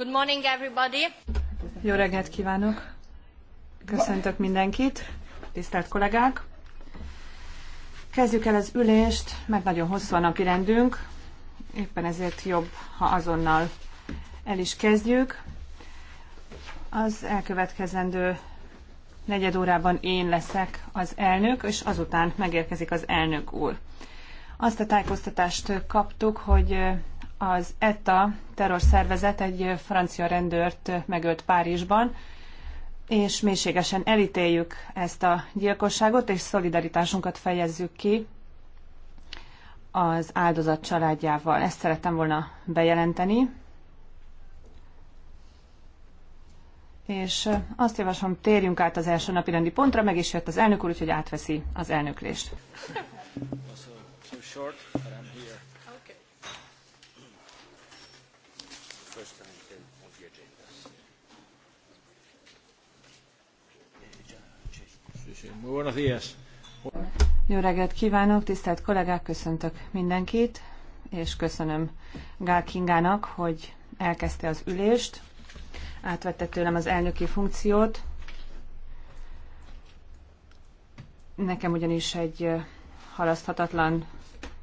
Good morning, everybody. Jó reggelt kívánok! Köszöntök mindenkit, tisztelt kollégák! Kezdjük el az ülést, mert nagyon hosszú a napi rendünk, éppen ezért jobb, ha azonnal el is kezdjük. Az elkövetkezendő negyed órában én leszek az elnök, és azután megérkezik az elnök úr. Azt a tájékoztatást kaptuk, hogy az ETA terrorszervezet egy francia rendőrt megölt Párizsban, és mélységesen elítéljük ezt a gyilkosságot, és szolidaritásunkat fejezzük ki az áldozat családjával. Ezt szerettem volna bejelenteni. És azt javaslom, térjünk át az első napi rendi pontra, meg is jött az elnök úr, úgyhogy átveszi az elnöklést. Jó reggelt kívánok, tisztelt kollégák, köszöntök mindenkit, és köszönöm Gál Kingának, hogy elkezdte az ülést, átvette tőlem az elnöki funkciót. Nekem ugyanis egy halaszthatatlan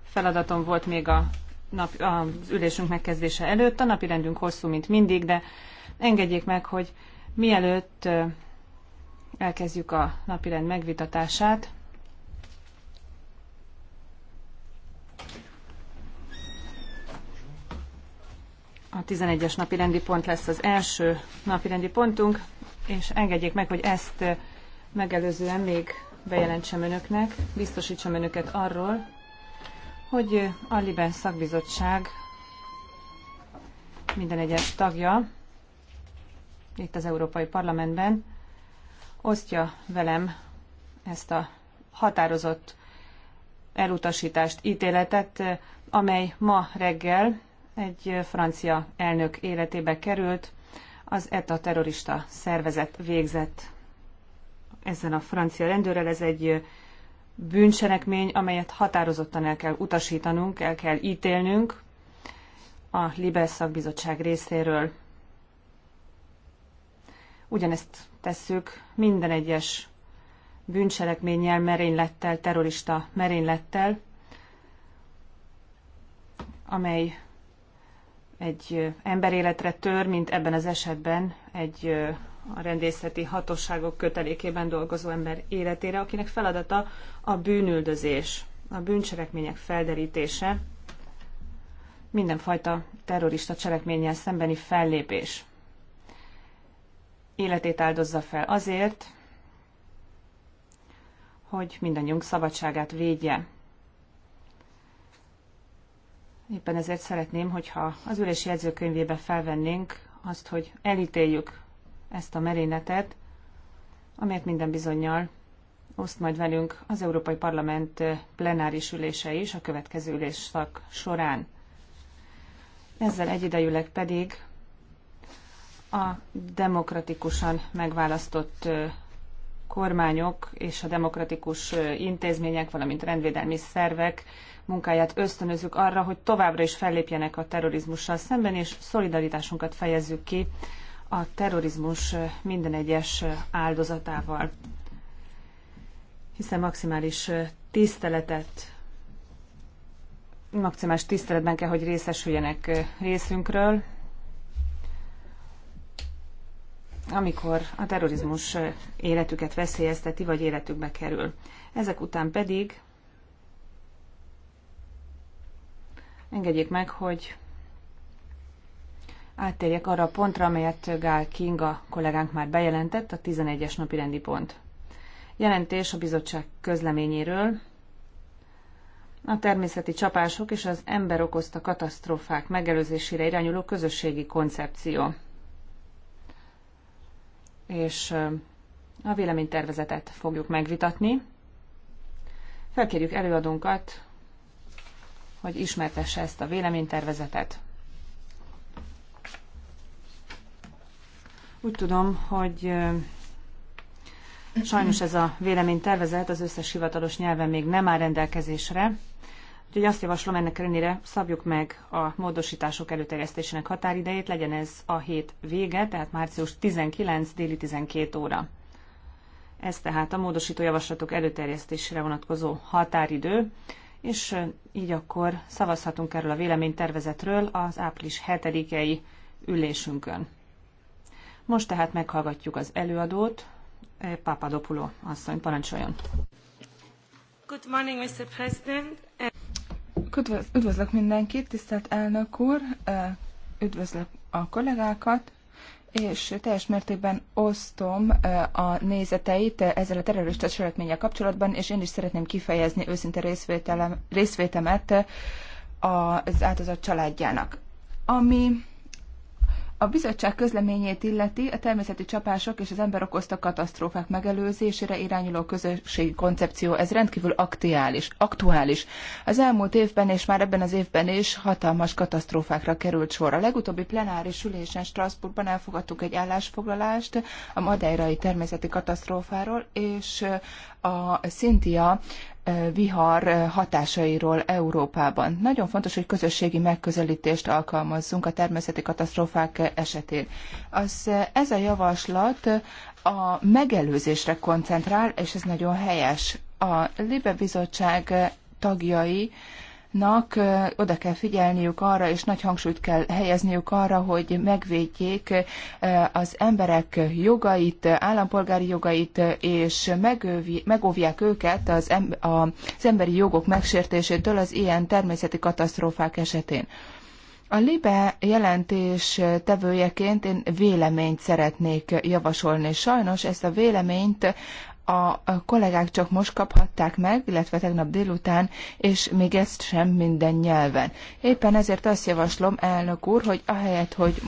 feladatom volt még a nap, az ülésünk megkezdése előtt. A napi rendünk hosszú, mint mindig, de engedjék meg, hogy mielőtt elkezdjük a napirend megvitatását, A 11-es napi rendi pont lesz az első napi rendi pontunk, és engedjék meg, hogy ezt megelőzően még bejelentsem önöknek, biztosítsam önöket arról, hogy a Liben szakbizottság minden egyes tagja itt az Európai Parlamentben osztja velem ezt a határozott elutasítást, ítéletet, amely ma reggel egy francia elnök életébe került, az ETA terrorista szervezet végzett ezen a francia rendőrrel. Ez egy bűncselekmény, amelyet határozottan el kell utasítanunk, el kell ítélnünk a Libes szakbizottság részéről. Ugyanezt tesszük minden egyes bűncselekménnyel, merénylettel, terrorista merénylettel, amely egy emberéletre tör, mint ebben az esetben egy a rendészeti hatóságok kötelékében dolgozó ember életére, akinek feladata a bűnüldözés, a bűncselekmények felderítése, mindenfajta terrorista cselekménnyel szembeni fellépés. Életét áldozza fel azért, hogy mindannyiunk szabadságát védje. Éppen ezért szeretném, hogyha az ülés jegyzőkönyvébe felvennénk azt, hogy elítéljük ezt a merényletet, amelyet minden bizonyal oszt majd velünk az Európai Parlament eh, plenáris ülése is a következő ülésszak során. Ezzel egyidejűleg pedig a demokratikusan megválasztott eh, kormányok és a demokratikus eh, intézmények, valamint rendvédelmi szervek munkáját ösztönözzük arra, hogy továbbra is fellépjenek a terrorizmussal szemben, és szolidaritásunkat fejezzük ki a terrorizmus minden egyes áldozatával, hiszen maximális tiszteletet maximális tiszteletben kell, hogy részesüljenek részünkről, amikor a terrorizmus életüket veszélyezteti, vagy életükbe kerül. Ezek után pedig engedjék meg, hogy áttérjek arra a pontra, amelyet Gál Kinga kollégánk már bejelentett, a 11-es napi rendi pont. Jelentés a bizottság közleményéről, a természeti csapások és az ember okozta katasztrófák megelőzésére irányuló közösségi koncepció. És a véleménytervezetet fogjuk megvitatni. Felkérjük előadónkat, hogy ismertesse ezt a véleménytervezetet. Úgy tudom, hogy sajnos ez a véleménytervezet az összes hivatalos nyelven még nem áll rendelkezésre, úgyhogy azt javaslom ennek ellenére szabjuk meg a módosítások előterjesztésének határidejét, legyen ez a hét vége, tehát március 19 déli 12 óra. Ez tehát a módosító javaslatok előterjesztésére vonatkozó határidő, és így akkor szavazhatunk erről a véleménytervezetről az április 7-i ülésünkön. Most tehát meghallgatjuk az előadót, eh, Papadopulo asszony, parancsoljon. Good morning, Mr. President. Üdvözlök mindenkit, tisztelt elnök úr, eh, üdvözlök a kollégákat, és teljes mértékben osztom eh, a nézeteit ezzel a terrorista cselekménnyel kapcsolatban, és én is szeretném kifejezni őszinte részvételem, részvétemet az áldozat családjának. Ami a bizottság közleményét illeti a természeti csapások és az ember okozta katasztrófák megelőzésére irányuló közösségi koncepció. Ez rendkívül aktuális. aktuális. Az elmúlt évben és már ebben az évben is hatalmas katasztrófákra került sor. A legutóbbi plenáris ülésen Strasbourgban elfogadtuk egy állásfoglalást a madeirai természeti katasztrófáról, és a Szintia vihar hatásairól Európában. Nagyon fontos, hogy közösségi megközelítést alkalmazzunk a természeti katasztrófák esetén. Az, ez a javaslat a megelőzésre koncentrál, és ez nagyon helyes. A Libe Bizottság tagjai nak oda kell figyelniük arra, és nagy hangsúlyt kell helyezniük arra, hogy megvédjék az emberek jogait, állampolgári jogait, és megövi, megóvják őket az, em, az emberi jogok megsértésétől az ilyen természeti katasztrófák esetén. A LIBE jelentés tevőjeként én véleményt szeretnék javasolni. Sajnos ezt a véleményt a kollégák csak most kaphatták meg, illetve tegnap délután, és még ezt sem minden nyelven. Éppen ezért azt javaslom, elnök úr, hogy ahelyett, hogy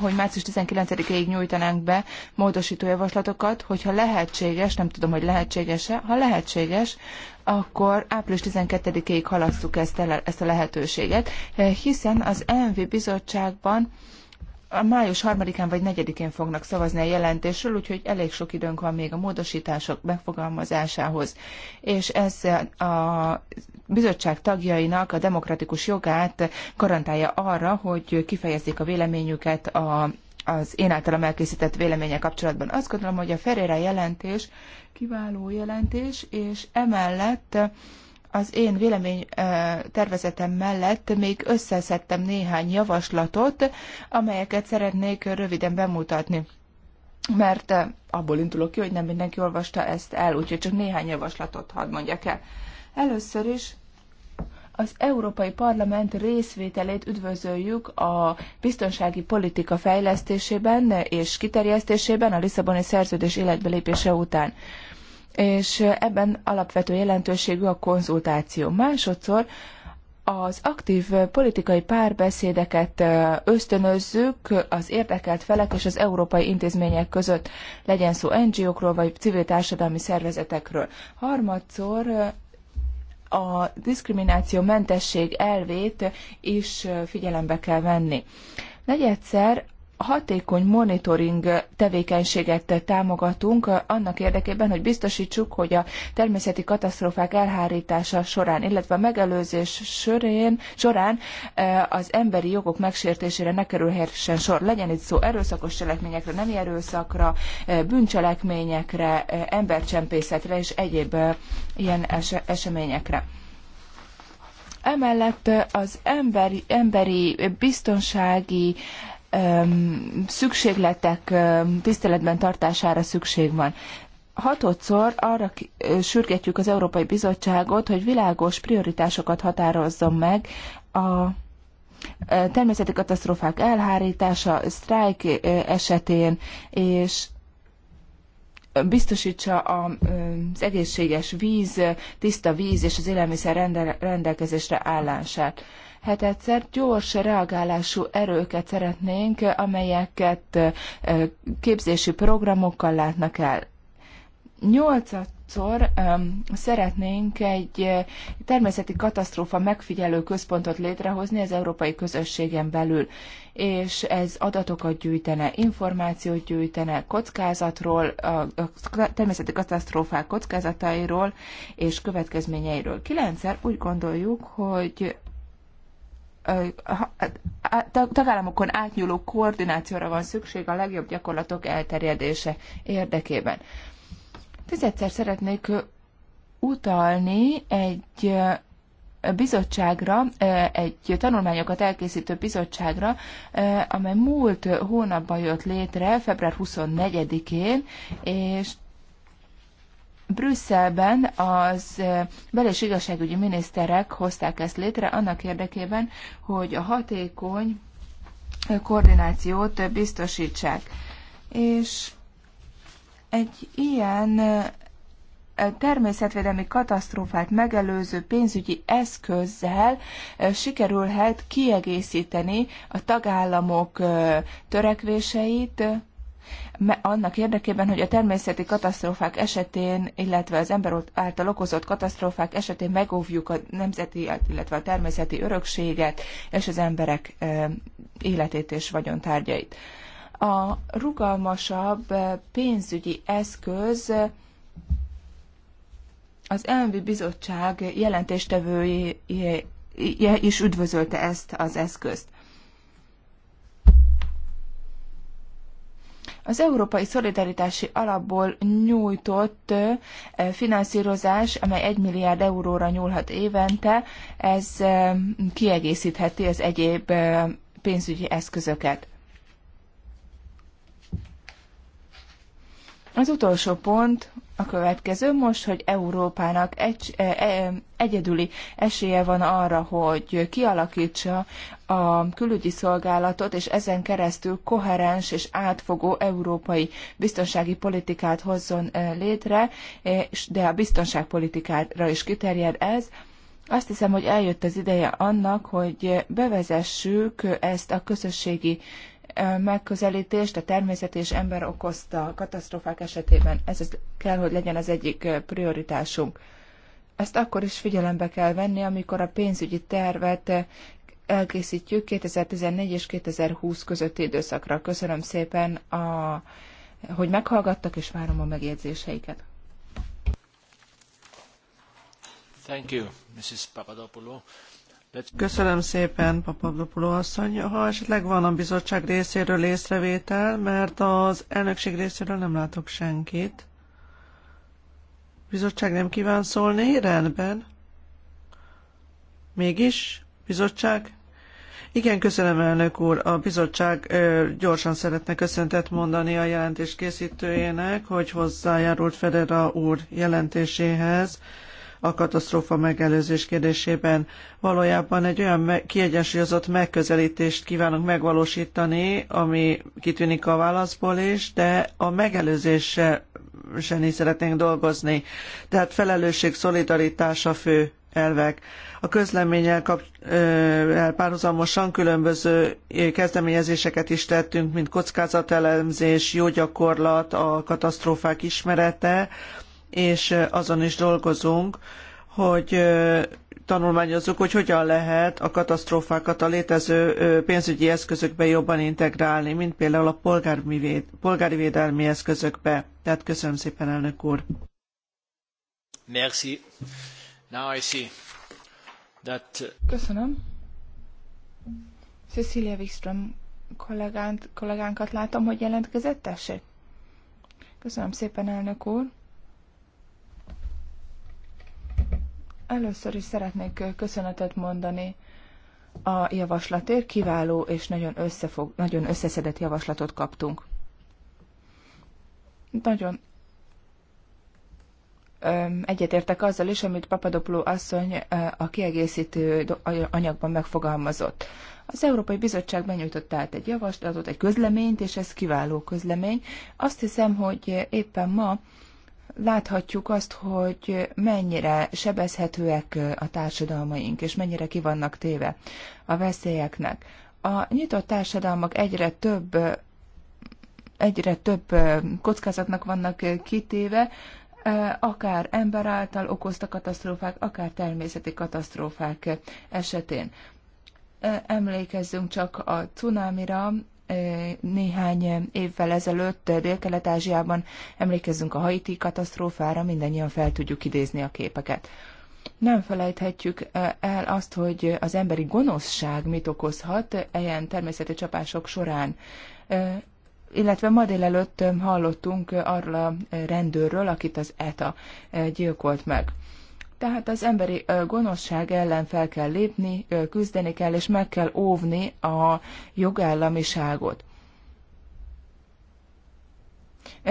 hogy március 19-ig nyújtanánk be módosító javaslatokat, hogyha lehetséges, nem tudom, hogy lehetséges-e, ha lehetséges, akkor április 12-ig halasszuk ezt, ezt a lehetőséget, hiszen az ENVI bizottságban a május 3-án vagy 4-én fognak szavazni a jelentésről, úgyhogy elég sok időnk van még a módosítások megfogalmazásához. És ez a bizottság tagjainak a demokratikus jogát garantálja arra, hogy kifejezzék a véleményüket a az én általam elkészített véleménye kapcsolatban. Azt gondolom, hogy a Ferreira jelentés kiváló jelentés, és emellett az én vélemény tervezetem mellett még összeszedtem néhány javaslatot, amelyeket szeretnék röviden bemutatni. Mert abból indulok ki, hogy nem mindenki olvasta ezt el, úgyhogy csak néhány javaslatot hadd mondjak el. Először is az Európai Parlament részvételét üdvözöljük a biztonsági politika fejlesztésében és kiterjesztésében a Lisszaboni szerződés életbelépése után és ebben alapvető jelentőségű a konzultáció. Másodszor az aktív politikai párbeszédeket ösztönözzük az érdekelt felek és az európai intézmények között, legyen szó NGO-król vagy civil társadalmi szervezetekről. Harmadszor a diszkrimináció mentesség elvét is figyelembe kell venni. Negyedszer hatékony monitoring tevékenységet támogatunk eh, annak érdekében, hogy biztosítsuk, hogy a természeti katasztrófák elhárítása során, illetve a megelőzés során, során eh, az emberi jogok megsértésére ne kerülhessen sor. Legyen itt szó erőszakos cselekményekre, nemi erőszakra, eh, bűncselekményekre, embercsempészetre és egyéb ilyen eseményekre emellett az emberi, emberi biztonsági szükségletek tiszteletben tartására szükség van. Hatodszor arra sürgetjük az Európai Bizottságot, hogy világos prioritásokat határozzon meg a természeti katasztrófák elhárítása, sztrájk esetén, és biztosítsa az egészséges víz, tiszta víz és az élelmiszer rendelkezésre állását hetedszer hát gyors reagálású erőket szeretnénk, amelyeket képzési programokkal látnak el. Nyolcadszor szeretnénk egy természeti katasztrófa megfigyelő központot létrehozni az európai közösségen belül, és ez adatokat gyűjtene, információt gyűjtene kockázatról, a természeti katasztrófák kockázatairól és következményeiről. Kilencszer úgy gondoljuk, hogy tagállamokon átnyúló koordinációra van szükség a legjobb gyakorlatok elterjedése érdekében. Tizedszer szeretnék utalni egy bizottságra, egy tanulmányokat elkészítő bizottságra, amely múlt hónapban jött létre, február 24-én, és Brüsszelben az eh, bel- és igazságügyi miniszterek hozták ezt létre annak érdekében, hogy a hatékony eh, koordinációt eh, biztosítsák. És egy ilyen természetvédelmi katasztrófát megelőző pénzügyi eszközzel sikerülhet kiegészíteni a tagállamok törekvéseit, annak érdekében, hogy a természeti katasztrófák esetén, illetve az ember által okozott katasztrófák esetén megóvjuk a nemzeti, illetve a természeti örökséget és az emberek életét és vagyontárgyait. A rugalmasabb pénzügyi eszköz az elvi bizottság jelentéstevője is üdvözölte ezt az eszközt. Az Európai Szolidaritási Alapból nyújtott finanszírozás, amely 1 milliárd euróra nyúlhat évente, ez kiegészítheti az egyéb pénzügyi eszközöket. Az utolsó pont a következő most, hogy Európának egy, e, e, egyedüli esélye van arra, hogy kialakítsa a külügyi szolgálatot, és ezen keresztül koherens és átfogó európai biztonsági politikát hozzon e, létre, de a biztonságpolitikára is kiterjed ez. Azt hiszem, hogy eljött az ideje annak, hogy bevezessük ezt a közösségi megközelítést a természet és ember okozta katasztrófák esetében. Ez kell, hogy legyen az egyik prioritásunk. Ezt akkor is figyelembe kell venni, amikor a pénzügyi tervet elkészítjük 2014 és 2020 közötti időszakra. Köszönöm szépen, a, hogy meghallgattak, és várom a megjegyzéseiket. Thank you, Mrs. Papadopoulou. Köszönöm szépen, Papadopoulou asszony. Ha esetleg van a bizottság részéről észrevétel, mert az elnökség részéről nem látok senkit. Bizottság nem kíván szólni? Rendben. Mégis? Bizottság? Igen, köszönöm, elnök úr. A bizottság ö, gyorsan szeretne köszöntet mondani a jelentés készítőjének, hogy hozzájárult Federa úr jelentéséhez a katasztrófa megelőzés kérdésében. Valójában egy olyan kiegyensúlyozott megközelítést kívánunk megvalósítani, ami kitűnik a válaszból is, de a megelőzéssel is szeretnénk dolgozni. Tehát felelősség, szolidaritás a fő elvek. A közleménnyel kap, ö, párhuzamosan különböző kezdeményezéseket is tettünk, mint kockázatelemzés, jó gyakorlat, a katasztrófák ismerete, és azon is dolgozunk, hogy tanulmányozzuk, hogy hogyan lehet a katasztrófákat a létező pénzügyi eszközökbe jobban integrálni, mint például a polgári védelmi eszközökbe. Tehát köszönöm szépen, elnök úr. Merci. Now I see that... Uh, köszönöm. Cecilia Wikström kollégánt, kollégánkat látom, hogy jelentkezett, tessék. Köszönöm szépen, elnök úr. Először is szeretnék köszönetet mondani a javaslatért. Kiváló és nagyon, összefog, nagyon összeszedett javaslatot kaptunk. Nagyon egyetértek azzal is, amit Papadopoulou asszony a kiegészítő anyagban megfogalmazott. Az Európai Bizottság benyújtott át egy javaslatot, egy közleményt, és ez kiváló közlemény. Azt hiszem, hogy éppen ma láthatjuk azt, hogy mennyire sebezhetőek a társadalmaink, és mennyire ki vannak téve a veszélyeknek. A nyitott társadalmak egyre több egyre több kockázatnak vannak kitéve, akár ember által okozta katasztrófák, akár természeti katasztrófák esetén. Emlékezzünk csak a cunámira, néhány évvel ezelőtt Dél-Kelet-Ázsiában emlékezzünk a haiti katasztrófára, mindannyian fel tudjuk idézni a képeket. Nem felejthetjük el azt, hogy az emberi gonoszság mit okozhat ilyen természeti csapások során. Illetve ma délelőtt hallottunk arról a rendőrről, akit az ETA gyilkolt meg. Tehát az emberi gonoszság ellen fel kell lépni, küzdeni kell, és meg kell óvni a jogállamiságot.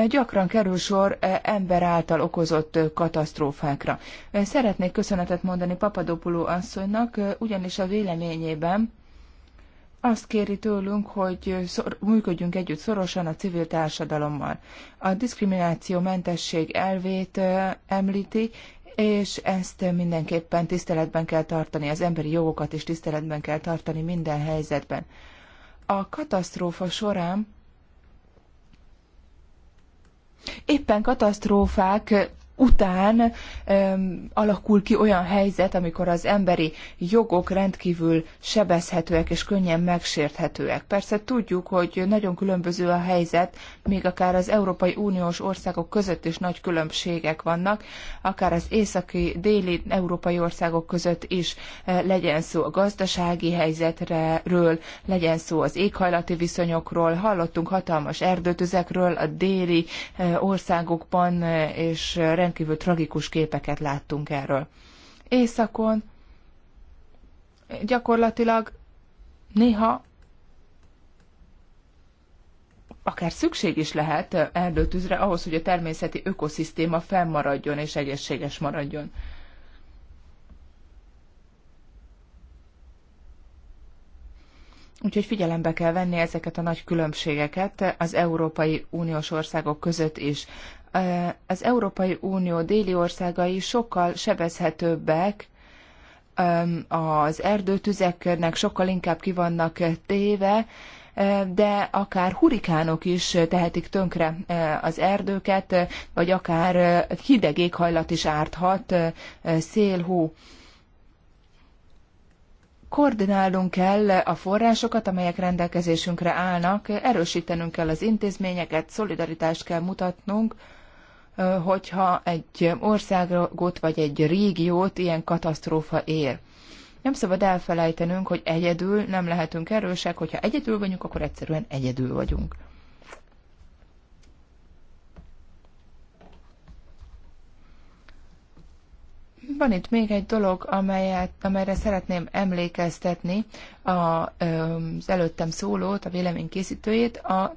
Gyakran kerül sor ember által okozott katasztrófákra. Szeretnék köszönetet mondani papadopuló asszonynak, ugyanis a véleményében azt kéri tőlünk, hogy szor, működjünk együtt szorosan a civil társadalommal. A diszkrimináció mentesség elvét említi, és ezt mindenképpen tiszteletben kell tartani, az emberi jogokat is tiszteletben kell tartani minden helyzetben. A katasztrófa során éppen katasztrófák után um, alakul ki olyan helyzet, amikor az emberi jogok rendkívül sebezhetőek és könnyen megsérthetőek. Persze tudjuk, hogy nagyon különböző a helyzet, még akár az Európai Uniós országok között is nagy különbségek vannak, akár az északi, déli európai országok között is e, legyen szó a gazdasági helyzetről, legyen szó az éghajlati viszonyokról, hallottunk hatalmas erdőtüzekről a déli e, országokban, e, és rendkívül rendkívül tragikus képeket láttunk erről. Északon gyakorlatilag néha akár szükség is lehet erdőtűzre ahhoz, hogy a természeti ökoszisztéma fennmaradjon és egészséges maradjon. Úgyhogy figyelembe kell venni ezeket a nagy különbségeket az Európai Uniós országok között is az Európai Unió déli országai sokkal sebezhetőbbek, az erdőtüzeknek sokkal inkább kivannak téve, de akár hurikánok is tehetik tönkre az erdőket, vagy akár hideg éghajlat is árthat, szél, hó. Koordinálnunk kell a forrásokat, amelyek rendelkezésünkre állnak, erősítenünk kell az intézményeket, szolidaritást kell mutatnunk, hogyha egy országot vagy egy régiót ilyen katasztrófa ér. Nem szabad elfelejtenünk, hogy egyedül nem lehetünk erősek, hogyha egyedül vagyunk, akkor egyszerűen egyedül vagyunk. Van itt még egy dolog, amelyet, amelyre szeretném emlékeztetni a, az előttem szólót, a vélemény készítőjét. A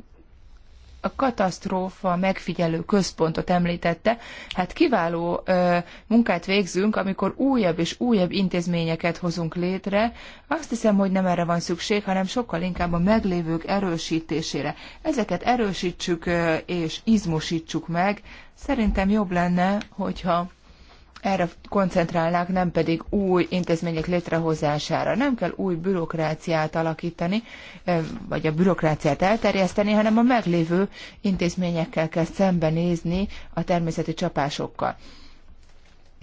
a katasztrófa megfigyelő központot említette. Hát kiváló ö, munkát végzünk, amikor újabb és újabb intézményeket hozunk létre. Azt hiszem, hogy nem erre van szükség, hanem sokkal inkább a meglévők erősítésére. Ezeket erősítsük ö, és izmosítsuk meg. Szerintem jobb lenne, hogyha erre koncentrálnák, nem pedig új intézmények létrehozására. Nem kell új bürokráciát alakítani, vagy a bürokráciát elterjeszteni, hanem a meglévő intézményekkel kell szembenézni a természeti csapásokkal.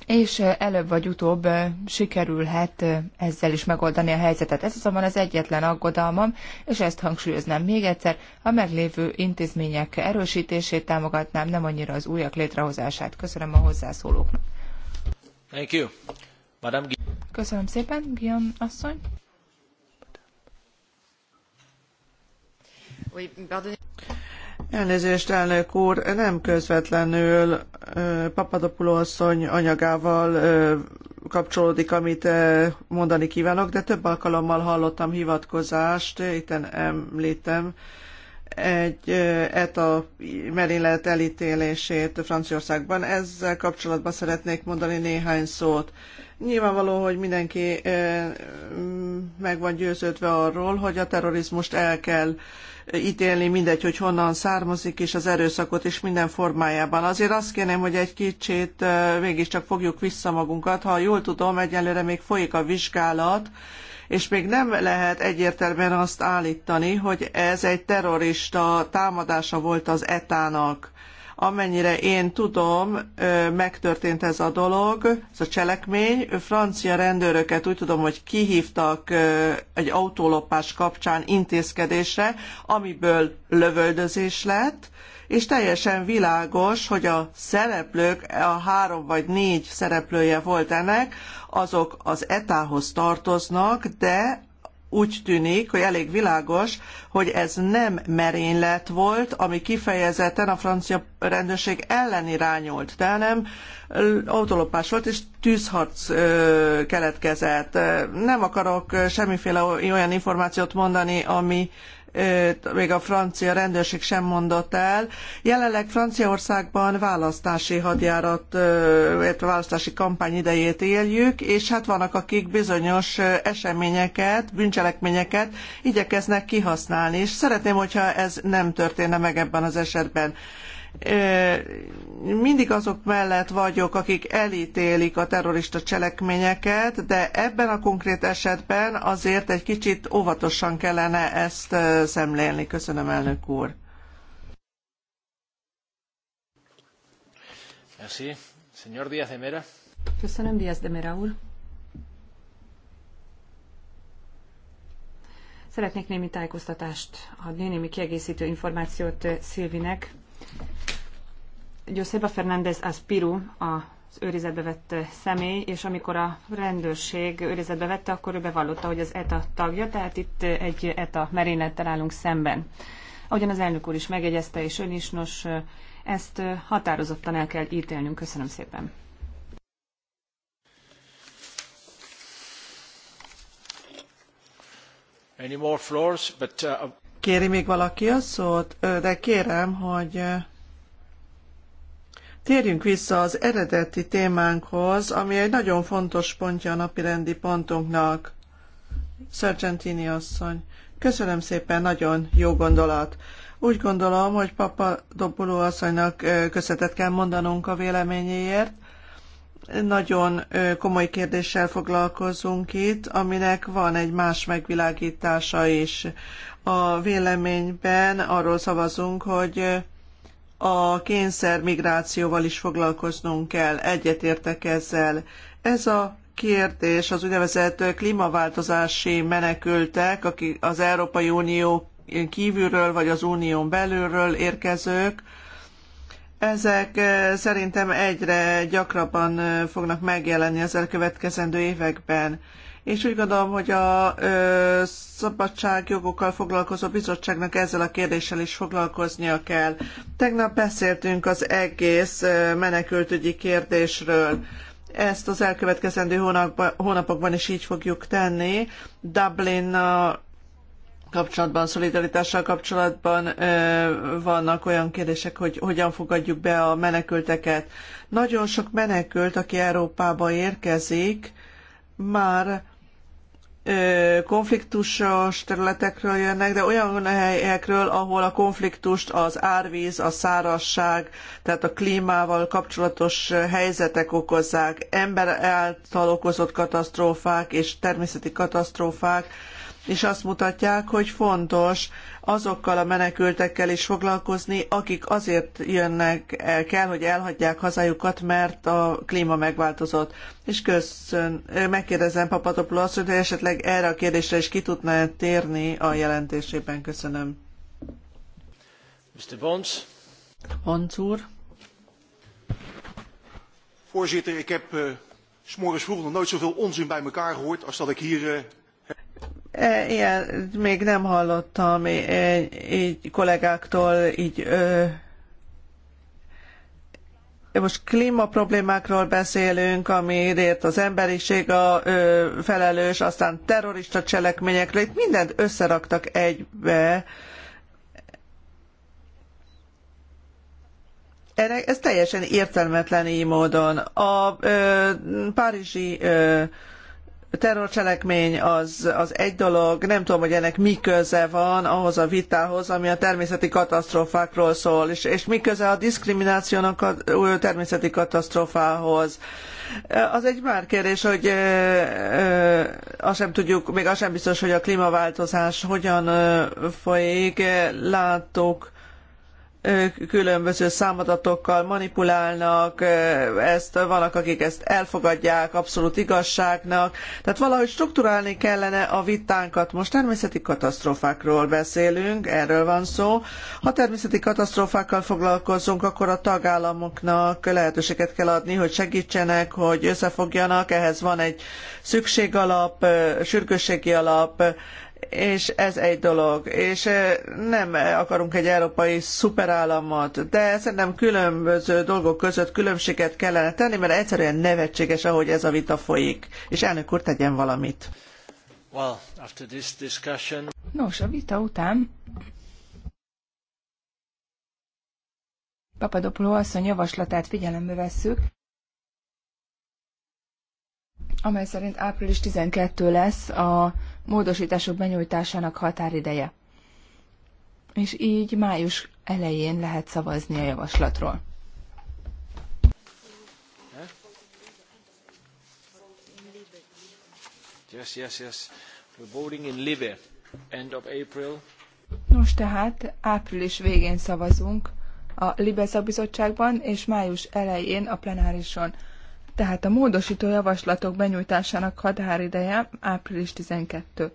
És előbb vagy utóbb sikerülhet ezzel is megoldani a helyzetet. Ez azonban az egyetlen aggodalmam, és ezt hangsúlyoznám még egyszer, a meglévő intézmények erősítését támogatnám, nem annyira az újak létrehozását. Köszönöm a hozzászólóknak. Thank you. Madame Köszönöm szépen, Guillaume asszony. Oui, pardon. Elnézést, elnök úr, nem közvetlenül Papadopulo asszony anyagával kapcsolódik, amit mondani kívánok, de több alkalommal hallottam hivatkozást, itten említem, egy ETA merénylet elítélését Franciaországban. Ezzel kapcsolatban szeretnék mondani néhány szót. Nyilvánvaló, hogy mindenki meg van győződve arról, hogy a terrorizmust el kell ítélni, mindegy, hogy honnan származik, és az erőszakot is minden formájában. Azért azt kérném, hogy egy kicsit mégiscsak fogjuk vissza magunkat. Ha jól tudom, egyelőre még folyik a vizsgálat, és még nem lehet egyértelműen azt állítani, hogy ez egy terrorista támadása volt az etának. Amennyire én tudom, megtörtént ez a dolog, ez a cselekmény. Francia rendőröket úgy tudom, hogy kihívtak egy autólopás kapcsán intézkedésre, amiből lövöldözés lett, és teljesen világos, hogy a szereplők, a három vagy négy szereplője volt ennek, azok az etához tartoznak, de úgy tűnik, hogy elég világos, hogy ez nem merénylet volt, ami kifejezetten a francia rendőrség ellen irányult, de nem autolopás volt, és tűzharc keletkezett. Nem akarok semmiféle olyan információt mondani, ami még a francia rendőrség sem mondott el. Jelenleg Franciaországban választási hadjárat, illetve választási kampány idejét éljük, és hát vannak, akik bizonyos eseményeket, bűncselekményeket igyekeznek kihasználni, és szeretném, hogyha ez nem történne meg ebben az esetben mindig azok mellett vagyok, akik elítélik a terrorista cselekményeket, de ebben a konkrét esetben azért egy kicsit óvatosan kellene ezt szemlélni. Köszönöm, elnök úr. Merci. Señor Díaz de Mera. Köszönöm, Díaz de Mera úr. Szeretnék némi tájékoztatást adni, némi kiegészítő információt Szilvinek Giuseppe Fernández Aspiru az őrizetbe vett személy, és amikor a rendőrség őrizetbe vette, akkor ő bevallotta, hogy az ETA tagja, tehát itt egy ETA merénylettel állunk szemben. Ahogyan az elnök úr is megjegyezte, és ön is, nos, ezt határozottan el kell ítélnünk. Köszönöm szépen. Any more floors, but, uh... Kéri még valaki a szót? De kérem, hogy Térjünk vissza az eredeti témánkhoz, ami egy nagyon fontos pontja a napirendi pontunknak. Sargentini asszony. Köszönöm szépen, nagyon jó gondolat. Úgy gondolom, hogy Papa Dobuló asszonynak köszönetet kell mondanunk a véleményéért. Nagyon komoly kérdéssel foglalkozunk itt, aminek van egy más megvilágítása is. A véleményben arról szavazunk, hogy a kényszer migrációval is foglalkoznunk kell, egyetértek ezzel. Ez a kérdés az úgynevezett klímaváltozási menekültek, akik az Európai Unió kívülről vagy az unión belülről érkezők, ezek eh, szerintem egyre gyakrabban eh, fognak megjelenni az elkövetkezendő években és úgy gondolom, hogy a ö, szabadságjogokkal foglalkozó bizottságnak ezzel a kérdéssel is foglalkoznia kell. Tegnap beszéltünk az egész ö, menekültügyi kérdésről. Ezt az elkövetkezendő hónapban, hónapokban is így fogjuk tenni. Dublin a kapcsolatban, szolidaritással kapcsolatban ö, vannak olyan kérdések, hogy hogyan fogadjuk be a menekülteket. Nagyon sok menekült, aki Európába érkezik, már konfliktusos területekről jönnek, de olyan helyekről, ahol a konfliktust az árvíz, a szárazság, tehát a klímával kapcsolatos helyzetek okozzák, ember által okozott katasztrófák és természeti katasztrófák, és azt mutatják, hogy fontos azokkal a menekültekkel is foglalkozni, akik azért jönnek el, kell, hogy elhagyják hazájukat, mert a klíma megváltozott. És köszön, megkérdezem Papadopoulou azt, hogy esetleg erre a kérdésre is ki tudna térni a jelentésében. Köszönöm. Mr. Bons. Bons úr. Voorzitter, ik heb uh, s morgens vroeg nog nooit zoveel onzin bij elkaar gehoord als dat ik hier uh, E, ilyen még nem hallottam egy kollégáktól, így ö, most klíma problémákról beszélünk, amiért az emberiség a ö, felelős, aztán terrorista cselekményekről, itt mindent összeraktak egybe. Ennek, ez teljesen értelmetlen így módon. A ö, párizsi ö, terrorcselekmény az, az egy dolog, nem tudom, hogy ennek mi köze van ahhoz a vitához, ami a természeti katasztrófákról szól, és, és mi köze a diszkriminációnak a természeti katasztrófához. Az egy már kérdés, hogy ö, ö, azt sem tudjuk, még azt sem biztos, hogy a klímaváltozás hogyan ö, folyik. Láttuk különböző számadatokkal manipulálnak, ezt vannak, akik ezt elfogadják abszolút igazságnak. Tehát valahogy strukturálni kellene a vitánkat. Most természeti katasztrófákról beszélünk, erről van szó. Ha természeti katasztrófákkal foglalkozunk, akkor a tagállamoknak lehetőséget kell adni, hogy segítsenek, hogy összefogjanak. Ehhez van egy szükségalap, sürgősségi alap, és ez egy dolog, és nem akarunk egy európai szuperállamot, de szerintem különböző dolgok között különbséget kellene tenni, mert egyszerűen nevetséges, ahogy ez a vita folyik, és elnök úr tegyen valamit. Well, after this discussion... Nos, a vita után Papadopoulou asszony javaslatát figyelembe vesszük, amely szerint április 12 lesz a módosítások benyújtásának határideje. És így május elején lehet szavazni a javaslatról. Yes, yes, yes. We're voting in Libya. end of April. Nos tehát április végén szavazunk a Libe szakbizottságban, és május elején a plenárison tehát a módosító javaslatok benyújtásának határideje április 12.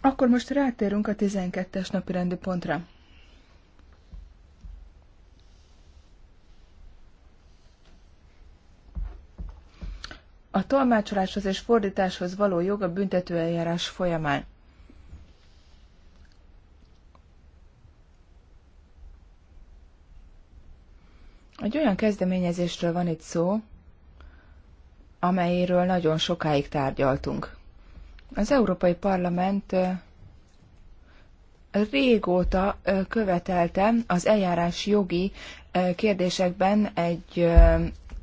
Akkor most rátérünk a 12-es napi rendi pontra. A tolmácsoláshoz és fordításhoz való jog a büntetőeljárás folyamán. Egy olyan kezdeményezésről van itt szó, amelyről nagyon sokáig tárgyaltunk. Az Európai Parlament régóta követelte az eljárás jogi kérdésekben egy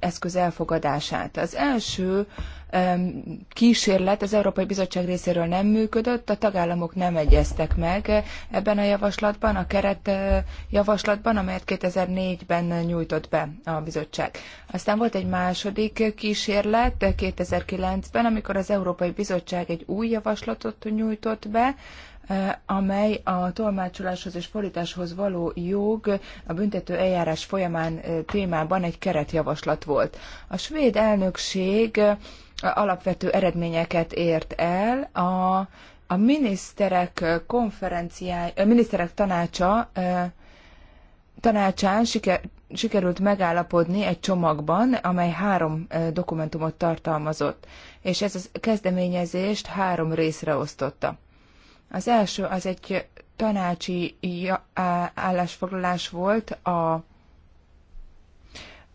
eszköz elfogadását. Az első kísérlet az Európai Bizottság részéről nem működött, a tagállamok nem egyeztek meg ebben a javaslatban, a keret eh, javaslatban, amelyet 2004-ben nyújtott be a bizottság. Aztán volt egy második kísérlet 2009-ben, amikor az Európai Bizottság egy új javaslatot nyújtott be, E, amely a tolmácsoláshoz és fordításhoz való jog a büntető eljárás folyamán e, témában egy keretjavaslat volt. A svéd elnökség e, alapvető eredményeket ért el. A, a miniszterek konferenciája, a miniszterek tanácsa tanácsán siker, sikerült megállapodni egy csomagban, amely három dokumentumot tartalmazott, és ez a kezdeményezést három részre osztotta. Az első az egy tanácsi állásfoglalás volt a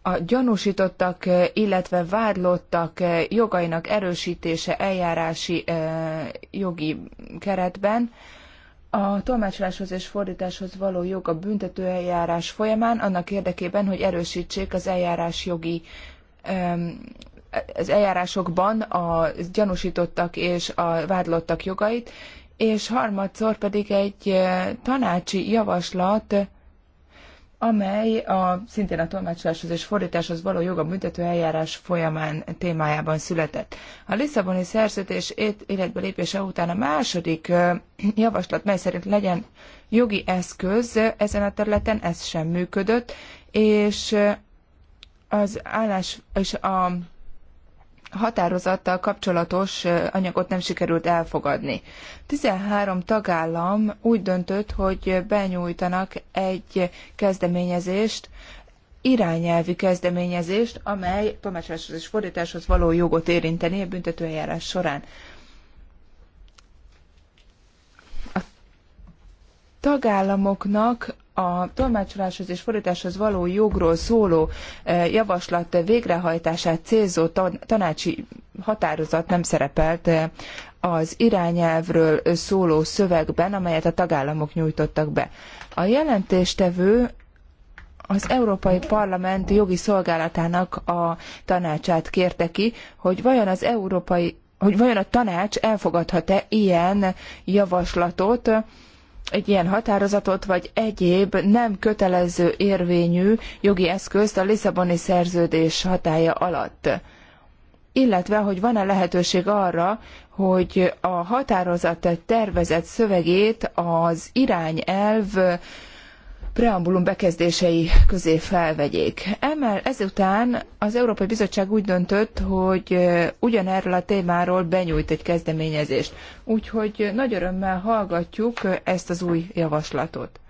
a gyanúsítottak, illetve vádlottak jogainak erősítése eljárási jogi keretben, a tolmácsoláshoz és fordításhoz való jog a büntetőeljárás folyamán annak érdekében, hogy erősítsék az eljárás jogi az eljárásokban a gyanúsítottak és a vádlottak jogait, és harmadszor pedig egy tanácsi javaslat, amely a, szintén a tolmácsoláshoz és fordításhoz való joga büntető eljárás folyamán témájában született. A Lisszaboni szerződés életbe lépése után a második javaslat, mely szerint legyen jogi eszköz ezen a területen, ez sem működött, és az állás és a határozattal kapcsolatos anyagot nem sikerült elfogadni. 13 tagállam úgy döntött, hogy benyújtanak egy kezdeményezést, irányelvi kezdeményezést, amely tolmácsoláshoz és fordításhoz való jogot érinteni a büntetőeljárás során. tagállamoknak a tolmácsoláshoz és fordításhoz való jogról szóló e, javaslat végrehajtását célzó tanácsi határozat nem szerepelt e, az irányelvről szóló szövegben, amelyet a tagállamok nyújtottak be. A jelentéstevő az Európai Parlament jogi szolgálatának a tanácsát kérte ki, hogy vajon az Európai hogy vajon a tanács elfogadhat-e ilyen javaslatot, egy ilyen határozatot, vagy egyéb nem kötelező érvényű jogi eszközt a Lisszaboni szerződés hatálya alatt. Illetve, hogy van-e lehetőség arra, hogy a határozat tervezett szövegét az irányelv preambulum bekezdései közé felvegyék. Emel ezután az Európai Bizottság úgy döntött, hogy ugyanerről a témáról benyújt egy kezdeményezést. Úgyhogy nagy örömmel hallgatjuk ezt az új javaslatot.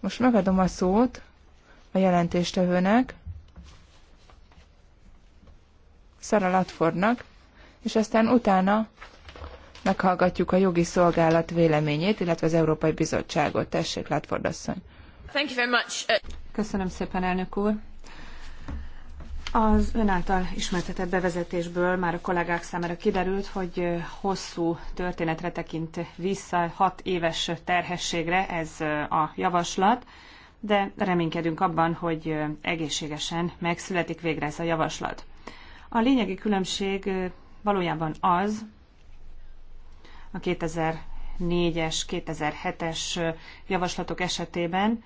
Most megadom a szót a jelentéstevőnek, Sara Latfordnak, és aztán utána meghallgatjuk a jogi szolgálat véleményét, illetve az Európai Bizottságot. Tessék, Latford asszony! Uh, Köszönöm szépen, elnök úr. Az ön által ismertetett bevezetésből már a kollégák számára kiderült, hogy hosszú történetre tekint vissza, hat éves terhességre ez a javaslat, de reménykedünk abban, hogy egészségesen megszületik végre ez a javaslat. A lényegi különbség valójában az, a 2004-es, 2007-es javaslatok esetében,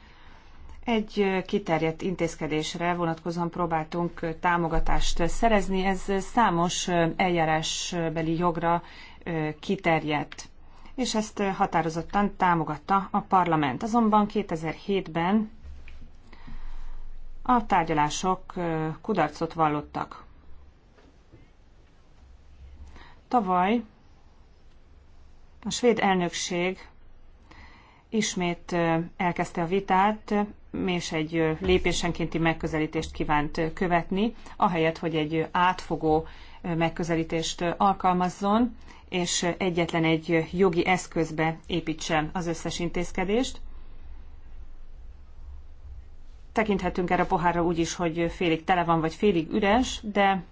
egy kiterjedt intézkedésre vonatkozóan próbáltunk támogatást szerezni. Ez számos eljárásbeli jogra kiterjedt, és ezt határozottan támogatta a parlament. Azonban 2007-ben a tárgyalások kudarcot vallottak. Tavaly a svéd elnökség ismét elkezdte a vitát és egy lépésenkénti megközelítést kívánt követni, ahelyett, hogy egy átfogó megközelítést alkalmazzon, és egyetlen egy jogi eszközbe építse az összes intézkedést. Tekinthetünk erre a pohárra úgy is, hogy félig tele van, vagy félig üres, de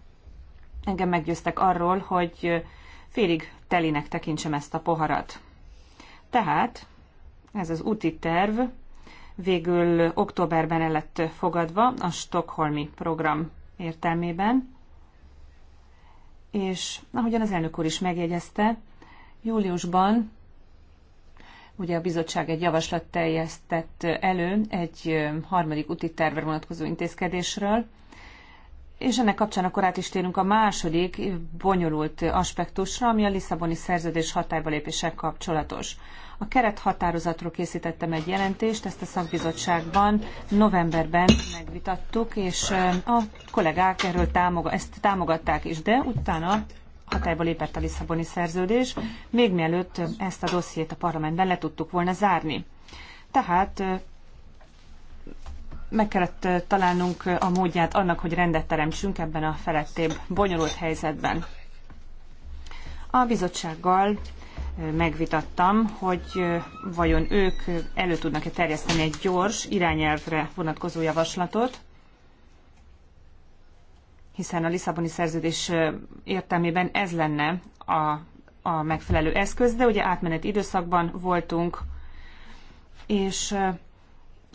engem meggyőztek arról, hogy félig telinek tekintsem ezt a poharat. Tehát ez az úti terv, végül októberben el lett fogadva a Stockholmi program értelmében. És ahogyan az elnök úr is megjegyezte, júliusban ugye a bizottság egy javaslat teljesztett elő egy harmadik úti tervre vonatkozó intézkedésről, és ennek kapcsán akkor át is térünk a második bonyolult aspektusra, ami a Lisszaboni szerződés hatályba kapcsolatos. A kerethatározatról készítettem egy jelentést, ezt a szakbizottságban novemberben megvitattuk, és a kollégák erről támoga, ezt támogatták is, de utána hatályba lépett a Lisszaboni szerződés, még mielőtt ezt a dossziét a parlamentben le tudtuk volna zárni. Tehát meg kellett találnunk a módját annak, hogy rendet teremtsünk ebben a felettébb bonyolult helyzetben. A bizottsággal megvitattam, hogy vajon ők elő tudnak-e terjeszteni egy gyors irányelvre vonatkozó javaslatot, hiszen a Lisszaboni szerződés értelmében ez lenne a, a megfelelő eszköz, de ugye átmeneti időszakban voltunk, és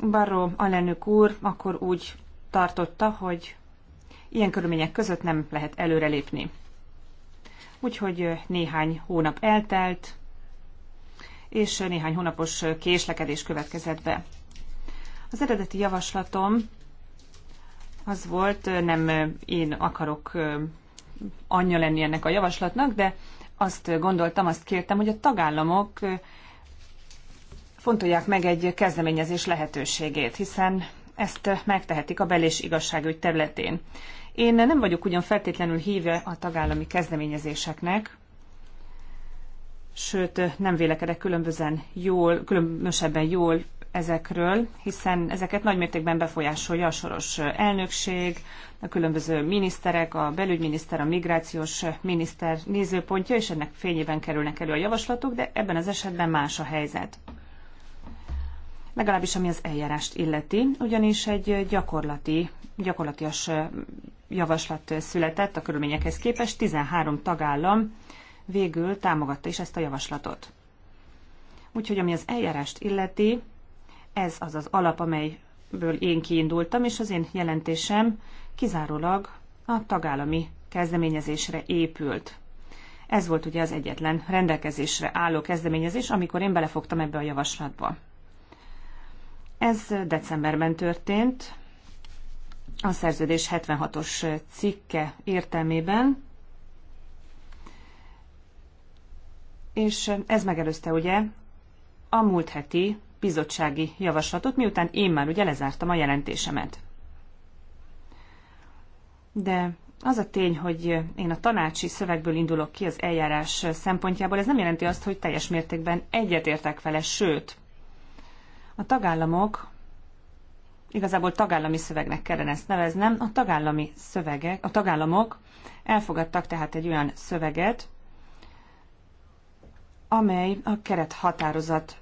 Barró alelnök úr akkor úgy tartotta, hogy ilyen körülmények között nem lehet előrelépni. Úgyhogy néhány hónap eltelt, és néhány hónapos késlekedés következett be. Az eredeti javaslatom az volt, nem én akarok anyja lenni ennek a javaslatnak, de azt gondoltam, azt kértem, hogy a tagállamok fontolják meg egy kezdeményezés lehetőségét, hiszen ezt megtehetik a belés igazságügy területén. Én nem vagyok ugyan feltétlenül híve a tagállami kezdeményezéseknek, sőt nem vélekedek különbözően jól, különösebben jól ezekről, hiszen ezeket nagymértékben befolyásolja a soros elnökség, a különböző miniszterek, a belügyminiszter, a migrációs miniszter nézőpontja, és ennek fényében kerülnek elő a javaslatok, de ebben az esetben más a helyzet legalábbis ami az eljárást illeti, ugyanis egy gyakorlati, gyakorlatias javaslat született a körülményekhez képest, 13 tagállam végül támogatta is ezt a javaslatot. Úgyhogy ami az eljárást illeti, ez az az alap, amelyből én kiindultam, és az én jelentésem kizárólag a tagállami kezdeményezésre épült. Ez volt ugye az egyetlen rendelkezésre álló kezdeményezés, amikor én belefogtam ebbe a javaslatba. Ez decemberben történt, a szerződés 76-os cikke értelmében, és ez megelőzte ugye a múlt heti bizottsági javaslatot, miután én már ugye lezártam a jelentésemet. De az a tény, hogy én a tanácsi szövegből indulok ki az eljárás szempontjából, ez nem jelenti azt, hogy teljes mértékben egyetértek vele, sőt, a tagállamok, igazából tagállami szövegnek kellene ezt neveznem, a tagállami szövegek, a tagállamok elfogadtak tehát egy olyan szöveget, amely a kerethatározat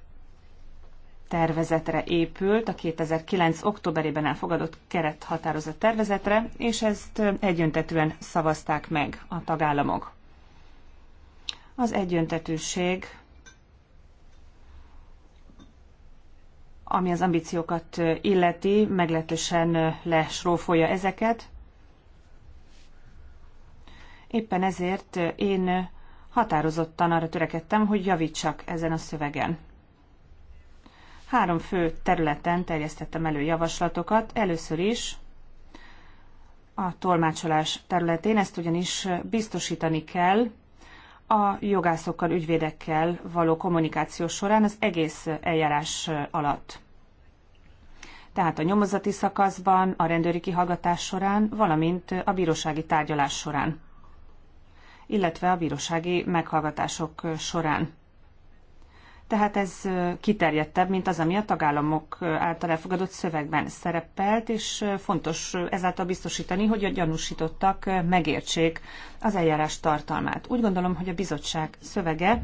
tervezetre épült, a 2009. októberében elfogadott kerethatározat tervezetre, és ezt egyöntetően szavazták meg a tagállamok. Az egyöntetűség ami az ambíciókat illeti, meglehetősen lesrófolja ezeket. Éppen ezért én határozottan arra törekedtem, hogy javítsak ezen a szövegen. Három fő területen terjesztettem elő javaslatokat. Először is a tolmácsolás területén, ezt ugyanis biztosítani kell, a jogászokkal, ügyvédekkel való kommunikáció során az egész eljárás alatt. Tehát a nyomozati szakaszban, a rendőri kihallgatás során, valamint a bírósági tárgyalás során, illetve a bírósági meghallgatások során tehát ez kiterjedtebb, mint az, ami a tagállamok által elfogadott szövegben szerepelt, és fontos ezáltal biztosítani, hogy a gyanúsítottak megértsék az eljárás tartalmát. Úgy gondolom, hogy a bizottság szövege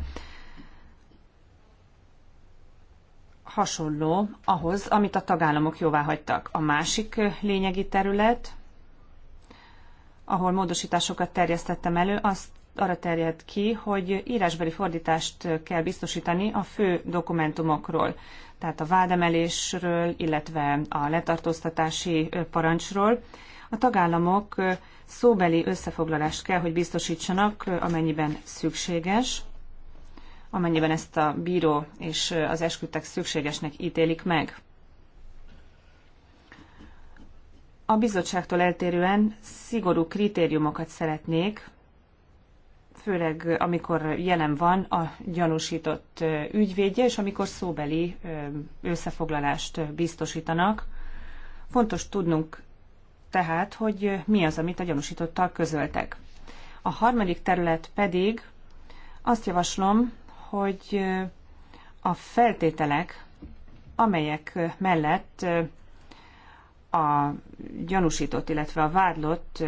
hasonló ahhoz, amit a tagállamok jóvá hagytak. A másik lényegi terület, ahol módosításokat terjesztettem elő, azt arra terjed ki, hogy írásbeli fordítást kell biztosítani a fő dokumentumokról, tehát a vádemelésről, illetve a letartóztatási parancsról. A tagállamok szóbeli összefoglalást kell, hogy biztosítsanak, amennyiben szükséges, amennyiben ezt a bíró és az esküdtek szükségesnek ítélik meg. A bizottságtól eltérően szigorú kritériumokat szeretnék főleg amikor jelen van a gyanúsított ügyvédje, és amikor szóbeli összefoglalást biztosítanak. Fontos tudnunk tehát, hogy mi az, amit a gyanúsítottal közöltek. A harmadik terület pedig azt javaslom, hogy a feltételek, amelyek mellett a gyanúsított, illetve a vádlott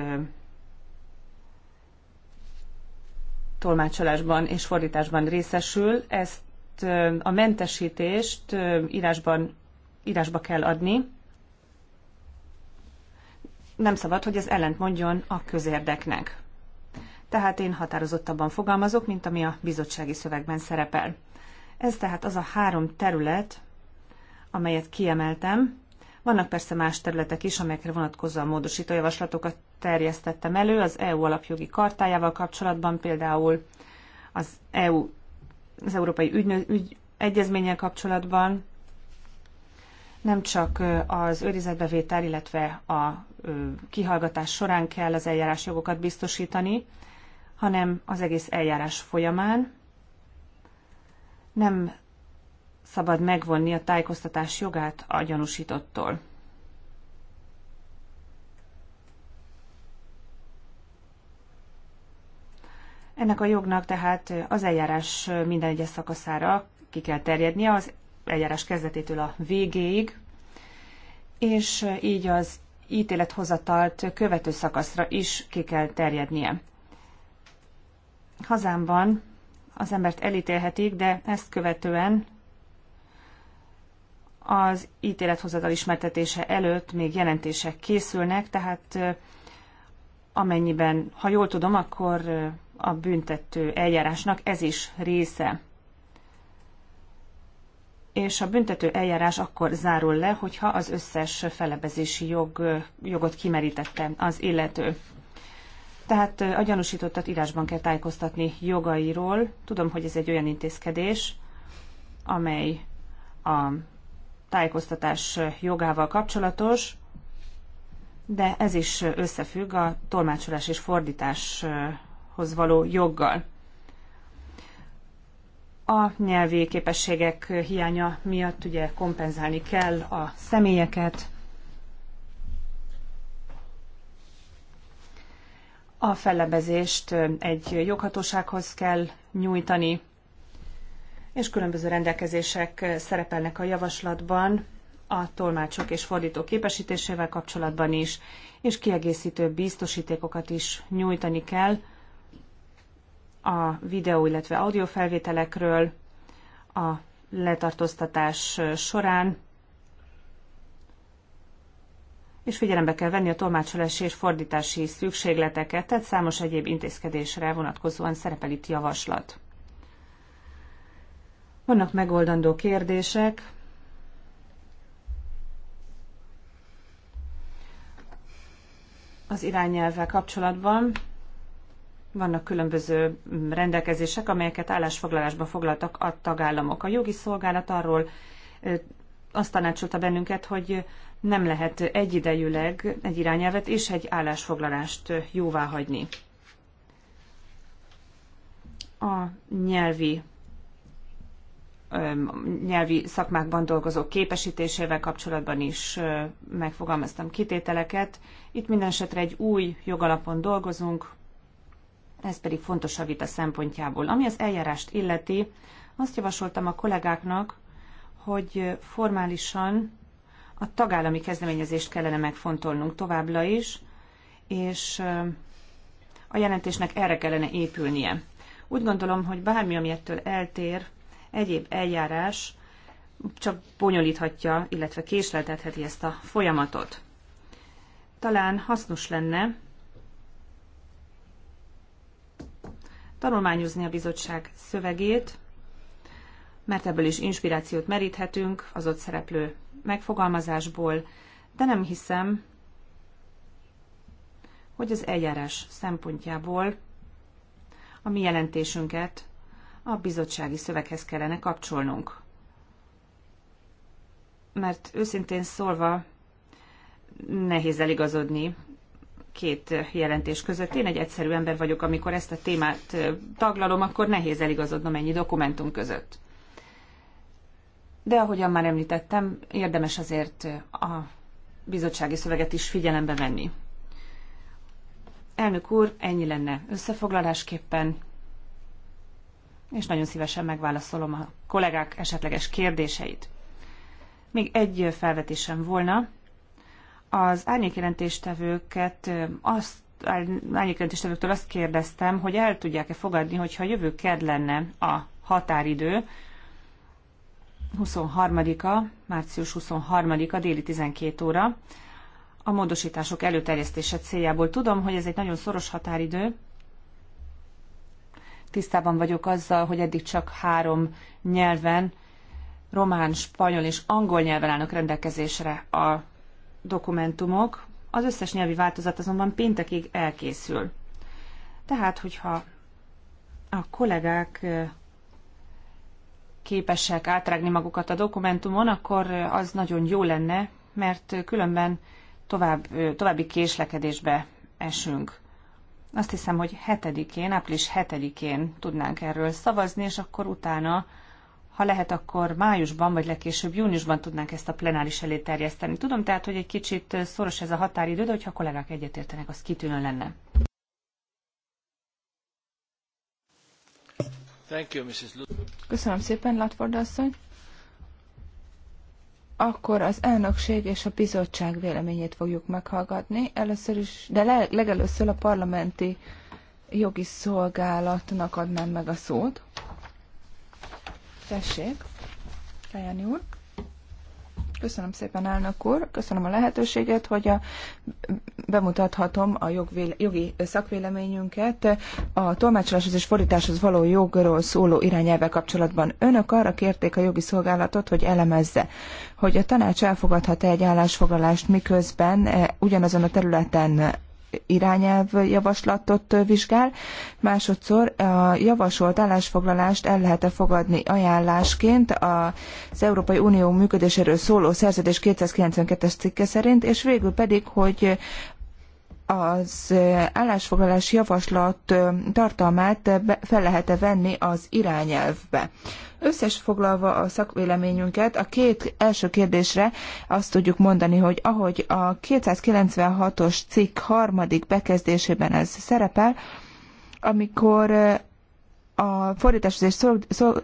tolmácsolásban és fordításban részesül. Ezt a mentesítést írásban, írásba kell adni. Nem szabad, hogy ez ellent mondjon a közérdeknek. Tehát én határozottabban fogalmazok, mint ami a bizottsági szövegben szerepel. Ez tehát az a három terület, amelyet kiemeltem, vannak persze más területek is, amelyekre vonatkozóan módosító javaslatokat terjesztettem elő az EU alapjogi kartájával kapcsolatban, például az EU az Európai Ügynő, Ügy Egyezménnyel kapcsolatban, nem csak az őrizetbevétel, illetve a kihallgatás során kell az eljárás jogokat biztosítani, hanem az egész eljárás folyamán. Nem szabad megvonni a tájékoztatás jogát a gyanúsítottól. Ennek a jognak tehát az eljárás minden egyes szakaszára ki kell terjednie, az eljárás kezdetétől a végéig, és így az ítélethozatalt követő szakaszra is ki kell terjednie. Hazámban az embert elítélhetik, de ezt követően az ítélethozatal ismertetése előtt még jelentések készülnek, tehát amennyiben, ha jól tudom, akkor a büntető eljárásnak ez is része. És a büntető eljárás akkor zárul le, hogyha az összes felebezési jog, jogot kimerítette az illető. Tehát a gyanúsítottat írásban kell tájékoztatni jogairól. Tudom, hogy ez egy olyan intézkedés, amely a tájékoztatás jogával kapcsolatos, de ez is összefügg a tolmácsolás és fordításhoz való joggal. A nyelvi képességek hiánya miatt ugye kompenzálni kell a személyeket, A fellebezést egy joghatósághoz kell nyújtani, és különböző rendelkezések szerepelnek a javaslatban a tolmácsok és fordítók képesítésével kapcsolatban is, és kiegészítő biztosítékokat is nyújtani kell a videó, illetve audio felvételekről a letartóztatás során, és figyelembe kell venni a tolmácsolási és fordítási szükségleteket, tehát számos egyéb intézkedésre vonatkozóan szerepel itt javaslat. Vannak megoldandó kérdések. Az irányelvvel kapcsolatban vannak különböző rendelkezések, amelyeket állásfoglalásba foglaltak a tagállamok. A jogi szolgálat arról azt tanácsolta bennünket, hogy nem lehet egyidejűleg egy irányelvet és egy állásfoglalást jóvá hagyni. A nyelvi nyelvi szakmákban dolgozók képesítésével kapcsolatban is megfogalmaztam kitételeket. Itt minden esetre egy új jogalapon dolgozunk, ez pedig fontos a vita szempontjából. Ami az eljárást illeti, azt javasoltam a kollégáknak, hogy formálisan a tagállami kezdeményezést kellene megfontolnunk továbbra is, és a jelentésnek erre kellene épülnie. Úgy gondolom, hogy bármi, ami ettől eltér, egyéb eljárás csak bonyolíthatja, illetve késleltetheti ezt a folyamatot. Talán hasznos lenne tanulmányozni a bizottság szövegét, mert ebből is inspirációt meríthetünk az ott szereplő megfogalmazásból, de nem hiszem, hogy az eljárás szempontjából a mi jelentésünket a bizottsági szöveghez kellene kapcsolnunk. Mert őszintén szólva nehéz eligazodni két jelentés között. Én egy egyszerű ember vagyok, amikor ezt a témát taglalom, akkor nehéz eligazodnom ennyi dokumentum között. De ahogyan már említettem, érdemes azért a bizottsági szöveget is figyelembe venni. Elnök úr, ennyi lenne összefoglalásképpen és nagyon szívesen megválaszolom a kollégák esetleges kérdéseit. Még egy felvetésem volna. Az árnyékjelentéstevőket azt árnyékjelentéstevőktől azt kérdeztem, hogy el tudják-e fogadni, hogyha jövő kedd lenne a határidő, 23-a, március 23-a déli 12 óra, a módosítások előterjesztése céljából. Tudom, hogy ez egy nagyon szoros határidő, tisztában vagyok azzal, hogy eddig csak három nyelven, román, spanyol és angol nyelven állnak rendelkezésre a dokumentumok. Az összes nyelvi változat azonban péntekig elkészül. Tehát, hogyha a kollégák képesek átrágni magukat a dokumentumon, akkor az nagyon jó lenne, mert különben tovább, további késlekedésbe esünk. Azt hiszem, hogy 7-én, április 7-én tudnánk erről szavazni, és akkor utána, ha lehet, akkor májusban, vagy legkésőbb júniusban tudnánk ezt a plenáris elé terjeszteni. Tudom tehát, hogy egy kicsit szoros ez a határidő, de hogyha a kollégák egyetértenek, az kitűnő lenne. Thank you, Mrs. Köszönöm szépen, Latford asszony akkor az elnökség és a bizottság véleményét fogjuk meghallgatni. Először is, de legelőször a parlamenti jogi szolgálatnak adnám meg a szót. Tessék, Kajani úr. Köszönöm szépen, elnök úr. Köszönöm a lehetőséget, hogy a, bemutathatom a jogvéle, jogi szakvéleményünket a tolmácsoláshoz és fordításhoz való jogról szóló irányelve kapcsolatban. Önök arra kérték a jogi szolgálatot, hogy elemezze, hogy a tanács elfogadhat-e egy állásfoglalást, miközben eh, ugyanazon a területen irányelv javaslatot vizsgál, másodszor a javasolt állásfoglalást el lehet-e fogadni ajánlásként az Európai Unió működéséről szóló szerződés 292-es cikke szerint, és végül pedig, hogy az állásfoglalás javaslat tartalmát fel lehet-e venni az irányelvbe. Összesfoglalva a szakvéleményünket, a két első kérdésre azt tudjuk mondani, hogy ahogy a 296-os cikk harmadik bekezdésében ez szerepel, amikor a fordításhoz és,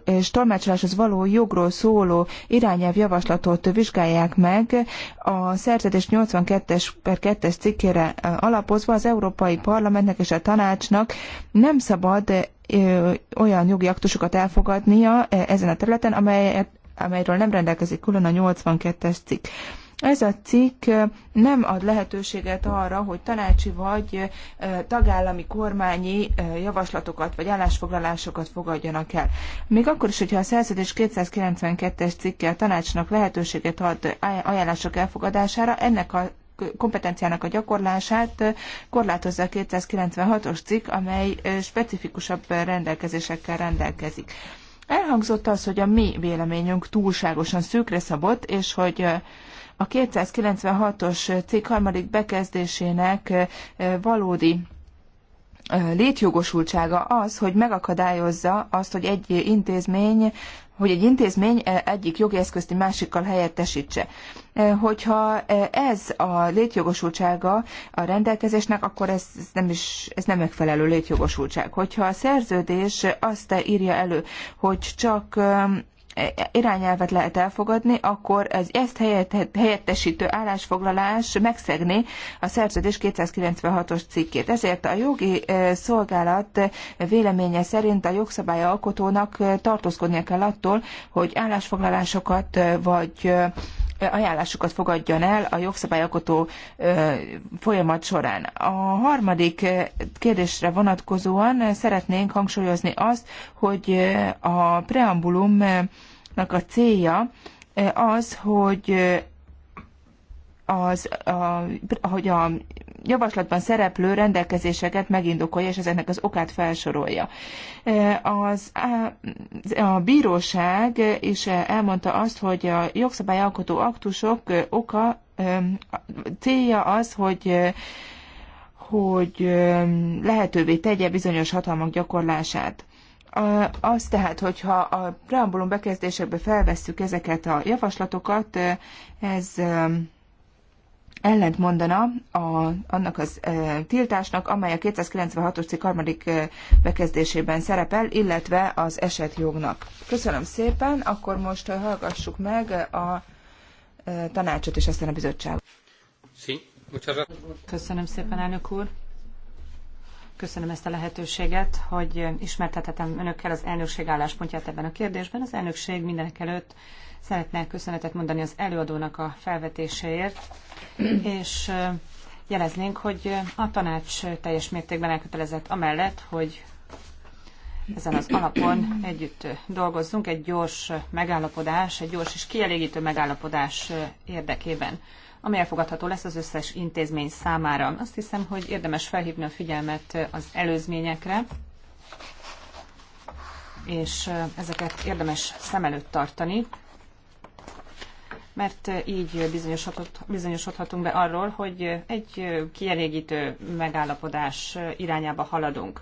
és tolmácsoláshoz való jogról szóló irányelv javaslatot vizsgálják meg. A szerződés 82-es per 2-es cikkére alapozva az Európai Parlamentnek és a Tanácsnak nem szabad olyan jogi aktusokat elfogadnia e, ezen a területen, amelyet, amelyről nem rendelkezik külön a 82-es cikk. Ez a cikk nem ad lehetőséget arra, hogy tanácsi vagy tagállami kormányi javaslatokat vagy állásfoglalásokat fogadjanak el. Még akkor is, hogyha a szerződés 292-es cikke a tanácsnak lehetőséget ad ajánlások elfogadására, ennek a kompetenciának a gyakorlását korlátozza a 296-os cikk, amely specifikusabb rendelkezésekkel rendelkezik. Elhangzott az, hogy a mi véleményünk túlságosan szűkre szabott, és hogy a 296-os cikk harmadik bekezdésének valódi létjogosultsága az, hogy megakadályozza azt, hogy egy intézmény hogy egy intézmény eh, egyik jogi eszközti másikkal helyettesítse. Eh, hogyha eh, ez a létjogosultsága a rendelkezésnek, akkor ez nem, is, ez nem megfelelő létjogosultság. Hogyha a szerződés azt írja elő, hogy csak irányelvet lehet elfogadni, akkor ez, ezt helyettesítő állásfoglalás megszegné a szerződés 296-os cikkét. Ezért a jogi szolgálat véleménye szerint a jogszabály alkotónak tartózkodnia kell attól, hogy állásfoglalásokat vagy ajánlásukat fogadjon el a jogszabályalkotó folyamat során. A harmadik kérdésre vonatkozóan szeretnénk hangsúlyozni azt, hogy a preambulumnak a célja az, hogy az, a, hogy a javaslatban szereplő rendelkezéseket megindokolja, és ezeknek az okát felsorolja. E, az, a bíróság is elmondta azt, hogy a jogszabályalkotó aktusok oka, e, célja az, hogy e, hogy lehetővé tegye bizonyos hatalmak gyakorlását az tehát, hogyha a preambulum bekezdésekbe felvesszük ezeket a javaslatokat, ez ellent mondana a, annak az e, tiltásnak, amely a 296-os cikk harmadik e, bekezdésében szerepel, illetve az esetjognak. Köszönöm szépen, akkor most e, hallgassuk meg a e, tanácsot és aztán a bizottságot. Köszönöm szépen, elnök úr. Köszönöm ezt a lehetőséget, hogy ismertethetem önökkel az elnökség álláspontját ebben a kérdésben. Az elnökség mindenek előtt Szeretnék köszönetet mondani az előadónak a felvetéséért, és jeleznénk, hogy a tanács teljes mértékben elkötelezett amellett, hogy ezen az alapon együtt dolgozzunk egy gyors megállapodás, egy gyors és kielégítő megállapodás érdekében, ami elfogadható lesz az összes intézmény számára. Azt hiszem, hogy érdemes felhívni a figyelmet az előzményekre, és ezeket érdemes szem előtt tartani, mert így bizonyosodhatunk be arról, hogy egy kielégítő megállapodás irányába haladunk.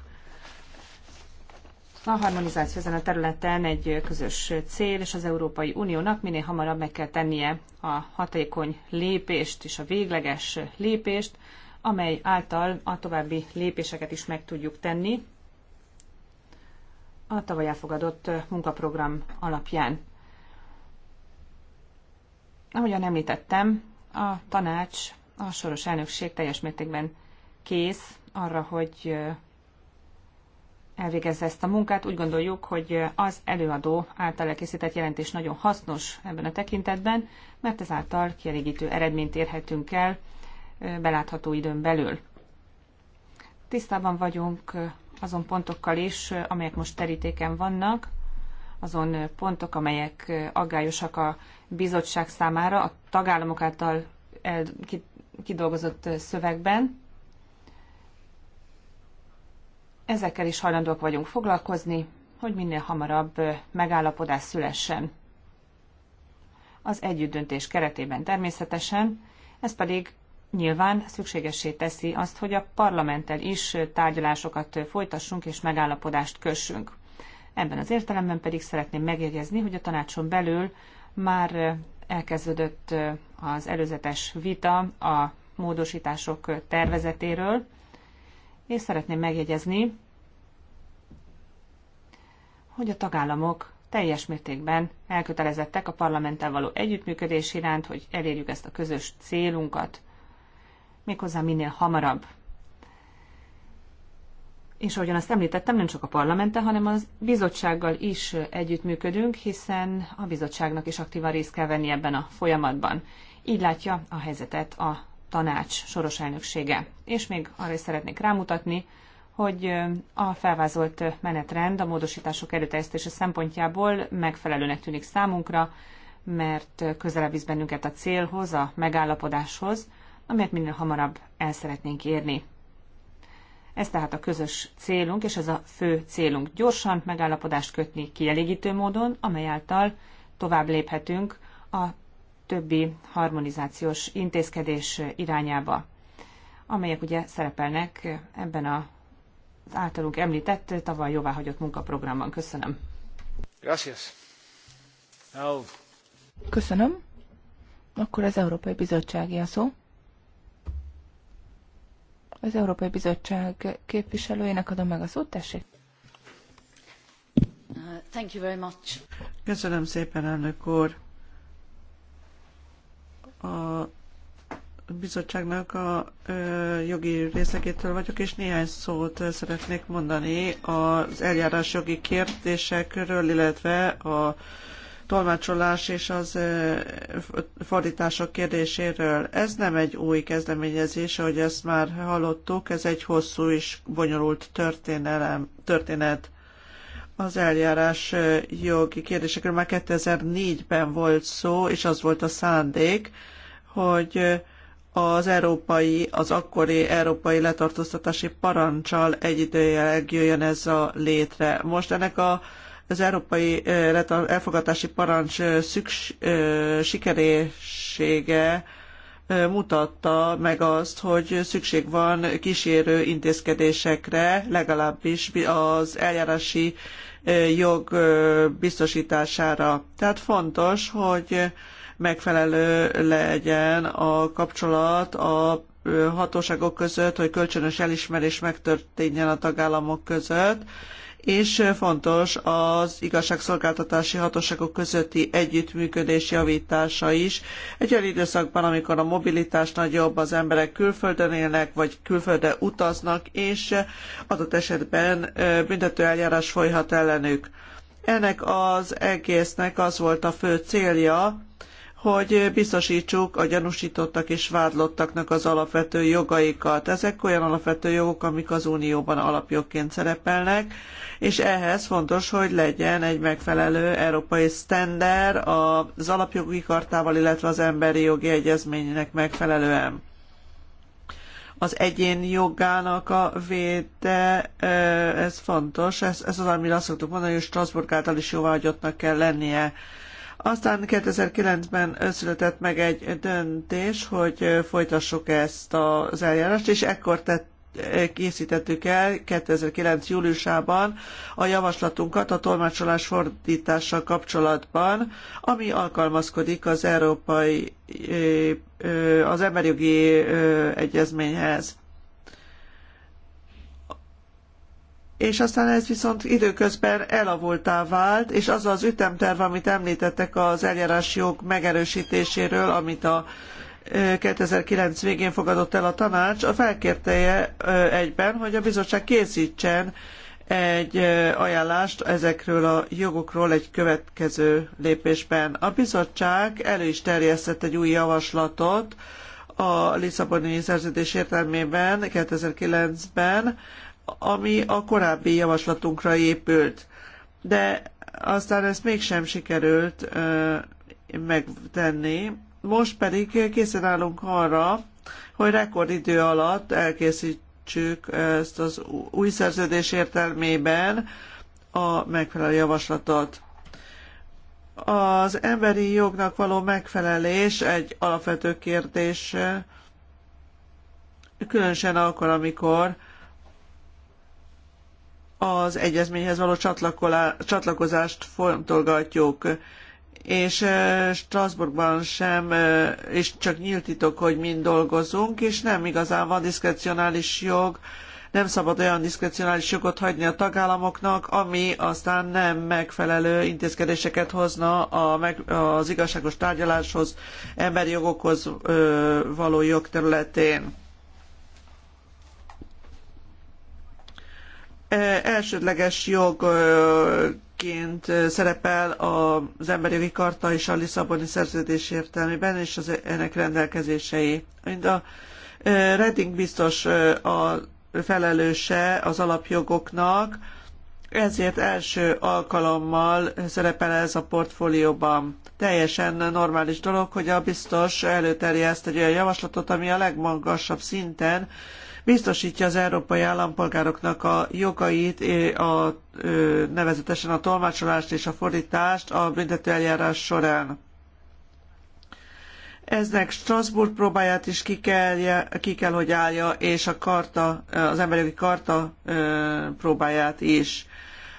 A harmonizáció ezen a területen egy közös cél, és az Európai Uniónak minél hamarabb meg kell tennie a hatékony lépést és a végleges lépést, amely által a további lépéseket is meg tudjuk tenni a tavaly elfogadott munkaprogram alapján. Ahogyan említettem, a tanács, a soros elnökség teljes mértékben kész arra, hogy elvégezze ezt a munkát. Úgy gondoljuk, hogy az előadó által elkészített jelentés nagyon hasznos ebben a tekintetben, mert ezáltal kielégítő eredményt érhetünk el belátható időn belül. Tisztában vagyunk azon pontokkal is, amelyek most terítéken vannak, azon pontok, amelyek aggályosak a bizottság számára a tagállamok által el, kidolgozott szövegben. Ezekkel is hajlandók vagyunk foglalkozni, hogy minél hamarabb megállapodás szülessen. Az együttdöntés keretében természetesen, ez pedig nyilván szükségessé teszi azt, hogy a parlamenttel is tárgyalásokat folytassunk és megállapodást kössünk. Ebben az értelemben pedig szeretném megjegyezni, hogy a tanácson belül már elkezdődött az előzetes vita a módosítások tervezetéről, és szeretném megjegyezni, hogy a tagállamok teljes mértékben elkötelezettek a parlamenttel való együttműködés iránt, hogy elérjük ezt a közös célunkat, méghozzá minél hamarabb és ahogyan azt említettem, nem csak a parlamente, hanem a bizottsággal is együttműködünk, hiszen a bizottságnak is aktívan részt kell venni ebben a folyamatban. Így látja a helyzetet a tanács soros elnöksége. És még arra is szeretnék rámutatni, hogy a felvázolt menetrend a módosítások előterjesztése szempontjából megfelelőnek tűnik számunkra, mert közelebb visz bennünket a célhoz, a megállapodáshoz, amelyet minél hamarabb el szeretnénk érni. Ez tehát a közös célunk, és ez a fő célunk. Gyorsan megállapodást kötni kielégítő módon, amely által tovább léphetünk a többi harmonizációs intézkedés irányába, amelyek ugye szerepelnek ebben a az általunk említett, tavaly jóváhagyott munkaprogramban. Köszönöm. Gracias. Köszönöm. Akkor az Európai Bizottsági a szó. Az Európai Bizottság képviselőjének adom meg a szót, tessék. Thank you very much. Köszönöm szépen, elnök úr. A bizottságnak a jogi részekétől vagyok, és néhány szót szeretnék mondani az eljárás jogi kérdésekről, illetve a tolmácsolás és az fordítások kérdéséről. Ez nem egy új kezdeményezés, ahogy ezt már hallottuk, ez egy hosszú és bonyolult történelem, történet. Az eljárás jogi kérdésekről már 2004-ben volt szó, és az volt a szándék, hogy az európai, az akkori európai letartóztatási parancsal egy jöjjön ez a létre. Most ennek a az európai elfogadási parancs szüks, sikeressége mutatta meg azt, hogy szükség van kísérő intézkedésekre, legalábbis az eljárási jog biztosítására. Tehát fontos, hogy megfelelő legyen a kapcsolat a hatóságok között, hogy kölcsönös elismerés megtörténjen a tagállamok között, és fontos az igazságszolgáltatási hatóságok közötti együttműködés javítása is. Egy olyan időszakban, amikor a mobilitás nagyobb, az emberek külföldön élnek, vagy külföldre utaznak, és adott esetben büntetőeljárás folyhat ellenük. Ennek az egésznek az volt a fő célja, hogy biztosítsuk a gyanúsítottak és vádlottaknak az alapvető jogaikat. Ezek olyan alapvető jogok, amik az Unióban alapjogként szerepelnek, és ehhez fontos, hogy legyen egy megfelelő európai standard az alapjogi kartával, illetve az emberi jogi egyezménynek megfelelően az egyén jogának a véde, ez fontos, ez, ez az, amire azt szoktuk mondani, hogy Strasbourg által is jóvágyottnak kell lennie. Aztán 2009-ben született meg egy döntés, hogy folytassuk ezt az eljárást, és ekkor tett készítettük el 2009. júliusában a javaslatunkat a tolmácsolás fordítással kapcsolatban, ami alkalmazkodik az európai az emberi jogi egyezményhez. és aztán ez viszont időközben elavultá vált, és az az ütemterv, amit említettek az eljárás jog megerősítéséről, amit a 2009 végén fogadott el a tanács, a felkérteje egyben, hogy a bizottság készítsen egy ajánlást ezekről a jogokról egy következő lépésben. A bizottság elő is terjesztett egy új javaslatot a Lisszaboni szerződés értelmében 2009-ben, ami a korábbi javaslatunkra épült. De aztán ezt mégsem sikerült megtenni. Most pedig készen állunk arra, hogy rekordidő alatt elkészítsük ezt az új szerződés értelmében a megfelelő javaslatot. Az emberi jognak való megfelelés egy alapvető kérdés, különösen akkor, amikor az egyezményhez való csatlakozást fontolgatjuk és Strasbourgban sem, és csak nyílt titok, hogy mind dolgozunk, és nem igazán van diszkrecionális jog, nem szabad olyan diszkrecionális jogot hagyni a tagállamoknak, ami aztán nem megfelelő intézkedéseket hozna az igazságos tárgyaláshoz, emberi jogokhoz való jog területén. elsődleges jogként szerepel az emberi jogi karta és a Lisszaboni szerződés értelmében, és az ennek rendelkezései. Mind a Redding biztos a felelőse az alapjogoknak, ezért első alkalommal szerepel ez a portfólióban. Teljesen normális dolog, hogy a biztos előterjeszt egy olyan javaslatot, ami a legmagasabb szinten biztosítja az európai állampolgároknak a jogait, a, nevezetesen a tolmácsolást és a fordítást a büntetőeljárás során. Eznek Strasbourg próbáját is ki kell, ki kell, hogy állja, és a karta, az emberi karta próbáját is.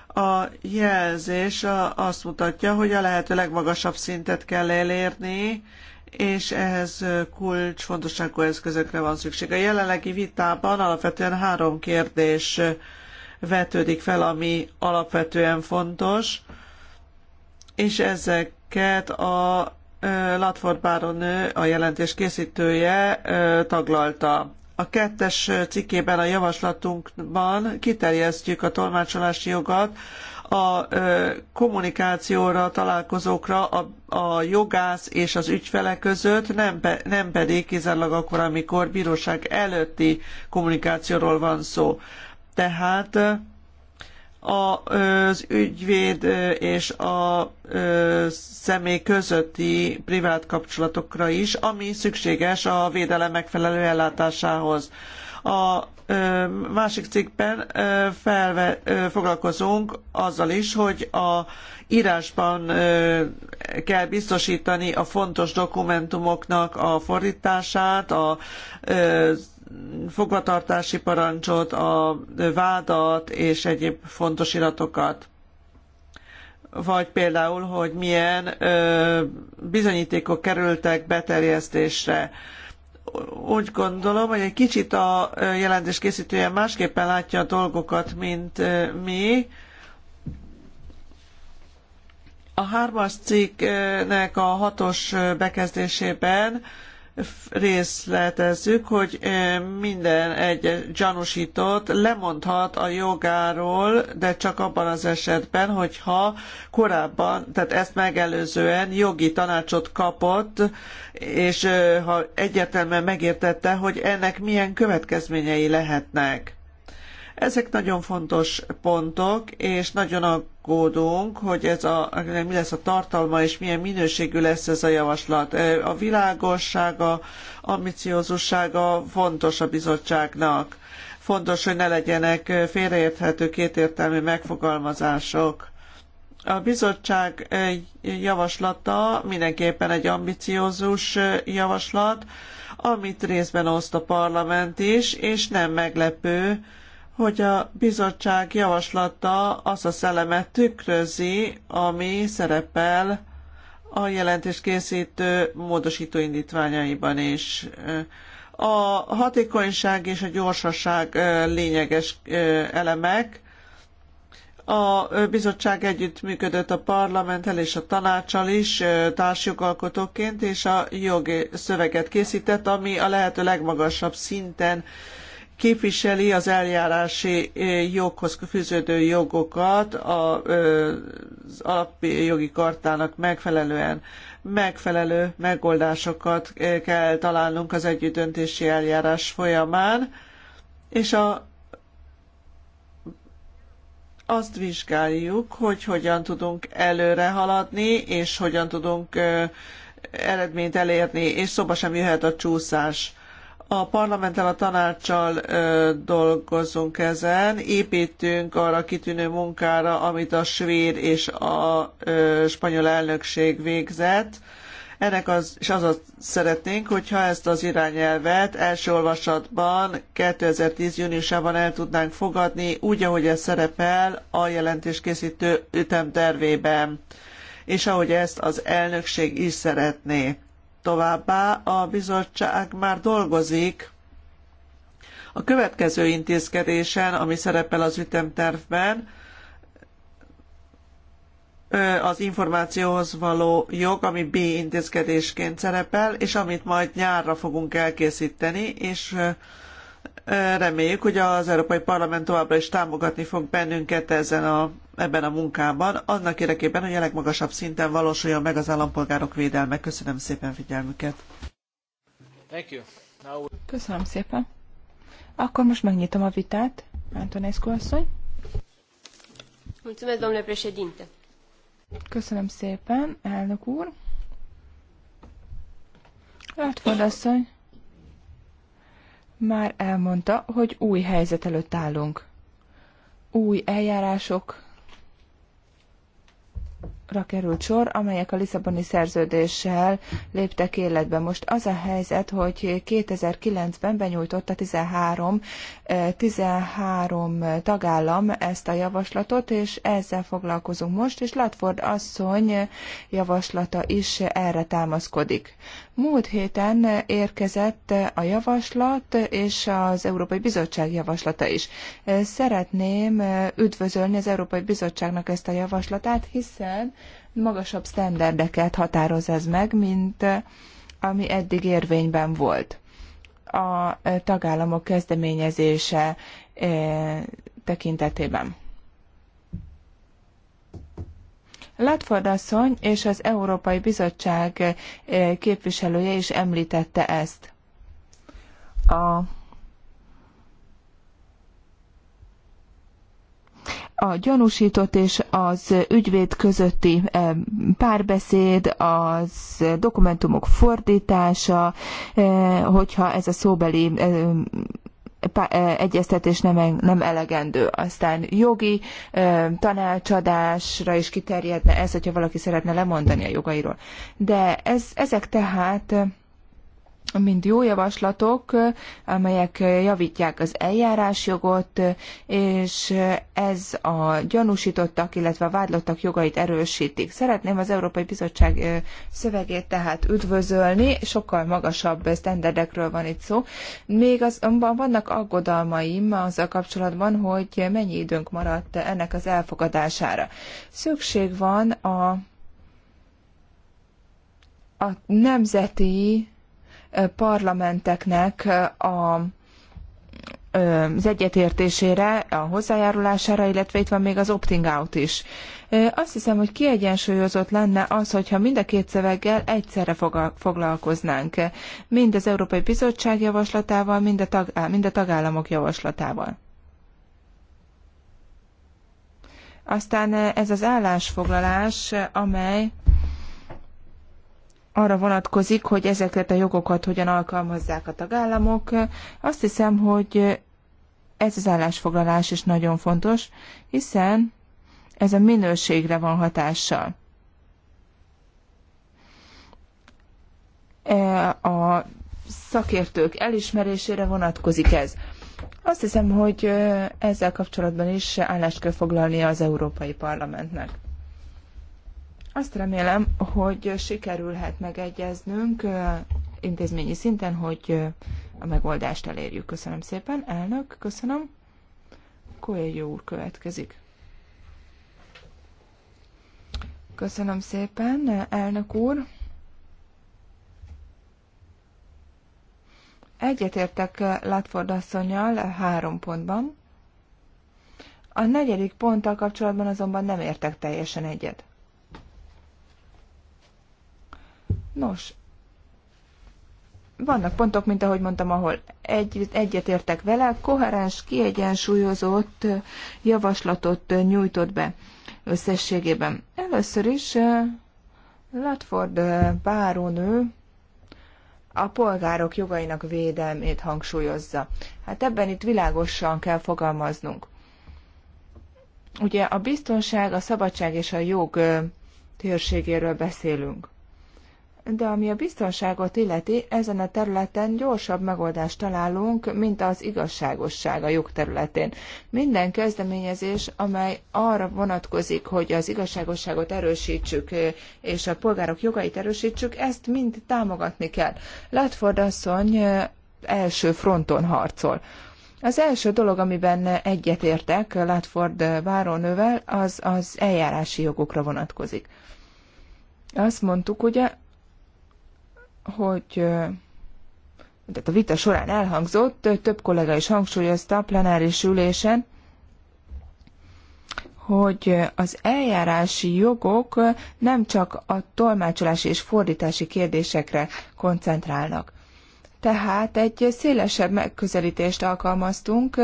A jelzés azt mutatja, hogy a lehető legmagasabb szintet kell elérni, és ehhez kulcsfontosságú eszközökre van szükség. A jelenlegi vitában alapvetően három kérdés vetődik fel, ami alapvetően fontos, és ezeket a Latford Báronő, a jelentés készítője taglalta. A kettes cikkében a javaslatunkban kiterjesztjük a tolmácsolási jogat a kommunikációra, találkozókra a, a jogász és az ügyfele között, nem, pe, nem pedig kizárólag akkor, amikor bíróság előtti kommunikációról van szó. Tehát az ügyvéd és a személy közötti privát kapcsolatokra is, ami szükséges a védelem megfelelő ellátásához. A másik cikkben felve, foglalkozunk azzal is, hogy a írásban kell biztosítani a fontos dokumentumoknak a fordítását, a fogvatartási parancsot, a vádat és egyéb fontos iratokat vagy például, hogy milyen bizonyítékok kerültek beterjesztésre úgy gondolom, hogy egy kicsit a jelentés készítője másképpen látja a dolgokat, mint mi. A hármas cikknek a hatos bekezdésében részletezzük, hogy minden egy gyanúsított lemondhat a jogáról, de csak abban az esetben, hogyha korábban, tehát ezt megelőzően jogi tanácsot kapott, és ha egyértelműen megértette, hogy ennek milyen következményei lehetnek. Ezek nagyon fontos pontok, és nagyon aggódunk, hogy ez a, mi lesz a tartalma, és milyen minőségű lesz ez a javaslat. A világossága, ambiciózussága fontos a bizottságnak. Fontos, hogy ne legyenek félreérthető kétértelmű megfogalmazások. A bizottság javaslata mindenképpen egy ambiciózus javaslat, amit részben oszt a parlament is, és nem meglepő, hogy a bizottság javaslata azt a szellemet tükrözi, ami szerepel a jelentéskészítő módosító indítványaiban is. A hatékonyság és a gyorsaság lényeges elemek. A bizottság együttműködött a parlamenttel és a tanácsal is társjogalkotóként, és a jogi szöveget készített, ami a lehető legmagasabb szinten képviseli az eljárási eh, joghoz fűződő jogokat eh, az alapjogi kartának megfelelően megfelelő megoldásokat eh, kell találnunk az együttdöntési eljárás folyamán, és a, azt vizsgáljuk, hogy hogyan tudunk előre haladni, és hogyan tudunk eredményt elérni, és szóba sem jöhet a csúszás a parlamenttel, a tanácssal ö, dolgozunk ezen, építünk arra kitűnő munkára, amit a svéd és a ö, spanyol elnökség végzett. Ennek az, és azaz szeretnénk, hogyha ezt az irányelvet első olvasatban 2010. júniusában el tudnánk fogadni, úgy, ahogy ez szerepel a jelentéskészítő ütemtervében, és ahogy ezt az elnökség is szeretné. Továbbá a bizottság már dolgozik a következő intézkedésen, ami szerepel az ütemtervben, az információhoz való jog, ami B intézkedésként szerepel, és amit majd nyárra fogunk elkészíteni, és Reméljük, hogy az Európai Parlament továbbra is támogatni fog bennünket ezen a, ebben a munkában, annak érdekében, hogy a legmagasabb szinten valósuljon meg az állampolgárok védelme. Köszönöm szépen figyelmüket. Köszönöm szépen. Akkor most megnyitom a vitát. Antonescu asszony. Mulțumesc, domnule președinte. Köszönöm szépen, elnök úr. Látford már elmondta, hogy új helyzet előtt állunk. Új eljárások került sor, amelyek a Lisszaboni szerződéssel léptek életbe. Most az a helyzet, hogy 2009-ben a 13, 13 tagállam ezt a javaslatot, és ezzel foglalkozunk most, és Latford asszony javaslata is erre támaszkodik. Múlt héten érkezett a javaslat és az Európai Bizottság javaslata is. Szeretném üdvözölni az Európai Bizottságnak ezt a javaslatát, hiszen magasabb sztenderdeket határoz ez meg, mint ami eddig érvényben volt. A tagállamok kezdeményezése eh, tekintetében. Latford asszony és az Európai Bizottság eh, képviselője is említette ezt. A a gyanúsított és az ügyvéd közötti eh, párbeszéd, az dokumentumok fordítása, eh, hogyha ez a szóbeli egyeztetés nem, nem elegendő. Aztán jogi tanácsadásra is kiterjedne ez, hogyha valaki szeretne lemondani a jogairól. De ez, ezek tehát mind jó javaslatok, amelyek javítják az eljárásjogot, és ez a gyanúsítottak, illetve a vádlottak jogait erősítik. Szeretném az Európai Bizottság szövegét tehát üdvözölni, sokkal magasabb sztenderdekről van itt szó. Még azonban vannak aggodalmaim azzal kapcsolatban, hogy mennyi időnk maradt ennek az elfogadására. Szükség van a a nemzeti parlamenteknek a az egyetértésére, a hozzájárulására, illetve itt van még az opting out is. Azt hiszem, hogy kiegyensúlyozott lenne az, hogyha mind a két szöveggel egyszerre foglalkoznánk. Mind az Európai Bizottság javaslatával, mind a, tag, mind a tagállamok javaslatával. Aztán ez az állásfoglalás, amely arra vonatkozik, hogy ezeket a jogokat hogyan alkalmazzák a tagállamok. Azt hiszem, hogy ez az állásfoglalás is nagyon fontos, hiszen ez a minőségre van hatással. E, a szakértők elismerésére vonatkozik ez. Azt hiszem, hogy e, ezzel kapcsolatban is állást kell foglalnia az Európai Parlamentnek. Azt remélem, hogy sikerülhet megegyeznünk intézményi szinten, hogy a megoldást elérjük. Köszönöm szépen, elnök, köszönöm. Koelyó úr következik. Köszönöm szépen, elnök úr. Egyetértek Latford asszonyjal három pontban. A negyedik ponttal kapcsolatban azonban nem értek teljesen egyet. Nos, vannak pontok, mint ahogy mondtam, ahol egy, egyetértek vele, koherens, kiegyensúlyozott javaslatot nyújtott be összességében. Először is Latford bárónő a polgárok jogainak védelmét hangsúlyozza. Hát ebben itt világosan kell fogalmaznunk. Ugye a biztonság, a szabadság és a jog térségéről beszélünk de ami a biztonságot illeti, ezen a területen gyorsabb megoldást találunk, mint az igazságosság a jogterületén. Minden kezdeményezés, amely arra vonatkozik, hogy az igazságosságot erősítsük, eh, és a polgárok jogait erősítsük, ezt mind támogatni kell. Ledford asszony eh, első fronton harcol. Az első dolog, amiben egyetértek Ledford várónővel, az az eljárási jogokra vonatkozik. Azt mondtuk ugye, hogy tehát a vita során elhangzott, több kollega is hangsúlyozta a plenáris ülésen, hogy az eljárási jogok nem csak a tolmácsolási és fordítási kérdésekre koncentrálnak. Tehát egy szélesebb megközelítést alkalmaztunk,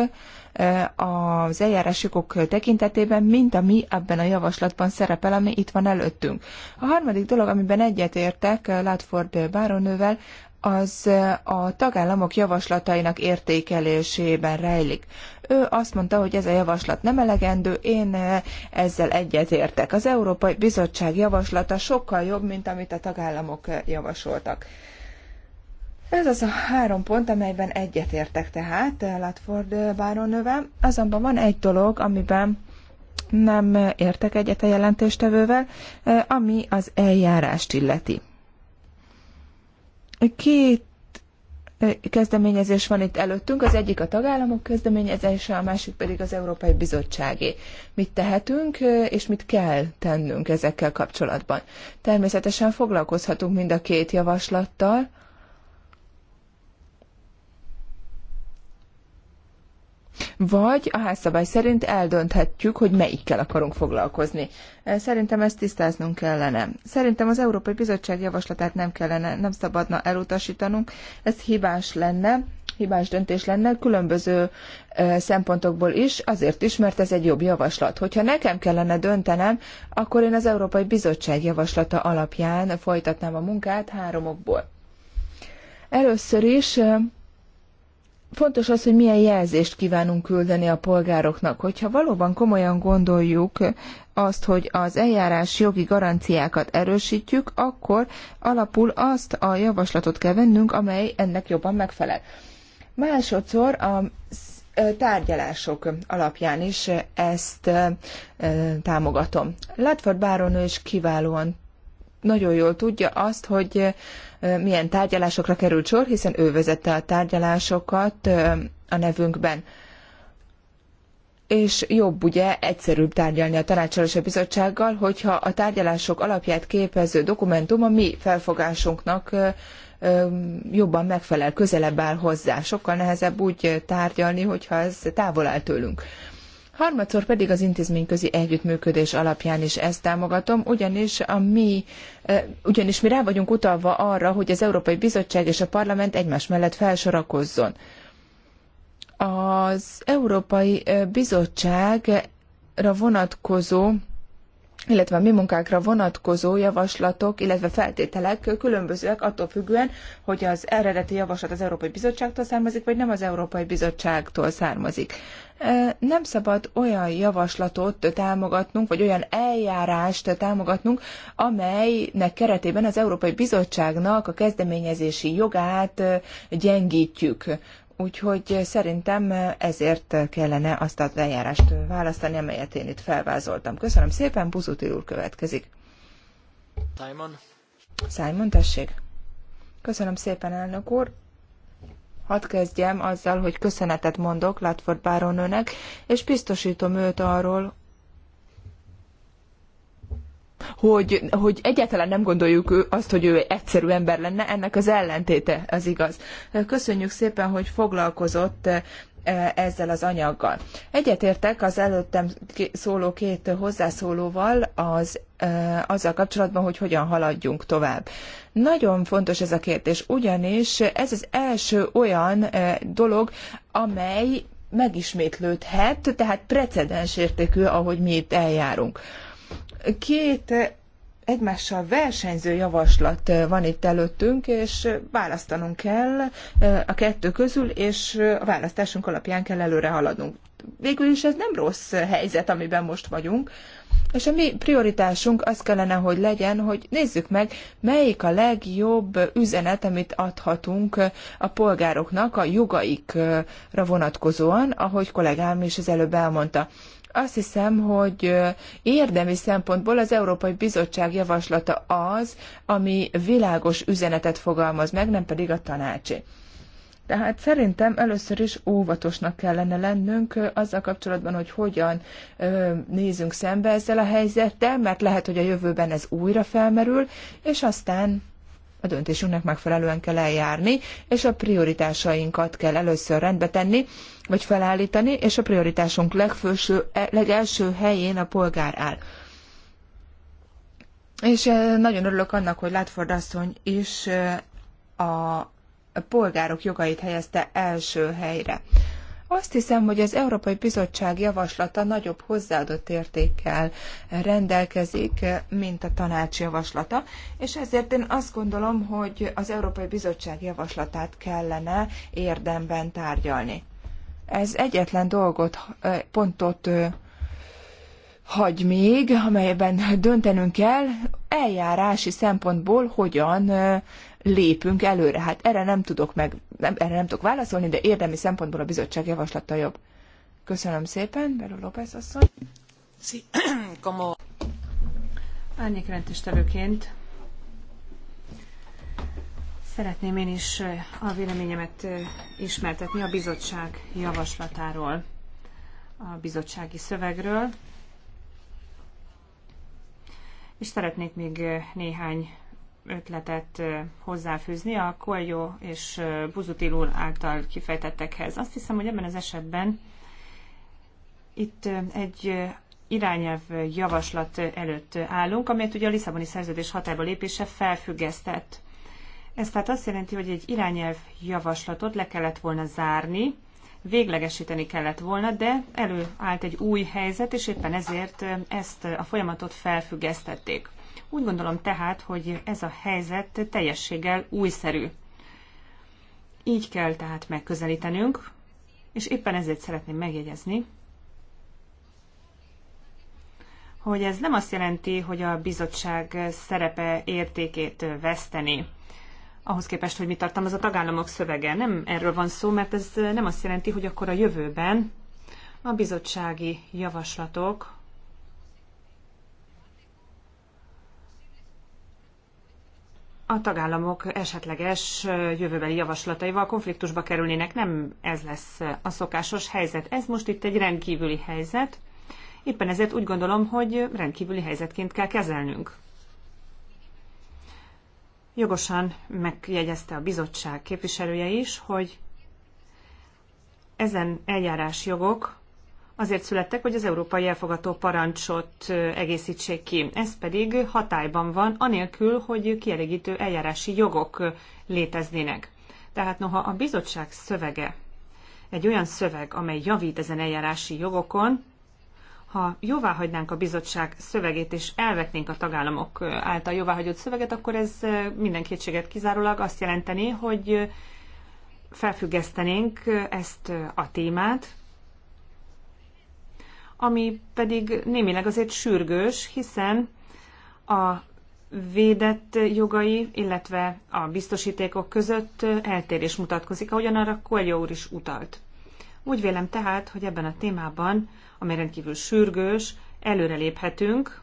az jogok tekintetében, mint ami ebben a javaslatban szerepel, ami itt van előttünk. A harmadik dolog, amiben egyetértek Látford Báronővel, az a tagállamok javaslatainak értékelésében rejlik. Ő azt mondta, hogy ez a javaslat nem elegendő, én ezzel egyetértek. Az Európai Bizottság javaslata sokkal jobb, mint amit a tagállamok javasoltak. Ez az a három pont, amelyben egyetértek tehát Latford eh, bárónővel. Azonban van egy dolog, amiben nem értek egyet a jelentéstevővel, eh, ami az eljárást illeti. Két eh, kezdeményezés van itt előttünk, az egyik a tagállamok kezdeményezése, a másik pedig az Európai Bizottságé. Mit tehetünk, és mit kell tennünk ezekkel kapcsolatban? Természetesen foglalkozhatunk mind a két javaslattal, vagy a házszabály szerint eldönthetjük, hogy melyikkel akarunk foglalkozni. Szerintem ezt tisztáznunk kellene. Szerintem az Európai Bizottság javaslatát nem kellene, nem szabadna elutasítanunk, ez hibás lenne, hibás döntés lenne különböző szempontokból is, azért is, mert ez egy jobb javaslat. Hogyha nekem kellene döntenem, akkor én az Európai Bizottság javaslata alapján folytatnám a munkát három okból. Először is Fontos az, hogy milyen jelzést kívánunk küldeni a polgároknak. Hogyha valóban komolyan gondoljuk azt, hogy az eljárás jogi garanciákat erősítjük, akkor alapul azt a javaslatot kell vennünk, amely ennek jobban megfelel. Másodszor a tárgyalások alapján is ezt támogatom. Latford Báronő is kiválóan nagyon jól tudja azt, hogy milyen tárgyalásokra került sor, hiszen ő vezette a tárgyalásokat a nevünkben. És jobb, ugye, egyszerűbb tárgyalni a tanácssal és a bizottsággal, hogyha a tárgyalások alapját képező dokumentum a mi felfogásunknak jobban megfelel, közelebb áll hozzá. Sokkal nehezebb úgy tárgyalni, hogyha ez távol áll tőlünk. Harmadszor pedig az intézményközi együttműködés alapján is ezt támogatom, ugyanis, a mi, eh, ugyanis mi rá vagyunk utalva arra, hogy az Európai Bizottság és a Parlament egymás mellett felsorakozzon. Az Európai eh, Bizottságra vonatkozó illetve a mi munkákra vonatkozó javaslatok, illetve feltételek különbözőek attól függően, hogy az eredeti javaslat az Európai Bizottságtól származik, vagy nem az Európai Bizottságtól származik. Nem szabad olyan javaslatot támogatnunk, vagy olyan eljárást támogatnunk, amelynek keretében az Európai Bizottságnak a kezdeményezési jogát gyengítjük. Úgyhogy szerintem ezért kellene azt az eljárást választani, amelyet én itt felvázoltam. Köszönöm szépen, Buzuti úr következik. Simon. Simon, tessék. Köszönöm szépen, elnök úr. Hadd kezdjem azzal, hogy köszönetet mondok Latford nőnek és biztosítom őt arról, hogy, hogy egyáltalán nem gondoljuk azt, hogy ő egyszerű ember lenne, ennek az ellentéte az igaz. Köszönjük szépen, hogy foglalkozott eh, ezzel az anyaggal. Egyetértek az előttem szóló két hozzászólóval az, eh, azzal kapcsolatban, hogy hogyan haladjunk tovább. Nagyon fontos ez a kérdés, ugyanis ez az első olyan eh, dolog, amely megismétlődhet, tehát precedens értékű, ahogy mi itt eljárunk. Két eh, egymással versenyző javaslat eh, van itt előttünk, és eh, választanunk kell a kettő közül, és a választásunk alapján kell előre haladnunk. Végül is ez nem rossz helyzet, amiben most vagyunk, és a mi prioritásunk az kellene, hogy legyen, hogy nézzük meg, melyik a legjobb üzenet, amit adhatunk a polgároknak a jogaikra vonatkozóan, ahogy kollégám is az előbb elmondta. Azt hiszem, hogy érdemi szempontból az Európai Bizottság javaslata az, ami világos üzenetet fogalmaz meg, nem pedig a tanácsi. Tehát szerintem először is óvatosnak kellene lennünk azzal kapcsolatban, hogy hogyan nézünk szembe ezzel a helyzettel, mert lehet, hogy a jövőben ez újra felmerül, és aztán a döntésünknek megfelelően kell eljárni, és a prioritásainkat kell először rendbe tenni, vagy felállítani, és a prioritásunk legfőső, e, legelső helyén a polgár áll. És e, nagyon örülök annak, hogy Látford asszony is e, a polgárok jogait helyezte első helyre. Azt hiszem, hogy az Európai Bizottság javaslata nagyobb hozzáadott értékkel rendelkezik, mint a tanács javaslata, és ezért én azt gondolom, hogy az Európai Bizottság javaslatát kellene érdemben tárgyalni ez egyetlen dolgot, pontot hagy még, amelyben döntenünk kell eljárási szempontból, hogyan lépünk előre. Hát erre nem tudok meg, nem, erre nem tudok válaszolni, de érdemi szempontból a bizottság javaslata jobb. Köszönöm szépen, Belú López asszony. Sí, como... Árnyékrendtisztelőként Szeretném én is a véleményemet ismertetni a bizottság javaslatáról, a bizottsági szövegről, és szeretnék még néhány ötletet hozzáfűzni a Koljó és Buzutil úr által kifejtettekhez. Azt hiszem, hogy ebben az esetben itt egy irányelv javaslat előtt állunk, amelyet ugye a Lisszaboni szerződés hatályba lépése felfüggesztett. Ez tehát azt jelenti, hogy egy irányelv javaslatot le kellett volna zárni, véglegesíteni kellett volna, de előállt egy új helyzet, és éppen ezért ezt a folyamatot felfüggesztették. Úgy gondolom tehát, hogy ez a helyzet teljességgel újszerű. Így kell tehát megközelítenünk, és éppen ezért szeretném megjegyezni, hogy ez nem azt jelenti, hogy a bizottság szerepe értékét veszteni ahhoz képest, hogy mi tartalmaz a tagállamok szövege. Nem erről van szó, mert ez eh, nem azt jelenti, hogy akkor a jövőben a bizottsági javaslatok a tagállamok esetleges eh, jövőbeli javaslataival konfliktusba kerülnének. Nem ez lesz eh, a szokásos helyzet. Ez most itt egy rendkívüli helyzet. Éppen ezért úgy gondolom, hogy rendkívüli helyzetként kell kezelnünk. Jogosan megjegyezte a bizottság képviselője is, hogy ezen jogok azért születtek, hogy az európai elfogató parancsot egészítsék ki. Ez pedig hatályban van, anélkül, hogy kielégítő eljárási jogok léteznének. Tehát noha a bizottság szövege egy olyan szöveg, amely javít ezen eljárási jogokon, ha jóvá hagynánk a bizottság szövegét, és elvetnénk a tagállamok által jóváhagyott szöveget, akkor ez minden kétséget kizárólag azt jelenteni, hogy felfüggesztenénk ezt a témát, ami pedig némileg azért sürgős, hiszen a védett jogai, illetve a biztosítékok között eltérés mutatkozik, ahogyan arra Koelyó úr is utalt. Úgy vélem tehát, hogy ebben a témában amely rendkívül sürgős, előreléphetünk,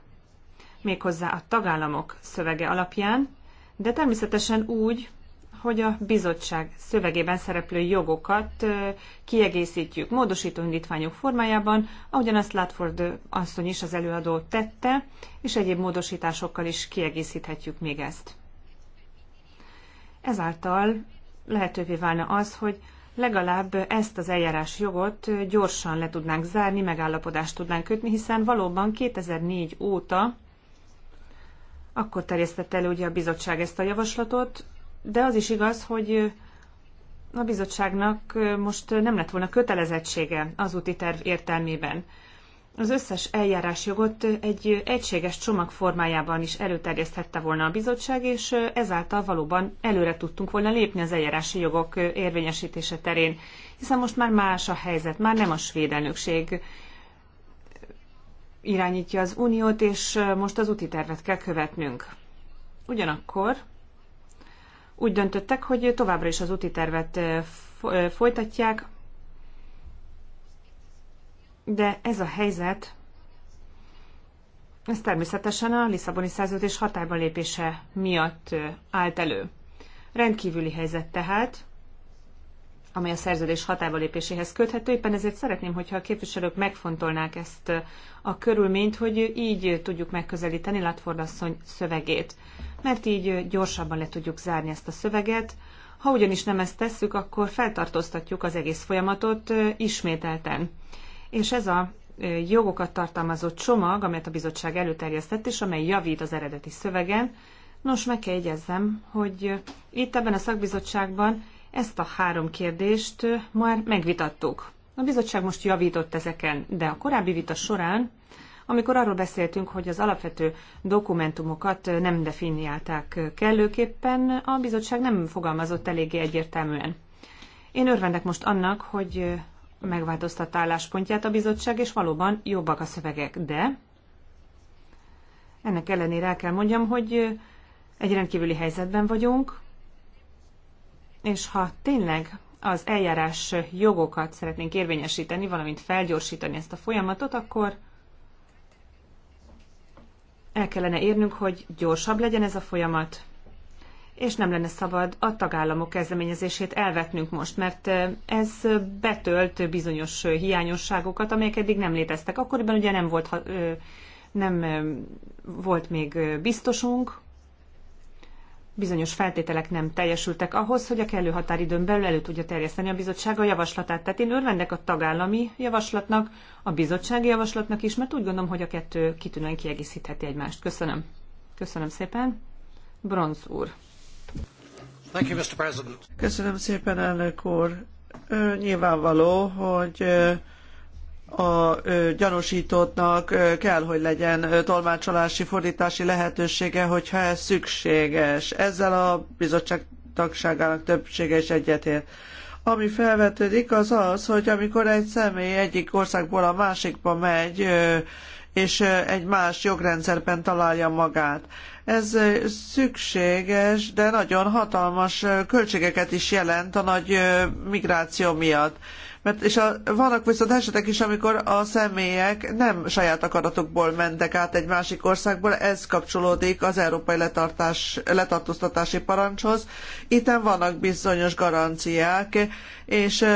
méghozzá a tagállamok szövege alapján, de természetesen úgy, hogy a bizottság szövegében szereplő jogokat kiegészítjük módosító indítványok formájában, ahogyan azt Látford asszony is az előadó tette, és egyéb módosításokkal is kiegészíthetjük még ezt. Ezáltal lehetővé válna az, hogy legalább ezt az eljárás jogot gyorsan le tudnánk zárni, megállapodást tudnánk kötni, hiszen valóban 2004 óta akkor terjesztette elő ugye a bizottság ezt a javaslatot, de az is igaz, hogy a bizottságnak most nem lett volna kötelezettsége az úti terv értelmében az összes eljárásjogot egy egységes csomag formájában is előterjeszthette volna a bizottság, és ezáltal valóban előre tudtunk volna lépni az eljárási jogok érvényesítése terén, hiszen most már más a helyzet, már nem a svéd elnökség irányítja az uniót, és most az úti tervet kell követnünk. Ugyanakkor úgy döntöttek, hogy továbbra is az úti tervet folytatják, de ez a helyzet, ez természetesen a Lisszaboni szerződés hatályba lépése miatt állt elő. Rendkívüli helyzet tehát, amely a szerződés hatályba lépéséhez köthető. Éppen ezért szeretném, hogyha a képviselők megfontolnák ezt a körülményt, hogy így tudjuk megközelíteni Latford asszony szövegét. Mert így gyorsabban le tudjuk zárni ezt a szöveget. Ha ugyanis nem ezt tesszük, akkor feltartóztatjuk az egész folyamatot ismételten és ez a jogokat tartalmazó csomag, amelyet a bizottság előterjesztett, és amely javít az eredeti szövegen. Nos, meg kell jegyezzem, hogy itt ebben a szakbizottságban ezt a három kérdést már megvitattuk. A bizottság most javított ezeken, de a korábbi vita során, amikor arról beszéltünk, hogy az alapvető dokumentumokat nem definiálták kellőképpen, a bizottság nem fogalmazott eléggé egyértelműen. Én örvendek most annak, hogy megváltoztatta álláspontját a bizottság, és valóban jobbak a szövegek, de ennek ellenére el kell mondjam, hogy egy rendkívüli helyzetben vagyunk, és ha tényleg az eljárás jogokat szeretnénk érvényesíteni, valamint felgyorsítani ezt a folyamatot, akkor el kellene érnünk, hogy gyorsabb legyen ez a folyamat, és nem lenne szabad a tagállamok kezdeményezését elvetnünk most, mert ez betölt bizonyos hiányosságokat, amelyek eddig nem léteztek. Akkoriban ugye nem volt, nem volt még biztosunk, bizonyos feltételek nem teljesültek ahhoz, hogy a kellő határidőn belül elő tudja terjeszteni a bizottság a javaslatát. Tehát én örvendek a tagállami javaslatnak, a bizottsági javaslatnak is, mert úgy gondolom, hogy a kettő kitűnően kiegészítheti egymást. Köszönöm. Köszönöm szépen. Bronz úr. Köszönöm szépen, elnök úr. nyilvánvaló, hogy a gyanúsítottnak kell, hogy legyen tolmácsolási, fordítási lehetősége, hogyha ez szükséges. Ezzel a bizottság tagságának többsége is egyetért. Ami felvetődik, az az, hogy amikor egy személy egyik országból a másikba megy, és egy más jogrendszerben találja magát. Ez szükséges, de nagyon hatalmas költségeket is jelent a nagy migráció miatt. Mert, és a, vannak viszont esetek is, amikor a személyek nem saját akaratukból mentek át egy másik országból, ez kapcsolódik az európai letartás, letartóztatási parancshoz. Itten vannak bizonyos garanciák, és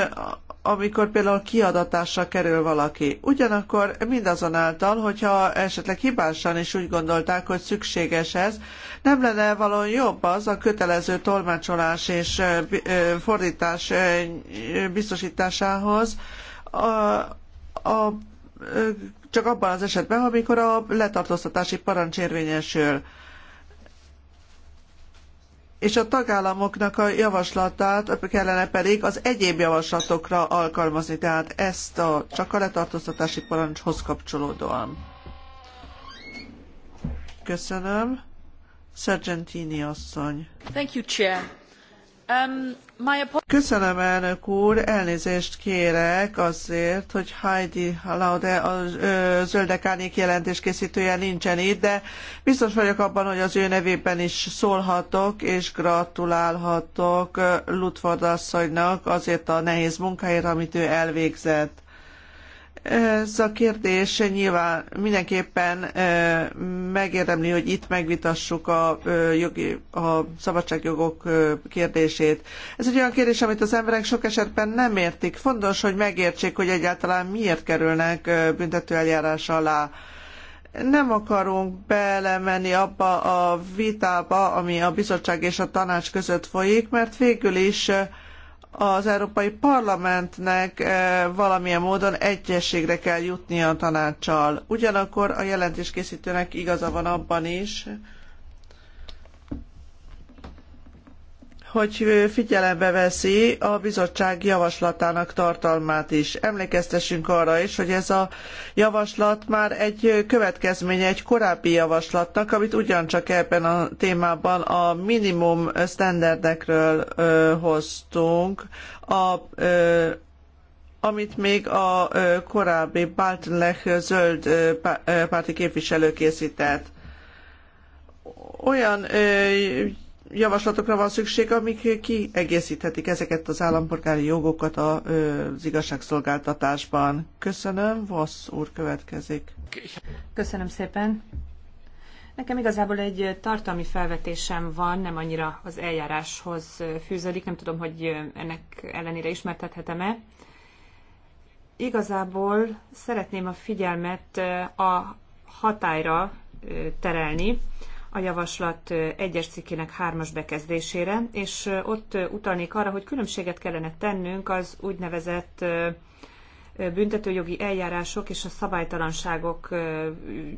amikor például kiadatásra kerül valaki. Ugyanakkor mindazonáltal, hogyha esetleg hibásan is úgy gondolták, hogy szükséges ez, nem lenne valóan jobb az a kötelező tolmácsolás és fordítás biztosításához, a, a, csak abban az esetben, amikor a letartóztatási parancs érvényesül és a tagállamoknak a javaslatát kellene pedig az egyéb javaslatokra alkalmazni, tehát ezt a, csak a letartóztatási parancshoz kapcsolódóan. Köszönöm. Sargentini asszony. Thank you, Chair. Um, Köszönöm, elnök úr, elnézést kérek azért, hogy Heidi Laude, a Zöldek Árnyék jelentéskészítője nincsen itt, de biztos vagyok abban, hogy az ő nevében is szólhatok, és gratulálhatok Lutford asszonynak azért a nehéz munkáért, amit ő elvégzett ez a kérdés nyilván mindenképpen megérdemli, hogy itt megvitassuk a, jogi, a szabadságjogok kérdését. Ez egy olyan kérdés, amit az emberek sok esetben nem értik. Fontos, hogy megértsék, hogy egyáltalán miért kerülnek büntetőeljárás alá. Nem akarunk belemenni abba a vitába, ami a bizottság és a tanács között folyik, mert végül is az Európai Parlamentnek eh, valamilyen módon egyességre kell jutnia a tanácssal. Ugyanakkor a jelentéskészítőnek igaza van abban is, hogy figyelembe veszi a bizottság javaslatának tartalmát is. Emlékeztessünk arra is, hogy ez a javaslat már egy következménye egy korábbi javaslatnak, amit ugyancsak ebben a témában a minimum standardekről ö, hoztunk, a, ö, amit még a ö, korábbi Baltenlech zöld ö, párti képviselő készített. Olyan ö, javaslatokra van szükség, amik kiegészíthetik ezeket az állampolgári jogokat az igazságszolgáltatásban. Köszönöm, Vassz úr következik. Köszönöm szépen. Nekem igazából egy tartalmi felvetésem van, nem annyira az eljáráshoz fűződik, nem tudom, hogy ennek ellenére ismertethetem-e. Igazából szeretném a figyelmet a hatályra terelni, a javaslat egyes cikkének hármas bekezdésére, és ott utalnék arra, hogy különbséget kellene tennünk az úgynevezett büntetőjogi eljárások és a szabálytalanságok,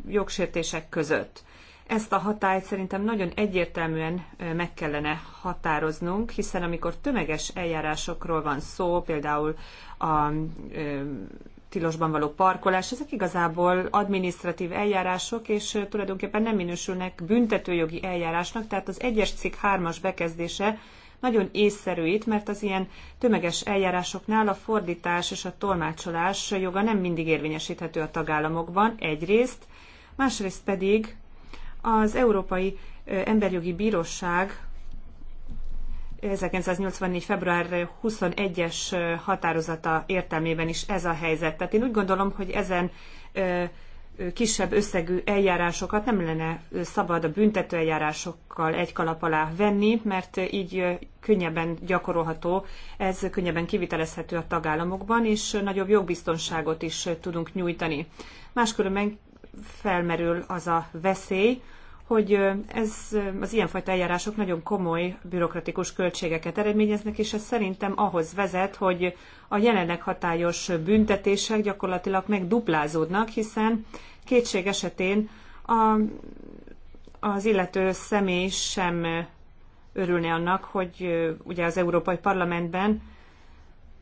jogsértések között. Ezt a hatályt szerintem nagyon egyértelműen meg kellene határoznunk, hiszen amikor tömeges eljárásokról van szó, például a tilosban való parkolás, ezek igazából administratív eljárások, és tulajdonképpen nem minősülnek büntetőjogi eljárásnak, tehát az egyes cikk hármas bekezdése nagyon észszerű itt, mert az ilyen tömeges eljárásoknál a fordítás és a tolmácsolás joga nem mindig érvényesíthető a tagállamokban egyrészt, másrészt pedig az Európai Emberjogi Bíróság 1984. február 21-es határozata értelmében is ez a helyzet. Tehát én úgy gondolom, hogy ezen kisebb összegű eljárásokat nem lenne szabad a büntető eljárásokkal egy kalap alá venni, mert így könnyebben gyakorolható, ez könnyebben kivitelezhető a tagállamokban, és nagyobb jogbiztonságot is tudunk nyújtani. Máskülönben felmerül az a veszély, hogy ez, az ilyenfajta eljárások nagyon komoly bürokratikus költségeket eredményeznek, és ez szerintem ahhoz vezet, hogy a jelenleg hatályos büntetések gyakorlatilag megduplázódnak, hiszen kétség esetén a, az illető személy sem örülne annak, hogy ugye az Európai Parlamentben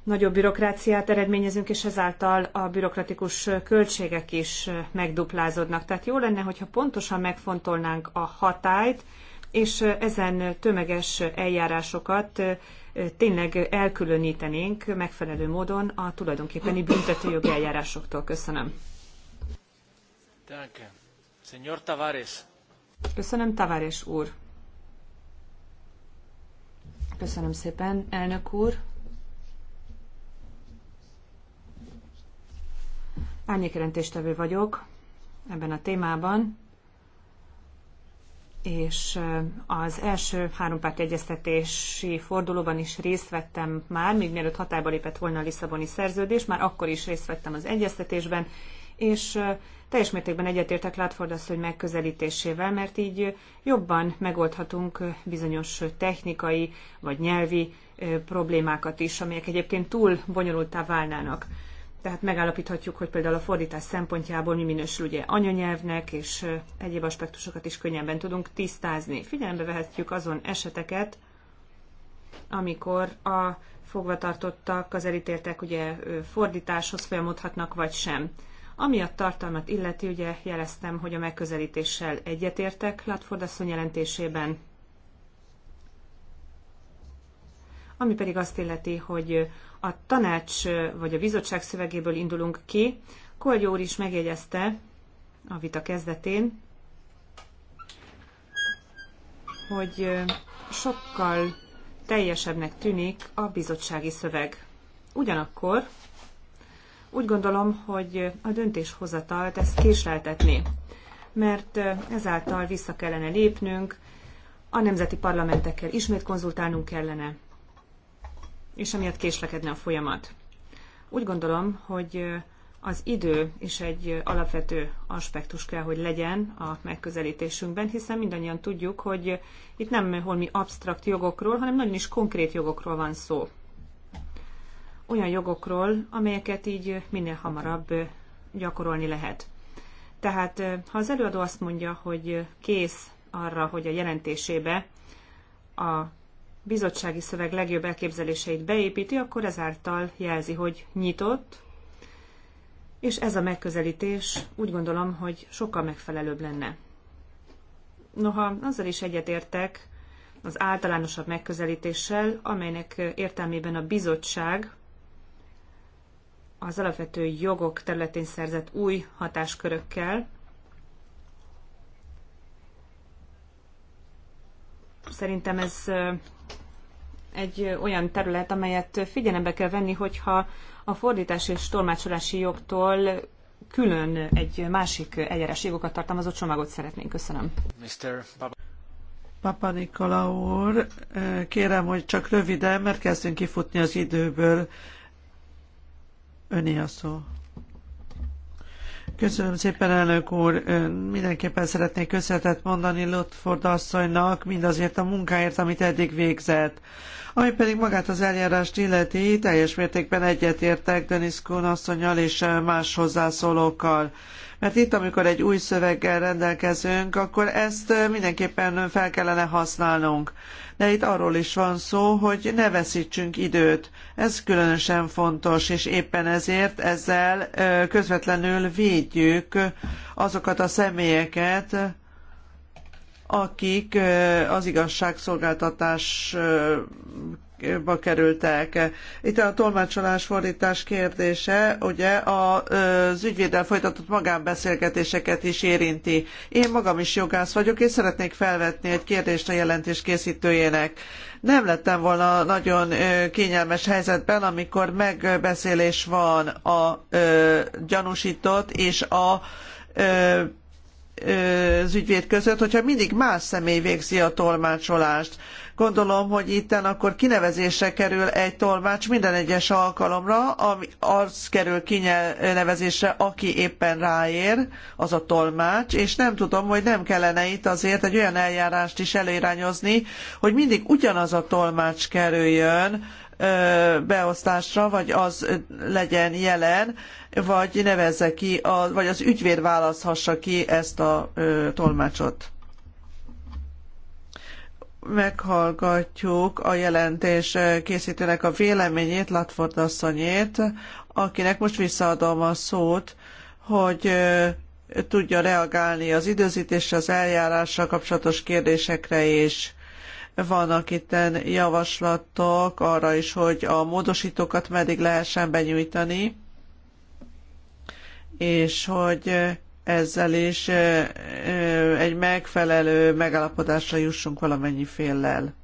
nagyobb bürokráciát eredményezünk, és ezáltal a bürokratikus költségek is megduplázódnak. Tehát jó lenne, hogyha pontosan megfontolnánk a hatályt, és ezen tömeges eljárásokat tényleg elkülönítenénk megfelelő módon a tulajdonképpeni büntetőjogi eljárásoktól. Köszönöm. Señor Tavares. Köszönöm, Tavares úr. Köszönöm szépen, elnök úr. Árnyékjelentéstevő vagyok ebben a témában, és az első hárompárt egyeztetési fordulóban is részt vettem már, még mielőtt hatályba lépett volna a Lisszaboni szerződés, már akkor is részt vettem az egyeztetésben, és teljes mértékben egyetértek Látford hogy megközelítésével, mert így jobban megoldhatunk bizonyos technikai vagy nyelvi problémákat is, amelyek egyébként túl bonyolultá válnának tehát megállapíthatjuk, hogy például a fordítás szempontjából mi minősül ugye anyanyelvnek, és egyéb aspektusokat is könnyebben tudunk tisztázni. Figyelembe vehetjük azon eseteket, amikor a fogvatartottak, az elítéltek ugye fordításhoz folyamodhatnak, vagy sem. Ami a tartalmat illeti, ugye jeleztem, hogy a megközelítéssel egyetértek Latford asszony jelentésében. Ami pedig azt illeti, hogy a tanács vagy a bizottság szövegéből indulunk ki. Kolgyó úr is megjegyezte a vita kezdetén, hogy sokkal teljesebbnek tűnik a bizottsági szöveg. Ugyanakkor úgy gondolom, hogy a döntéshozatalt ezt késleltetni, mert ezáltal vissza kellene lépnünk, a nemzeti parlamentekkel ismét konzultálnunk kellene és emiatt késlekedne a folyamat. Úgy gondolom, hogy az idő is egy alapvető aspektus kell, hogy legyen a megközelítésünkben, hiszen mindannyian tudjuk, hogy itt nem holmi absztrakt jogokról, hanem nagyon is konkrét jogokról van szó. Olyan jogokról, amelyeket így minél hamarabb gyakorolni lehet. Tehát ha az előadó azt mondja, hogy kész arra, hogy a jelentésébe a bizottsági szöveg legjobb elképzeléseit beépíti, akkor ezáltal jelzi, hogy nyitott, és ez a megközelítés úgy gondolom, hogy sokkal megfelelőbb lenne. Noha azzal is egyetértek az általánosabb megközelítéssel, amelynek értelmében a bizottság az alapvető jogok területén szerzett új hatáskörökkel Szerintem ez egy olyan terület, amelyet figyelembe kell venni, hogyha a fordítás és tolmácsolási jogtól külön egy másik eljárási jogokat tartalmazó csomagot szeretnénk. Köszönöm. Mr. Papa Papa Nikola úr, kérem, hogy csak röviden, mert kezdünk kifutni az időből. Öné a szó. Köszönöm szépen, elnök úr. Mindenképpen szeretnék köszönetet mondani Lutford asszonynak mindazért a munkáért, amit eddig végzett. Ami pedig magát az eljárást illeti, teljes mértékben egyetértek Denis Kuhn asszonyal és eh, más hozzászólókkal. Mert itt, amikor egy új szöveggel rendelkezünk, akkor ezt eh, mindenképpen fel kellene használnunk. De itt arról is van szó, hogy ne veszítsünk időt. Ez különösen fontos, és éppen ezért ezzel eh, közvetlenül védjük azokat a személyeket, akik az igazságszolgáltatásba kerültek. Itt a tolmácsolás fordítás kérdése ugye az ügyvéddel folytatott magánbeszélgetéseket is érinti. Én magam is jogász vagyok, és szeretnék felvetni egy kérdést a jelentés készítőjének. Nem lettem volna nagyon kényelmes helyzetben, amikor megbeszélés van a gyanúsított és a az ügyvéd között, hogyha mindig más személy végzi a tolmácsolást. Gondolom, hogy itten akkor kinevezésre kerül egy tolmács minden egyes alkalomra, ami az kerül kinevezésre, aki éppen ráér, az a tolmács, és nem tudom, hogy nem kellene itt azért egy olyan eljárást is előirányozni, hogy mindig ugyanaz a tolmács kerüljön, beosztásra, vagy az legyen jelen, vagy nevezze ki, a, vagy az ügyvéd választhassa ki ezt a ö, tolmácsot. Meghallgatjuk a jelentés készítőnek a véleményét, Latford asszonyét, akinek most visszaadom a szót, hogy ö, tudja reagálni az időzítésre, az eljárással kapcsolatos kérdésekre is vannak itten javaslatok arra is, hogy a módosítókat meddig lehessen benyújtani, és hogy ezzel is egy megfelelő megállapodásra jussunk valamennyi féllel.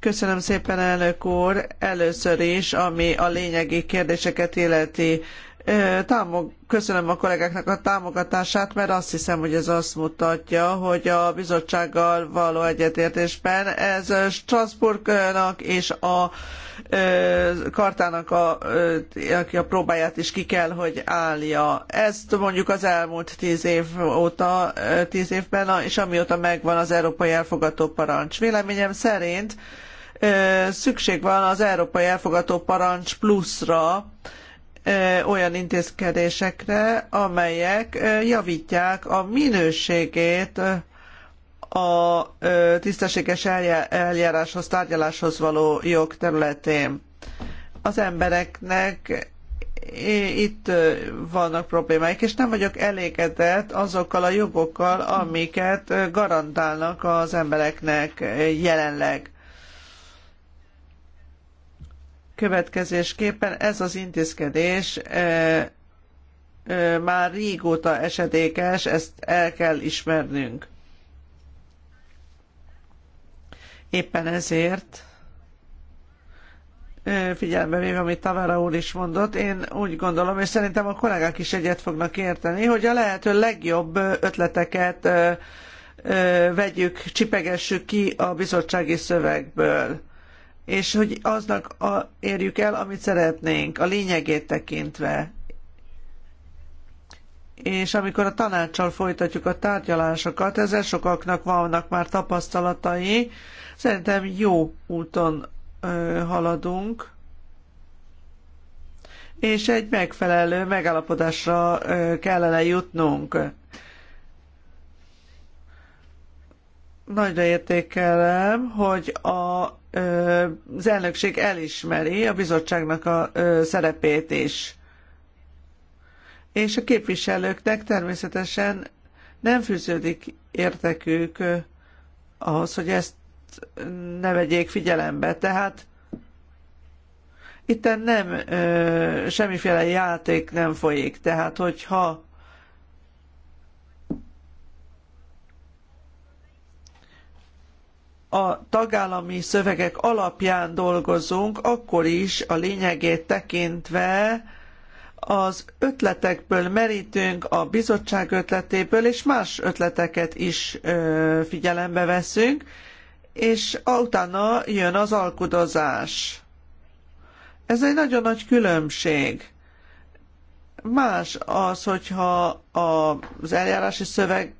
Köszönöm szépen, elnök úr! Először is, ami a lényegi kérdéseket illeti, Támog, köszönöm a kollégáknak a támogatását, mert azt hiszem, hogy ez azt mutatja, hogy a bizottsággal való egyetértésben ez Strasbourgnak és a kartának a, aki a próbáját is ki kell, hogy állja. Ezt mondjuk az elmúlt tíz év óta, tíz évben, és amióta megvan az Európai Elfogató Parancs. Véleményem szerint szükség van az Európai Elfogató Parancs pluszra, olyan intézkedésekre, amelyek javítják a minőségét a tisztességes eljáráshoz, tárgyaláshoz való jog területén. Az embereknek itt vannak problémáik, és nem vagyok elégedett azokkal a jogokkal, amiket garantálnak az embereknek jelenleg. Következésképpen ez az intézkedés már régóta esedékes, ezt el kell ismernünk. Éppen ezért figyelembe véve, amit Tavara úr is mondott, én úgy gondolom, és szerintem a kollégák is egyet fognak érteni, hogy a lehető legjobb ötleteket vegyük, csipegessük ki a bizottsági szövegből és hogy aznak a, érjük el, amit szeretnénk, a lényegét tekintve. És amikor a tanácssal folytatjuk a tárgyalásokat, ezzel sokaknak vannak már tapasztalatai, szerintem jó úton ö, haladunk, és egy megfelelő megállapodásra ö, kellene jutnunk nagyra értékelem, hogy a, az elnökség elismeri a bizottságnak a szerepét is. És a képviselőknek természetesen nem fűződik értekük ahhoz, hogy ezt ne vegyék figyelembe. Tehát itt nem semmiféle játék nem folyik. Tehát, hogyha a tagállami szövegek alapján dolgozunk, akkor is a lényegét tekintve az ötletekből merítünk, a bizottság ötletéből, és más ötleteket is ö, figyelembe veszünk, és utána jön az alkudozás. Ez egy nagyon nagy különbség. Más az, hogyha az eljárási szöveg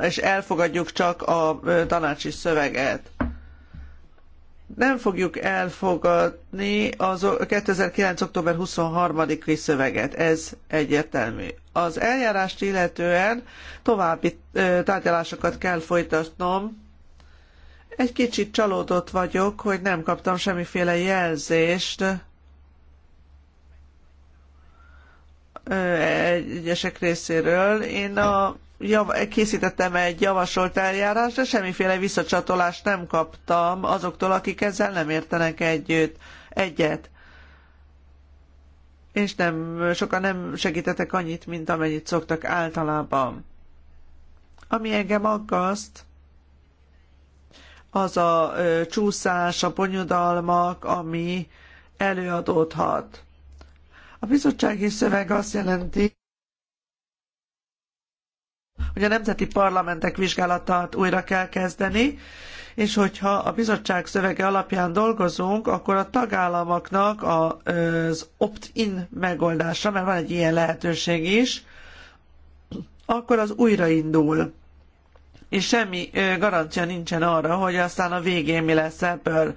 és elfogadjuk csak a tanácsi szöveget. Nem fogjuk elfogadni az 2009. október 23-i szöveget, ez egyértelmű. Az eljárást illetően további tárgyalásokat kell folytatnom. Egy kicsit csalódott vagyok, hogy nem kaptam semmiféle jelzést egyesek részéről. Én a jav, készítettem egy javasolt eljárást, de semmiféle visszacsatolást nem kaptam azoktól, akik ezzel nem értenek együtt, egyet. És nem, sokan nem segítettek annyit, mint amennyit szoktak általában. Ami engem aggaszt, az a ö, csúszás, a bonyodalmak, ami előadódhat. A bizottsági szöveg azt jelenti, hogy a nemzeti parlamentek vizsgálatát újra kell kezdeni, és hogyha a bizottság szövege alapján dolgozunk, akkor a tagállamoknak az opt-in megoldása, mert van egy ilyen lehetőség is, akkor az újraindul. És semmi garancia nincsen arra, hogy aztán a végén mi lesz ebből.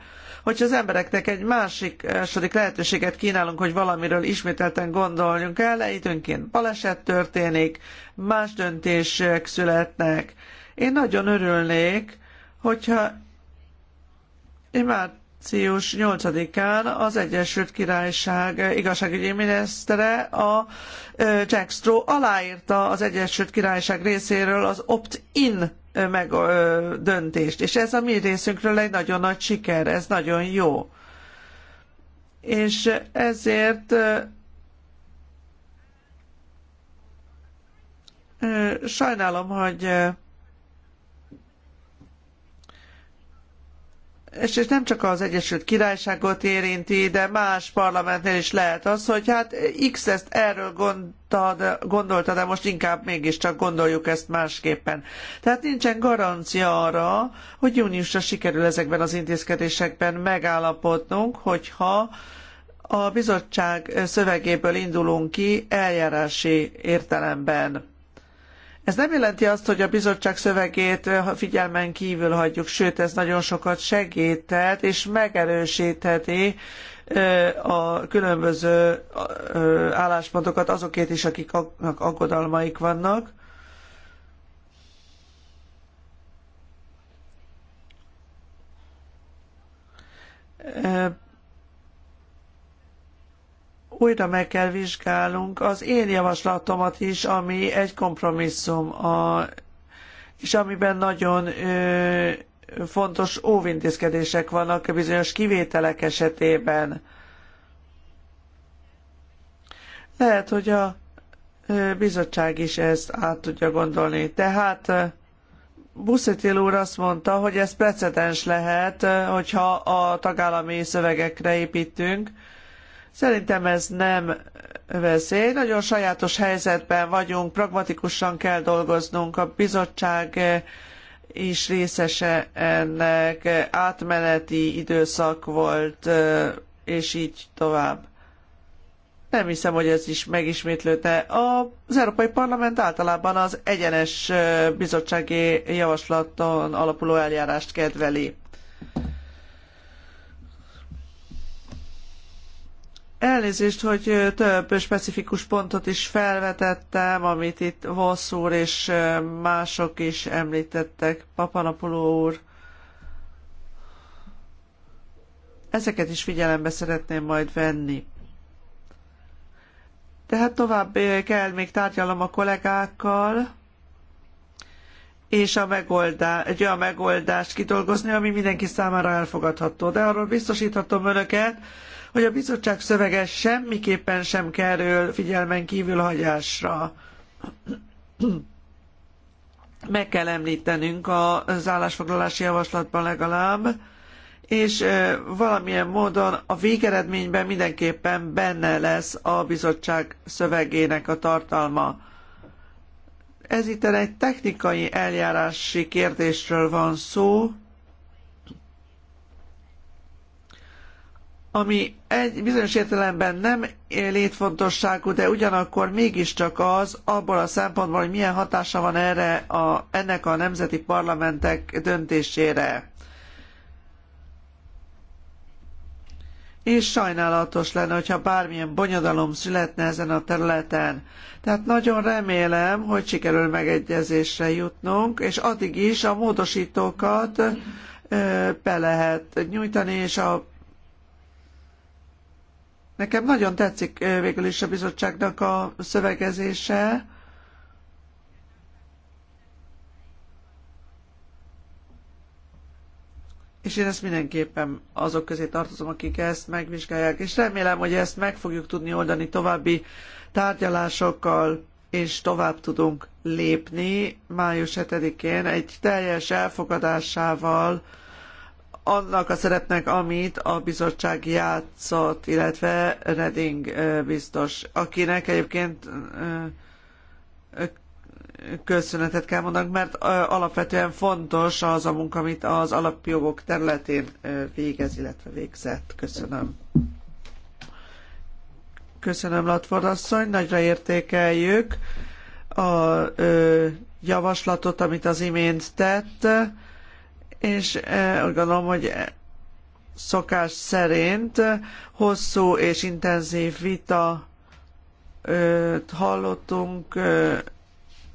Hogyha az embereknek egy másik, második lehetőséget kínálunk, hogy valamiről ismételten gondoljunk el, időnként baleset történik, más döntések születnek. Én nagyon örülnék, hogyha én már március 8-án az Egyesült Királyság igazságügyi minisztere a Jack Straw aláírta az Egyesült Királyság részéről az opt-in meg döntést. És ez a mi részünkről egy nagyon nagy siker, ez nagyon jó. És ezért sajnálom, hogy és ez nem csak az Egyesült Királyságot érinti, de más parlamentnél is lehet az, hogy hát X ezt erről gondolta, de most inkább mégiscsak gondoljuk ezt másképpen. Tehát nincsen garancia arra, hogy júniusra sikerül ezekben az intézkedésekben megállapodnunk, hogyha a bizottság szövegéből indulunk ki eljárási értelemben ez nem jelenti azt, hogy a bizottság szövegét figyelmen kívül hagyjuk, sőt, ez nagyon sokat segített és megerősítheti a különböző álláspontokat azokét is, akiknek aggodalmaik vannak újra meg kell vizsgálnunk az én javaslatomat is, ami egy kompromisszum, a, és amiben nagyon ö, fontos óvintézkedések vannak bizonyos kivételek esetében. Lehet, hogy a bizottság is ezt át tudja gondolni. Tehát Buszitil úr azt mondta, hogy ez precedens lehet, hogyha a tagállami szövegekre építünk, Szerintem ez nem veszély. Nagyon sajátos helyzetben vagyunk, pragmatikusan kell dolgoznunk. A bizottság eh, is részese ennek, átmeneti időszak volt, eh, és így tovább. Nem hiszem, hogy ez is megismétlődne. Az Európai Parlament általában az egyenes eh, bizottsági javaslaton alapuló eljárást kedveli. Elnézést, hogy több specifikus pontot is felvetettem, amit itt Vossz úr és mások is említettek, Papanapuló úr. Ezeket is figyelembe szeretném majd venni. Tehát tovább kell még tárgyalnom a kollégákkal, és a megoldás, egy olyan megoldást kidolgozni, ami mindenki számára elfogadható. De arról biztosíthatom önöket, hogy a bizottság szövege semmiképpen sem kerül figyelmen kívül hagyásra. Meg kell említenünk az állásfoglalási javaslatban legalább, és valamilyen módon a végeredményben mindenképpen benne lesz a bizottság szövegének a tartalma. Ez itt egy technikai eljárási kérdésről van szó, ami egy bizonyos értelemben nem létfontosságú, de ugyanakkor mégiscsak az, abból a szempontból, hogy milyen hatása van erre a, ennek a nemzeti parlamentek döntésére. és sajnálatos lenne, hogyha bármilyen bonyodalom születne ezen a területen. Tehát nagyon remélem, hogy sikerül megegyezésre jutnunk, és addig is a módosítókat be lehet nyújtani, és a Nekem nagyon tetszik végül is a bizottságnak a szövegezése, és én ezt mindenképpen azok közé tartozom, akik ezt megvizsgálják, és remélem, hogy ezt meg fogjuk tudni oldani további tárgyalásokkal, és tovább tudunk lépni május 7-én egy teljes elfogadásával, annak a szerepnek, amit a bizottság játszott, illetve Reding biztos, akinek egyébként köszönetet kell mondanak, mert alapvetően fontos az a munka, amit az alapjogok területén végez, illetve végzett. Köszönöm. Köszönöm, Latford asszony, nagyra értékeljük a javaslatot, amit az imént tett és eh, úgy gondolom, hogy szokás szerint hosszú és intenzív vita hallottunk,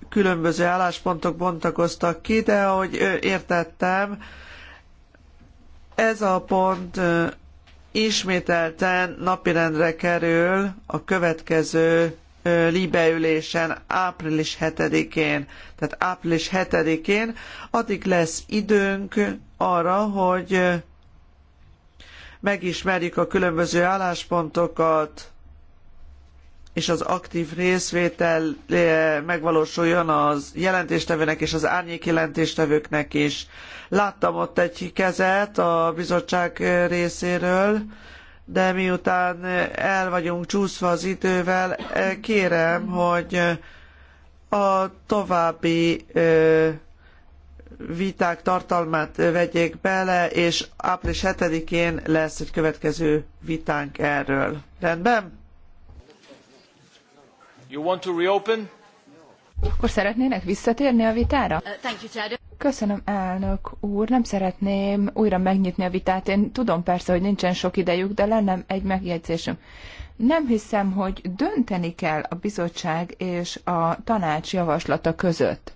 különböző álláspontok bontakoztak ki, de ahogy értettem, ez a pont ismételten napirendre kerül a következő libeülésen április 7-én, tehát április 7-én, addig lesz időnk arra, hogy megismerjük a különböző álláspontokat, és az aktív részvétel megvalósuljon az jelentéstevőnek és az árnyék jelentéstevőknek is. Láttam ott egy kezet a bizottság részéről, de miután el vagyunk csúszva az idővel, eh, kérem, hogy eh, a további eh, viták tartalmát vegyék bele, és április 7-én lesz egy következő vitánk erről. Rendben? You want to reopen? Akkor szeretnének visszatérni a vitára? Uh, Köszönöm, elnök úr. Nem szeretném újra megnyitni a vitát. Én tudom persze, hogy nincsen sok idejük, de lenne egy megjegyzésem. Nem hiszem, hogy dönteni kell a bizottság és a tanács javaslata között.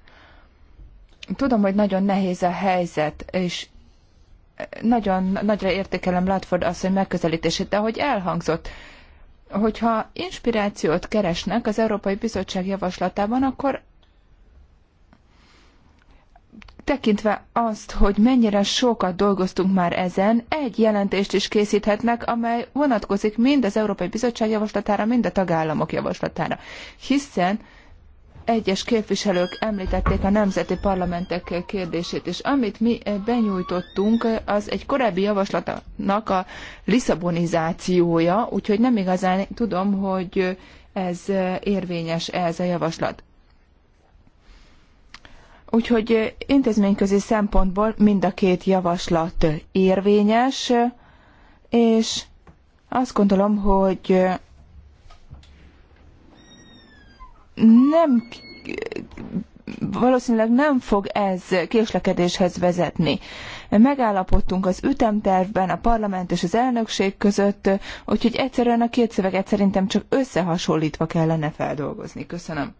Tudom, hogy nagyon nehéz a helyzet, és nagyon nagyra értékelem Latford hogy megközelítését, de ahogy elhangzott, hogyha inspirációt keresnek az Európai Bizottság javaslatában, akkor tekintve azt, hogy mennyire sokat dolgoztunk már ezen, egy jelentést is készíthetnek, amely vonatkozik mind az Európai Bizottság javaslatára, mind a tagállamok javaslatára. Hiszen egyes képviselők említették a nemzeti parlamentek kérdését, és amit mi benyújtottunk, az egy korábbi javaslatnak a liszabonizációja, úgyhogy nem igazán tudom, hogy ez érvényes -e ez a javaslat. Úgyhogy intézményközi szempontból mind a két javaslat érvényes, és azt gondolom, hogy nem valószínűleg nem fog ez késlekedéshez vezetni. Megállapodtunk az ütemtervben a parlament és az elnökség között, úgyhogy egyszerűen a két szöveget szerintem csak összehasonlítva kellene feldolgozni. Köszönöm.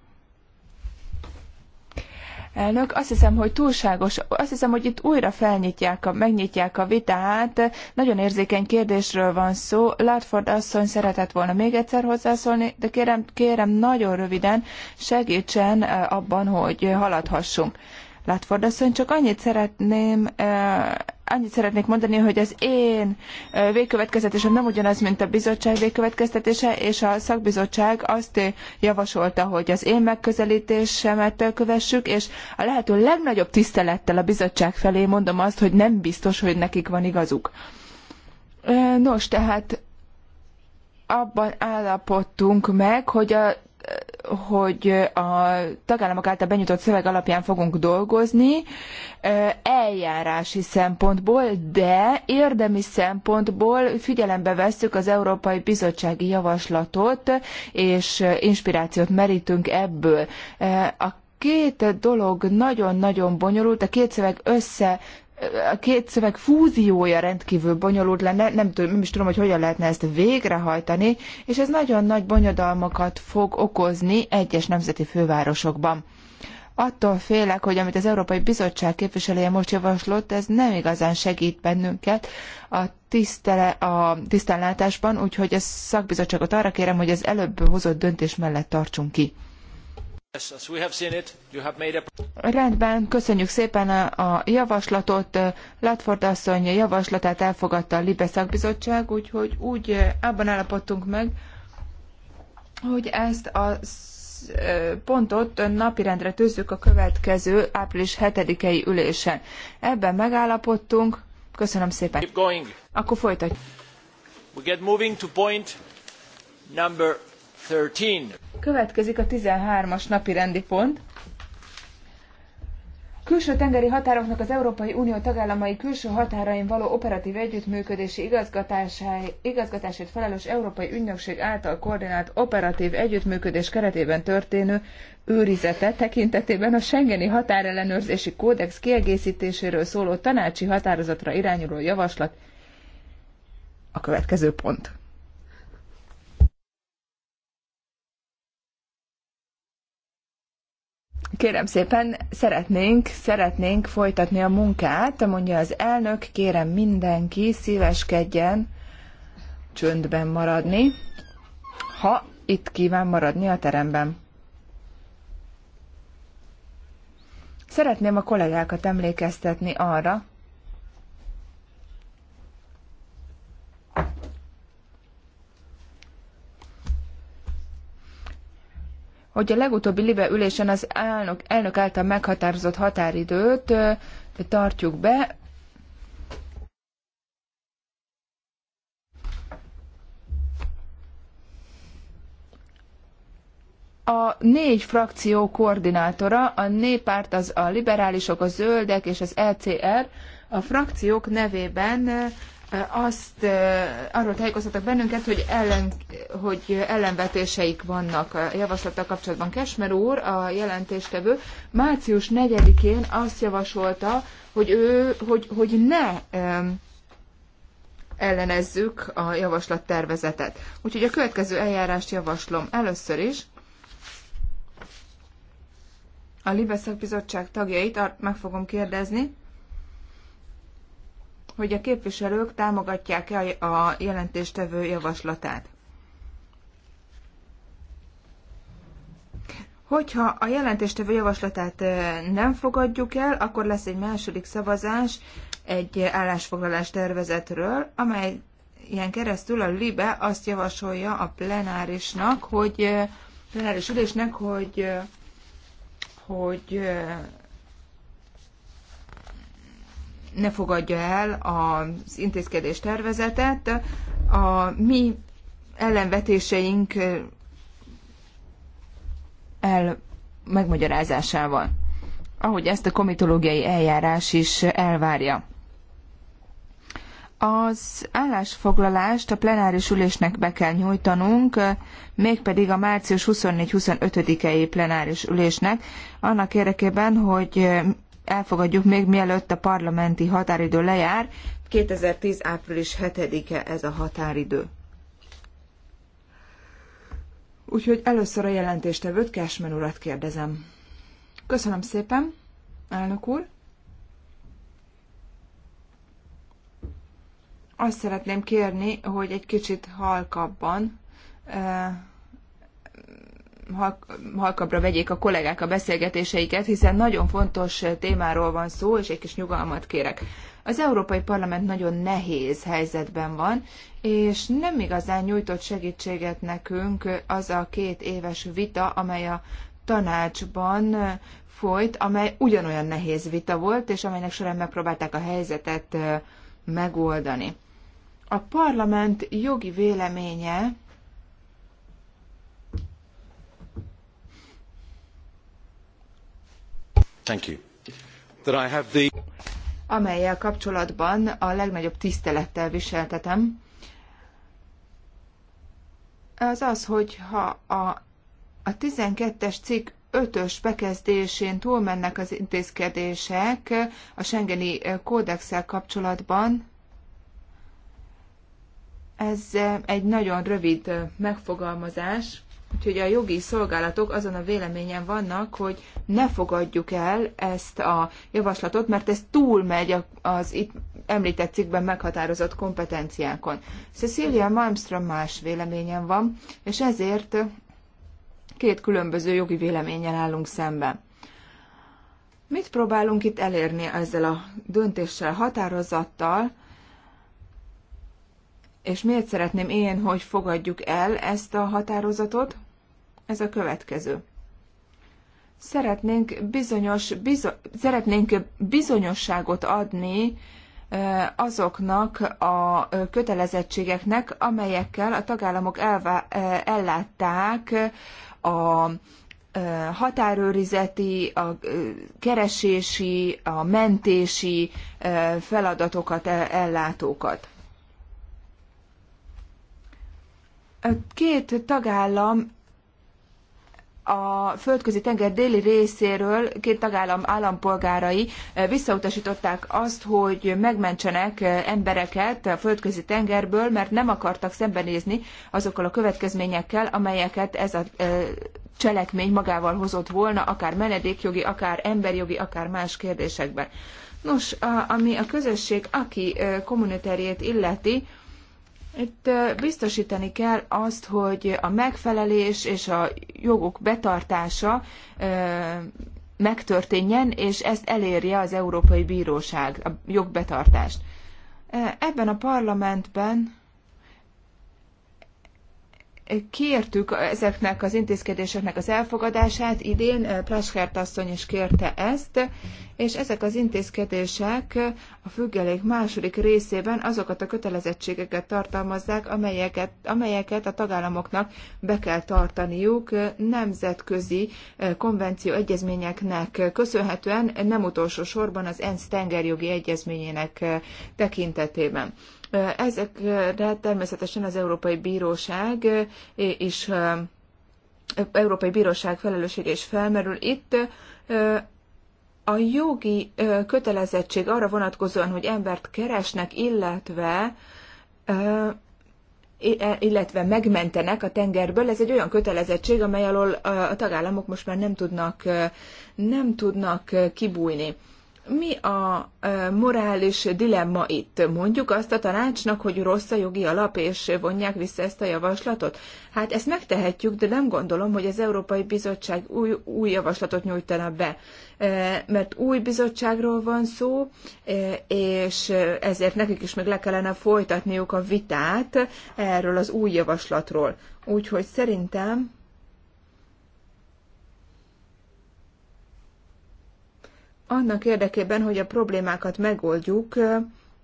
Elnök, azt hiszem, hogy túlságos. Azt hiszem, hogy itt újra felnyitják, a, megnyitják a vitát. Nagyon érzékeny kérdésről van szó. Látford asszony szeretett volna még egyszer hozzászólni, de kérem, kérem nagyon röviden segítsen eh, abban, hogy haladhassunk. Látford asszony, csak annyit szeretném, annyit szeretnék mondani, hogy az én végkövetkezetésem nem ugyanaz, mint a bizottság végkövetkeztetése, és a szakbizottság azt javasolta, hogy az én megközelítésemet kövessük, és a lehető legnagyobb tisztelettel a bizottság felé mondom azt, hogy nem biztos, hogy nekik van igazuk. Nos, tehát abban állapodtunk meg, hogy a hogy a tagállamok által benyújtott szöveg alapján fogunk dolgozni eljárási szempontból, de érdemi szempontból figyelembe vesszük az Európai Bizottsági Javaslatot, és inspirációt merítünk ebből. A két dolog nagyon-nagyon bonyolult, a két szöveg össze a két szöveg fúziója rendkívül bonyolult lenne, nem, tudom, nem is tudom, hogy hogyan lehetne ezt végrehajtani, és ez nagyon nagy bonyodalmakat fog okozni egyes nemzeti fővárosokban. Attól félek, hogy amit az Európai Bizottság képviselője most javaslott, ez nem igazán segít bennünket a, tisztele, a tisztánlátásban, úgyhogy a szakbizottságot arra kérem, hogy az előbb hozott döntés mellett tartsunk ki. Rendben, köszönjük szépen a, javaslatot. Latford asszony javaslatát elfogadta a Libe szakbizottság, úgyhogy úgy eh, abban állapodtunk meg, hogy ezt a eh, pontot napirendre tűzzük a következő április 7-i ülésen. Ebben megállapodtunk. Köszönöm szépen. Keep going. Akkor folytatjuk. We get moving to point number Következik a 13-as napi rendi pont. Külső tengeri határoknak az Európai Unió tagállamai külső határain való operatív együttműködési igazgatásért felelős Európai Ügynökség által koordinált operatív együttműködés keretében történő őrizete tekintetében a Schengeni határellenőrzési kódex kiegészítéséről szóló tanácsi határozatra irányuló javaslat a következő pont. Kérem szépen, szeretnénk, szeretnénk folytatni a munkát, mondja az elnök, kérem mindenki szíveskedjen csöndben maradni, ha itt kíván maradni a teremben. Szeretném a kollégákat emlékeztetni arra, hogy a legutóbbi libe ülésen az elnök, elnök által meghatározott határidőt tartjuk be. A négy frakció koordinátora, a néppárt, az a liberálisok, a zöldek és az ECR a frakciók nevében azt arról tájékoztattak bennünket, hogy, ellen, hogy ellenvetéseik vannak a javaslattal kapcsolatban. Kesmer úr, a jelentéstevő, március 4-én azt javasolta, hogy ő, hogy, hogy ne ellenezzük a javaslattervezetet. Úgyhogy a következő eljárást javaslom először is. A Libeszak Bizottság tagjait meg fogom kérdezni, hogy a képviselők támogatják-e a jelentéstevő javaslatát. Hogyha a jelentéstevő javaslatát nem fogadjuk el, akkor lesz egy második szavazás egy állásfoglalás tervezetről, amely ilyen keresztül a LIBE azt javasolja a plenárisnak, hogy plenáris ülésnek, hogy hogy ne fogadja el az intézkedés tervezetet. A mi ellenvetéseink el megmagyarázásával, ahogy ezt a komitológiai eljárás is elvárja. Az állásfoglalást a plenáris ülésnek be kell nyújtanunk, mégpedig a március 24-25-i plenáris ülésnek, annak érdekében, hogy elfogadjuk még mielőtt a parlamenti határidő lejár. 2010. április 7-e ez a határidő. Úgyhogy először a jelentéstevőt, Kásmen urat kérdezem. Köszönöm szépen, elnök úr. Azt szeretném kérni, hogy egy kicsit halkabban eh, halkabbra vegyék a kollégák a beszélgetéseiket, hiszen nagyon fontos témáról van szó, és egy kis nyugalmat kérek. Az Európai Parlament nagyon nehéz helyzetben van, és nem igazán nyújtott segítséget nekünk az a két éves vita, amely a tanácsban folyt, amely ugyanolyan nehéz vita volt, és amelynek során megpróbálták a helyzetet megoldani. A parlament jogi véleménye amellyel kapcsolatban a legnagyobb tisztelettel viseltetem, az az, hogy ha a, a 12-es cikk 5-ös bekezdésén túlmennek az intézkedések a Schengeni kódexsel kapcsolatban, ez egy nagyon rövid megfogalmazás, Úgyhogy a jogi szolgálatok azon a véleményen vannak, hogy ne fogadjuk el ezt a javaslatot, mert ez túlmegy az itt említett cikkben meghatározott kompetenciákon. Cecilia Malmström más véleményen van, és ezért két különböző jogi véleményen állunk szemben. Mit próbálunk itt elérni ezzel a döntéssel, határozattal, és miért szeretném én, hogy fogadjuk el ezt a határozatot? ez a következő. Szeretnénk, bizonyos, bizo, szeretnénk bizonyosságot adni azoknak a kötelezettségeknek, amelyekkel a tagállamok elvá, ellátták a határőrizeti, a keresési, a mentési feladatokat, e, ellátókat. Két tagállam a földközi tenger déli részéről két tagállam állampolgárai eh, visszautasították azt, hogy megmentsenek eh, embereket a földközi tengerből, mert nem akartak szembenézni azokkal a következményekkel, amelyeket ez a eh, cselekmény magával hozott volna, akár menedékjogi, akár emberjogi, akár más kérdésekben. Nos, ami a közösség aki kommunitárjét illeti, itt biztosítani kell azt, hogy a megfelelés és a jogok betartása megtörténjen, és ezt elérje az Európai Bíróság, a jogbetartást. Ebben a parlamentben kértük ezeknek az intézkedéseknek az elfogadását, idén eh, Plaskert asszony is kérte ezt, és ezek az intézkedések eh, a függelék második részében azokat a kötelezettségeket tartalmazzák, amelyeket, amelyeket a tagállamoknak be kell tartaniuk eh, nemzetközi konvenció egyezményeknek köszönhetően, nem utolsó sorban az ENSZ tengerjogi egyezményének tekintetében. Ezekre természetesen az Európai Bíróság és Európai Bíróság felelőssége is felmerül. Itt a jogi kötelezettség arra vonatkozóan, hogy embert keresnek, illetve e, illetve megmentenek a tengerből. Ez egy olyan kötelezettség, amely alól a tagállamok most már nem tudnak, nem tudnak kibújni. Mi a morális dilemma itt? Mondjuk azt a tanácsnak, hogy rossz a jogi alap, és vonják vissza ezt a javaslatot? Hát ezt megtehetjük, de nem gondolom, hogy az Európai Bizottság új, új javaslatot nyújtana be. Mert új bizottságról van szó, és ezért nekik is meg le kellene folytatniuk a vitát erről az új javaslatról. Úgyhogy szerintem annak érdekében, hogy a problémákat megoldjuk,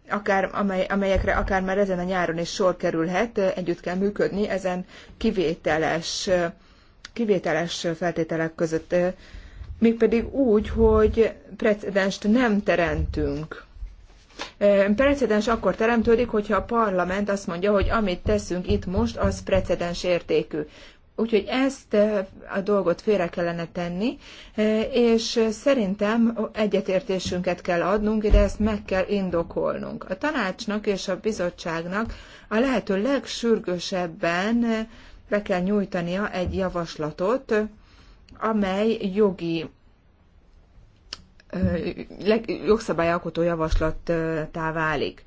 akár, amely, amelyekre akár már ezen a nyáron is sor kerülhet, együtt kell működni ezen kivételes, kivételes feltételek között. Mégpedig úgy, hogy precedenst nem teremtünk. Precedens akkor teremtődik, hogyha a parlament azt mondja, hogy amit teszünk itt most, az precedens értékű. Úgyhogy ezt eh, a dolgot félre kellene tenni, eh, és szerintem egyetértésünket kell adnunk, de ezt meg kell indokolnunk. A tanácsnak és a bizottságnak a lehető legsürgősebben eh, be kell nyújtania egy javaslatot, amely jogi jogszabályalkotó javaslattá válik.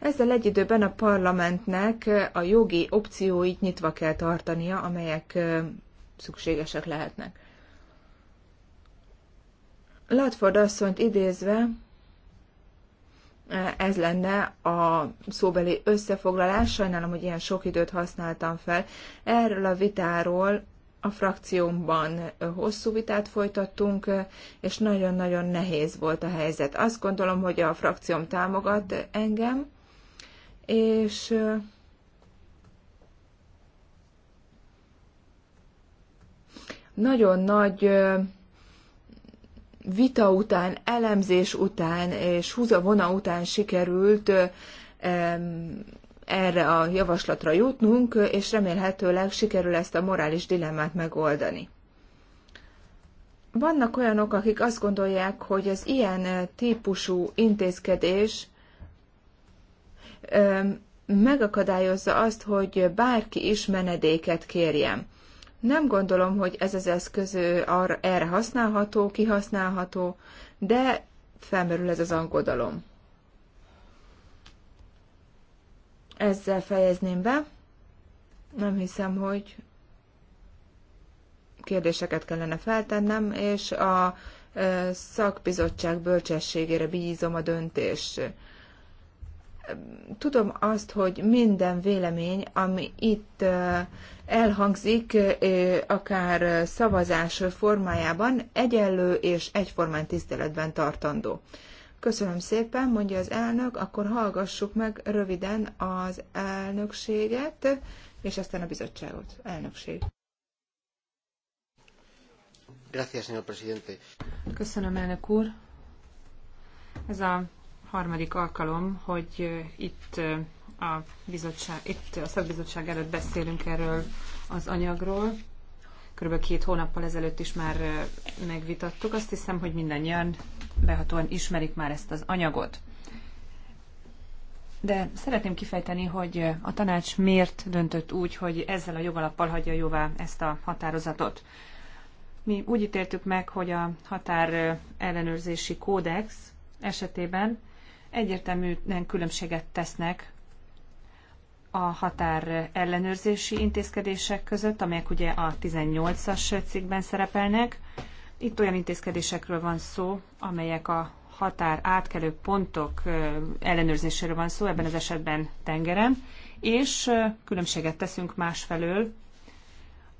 Ezzel egy időben a parlamentnek a jogi opcióit nyitva kell tartania, amelyek szükségesek lehetnek. Latford asszonyt idézve, ez lenne a szóbeli összefoglalás. Sajnálom, hogy ilyen sok időt használtam fel. Erről a vitáról a frakciómban hosszú vitát folytattunk, és nagyon-nagyon nehéz volt a helyzet. Azt gondolom, hogy a frakcióm támogat engem, és nagyon nagy vita után, elemzés után és húzavona után sikerült erre a javaslatra jutnunk, és remélhetőleg sikerül ezt a morális dilemmát megoldani. Vannak olyanok, akik azt gondolják, hogy az ilyen típusú intézkedés megakadályozza azt, hogy bárki is menedéket kérjen. Nem gondolom, hogy ez az eszköz arra, erre használható, kihasználható, de felmerül ez az angodalom. Ezzel fejezném be. Nem hiszem, hogy kérdéseket kellene feltennem, és a szakbizottság bölcsességére bízom a döntést tudom azt, hogy minden vélemény, ami itt elhangzik, akár szavazás formájában, egyenlő és egyformán tiszteletben tartandó. Köszönöm szépen, mondja az elnök, akkor hallgassuk meg röviden az elnökséget, és aztán a bizottságot. Elnökség. Gracias, señor presidente. Köszönöm, elnök úr. Ez a harmadik alkalom, hogy itt a, bizottság, itt a szakbizottság előtt beszélünk erről az anyagról. Körülbelül két hónappal ezelőtt is már megvitattuk. Azt hiszem, hogy mindannyian behatóan ismerik már ezt az anyagot. De szeretném kifejteni, hogy a tanács miért döntött úgy, hogy ezzel a jogalappal hagyja jóvá ezt a határozatot. Mi úgy ítéltük meg, hogy a határ ellenőrzési kódex esetében egyértelműen különbséget tesznek a határ ellenőrzési intézkedések között, amelyek ugye a 18-as cikkben szerepelnek. Itt olyan intézkedésekről van szó, amelyek a határ átkelő pontok ellenőrzéséről van szó, ebben az esetben tengeren, és különbséget teszünk másfelől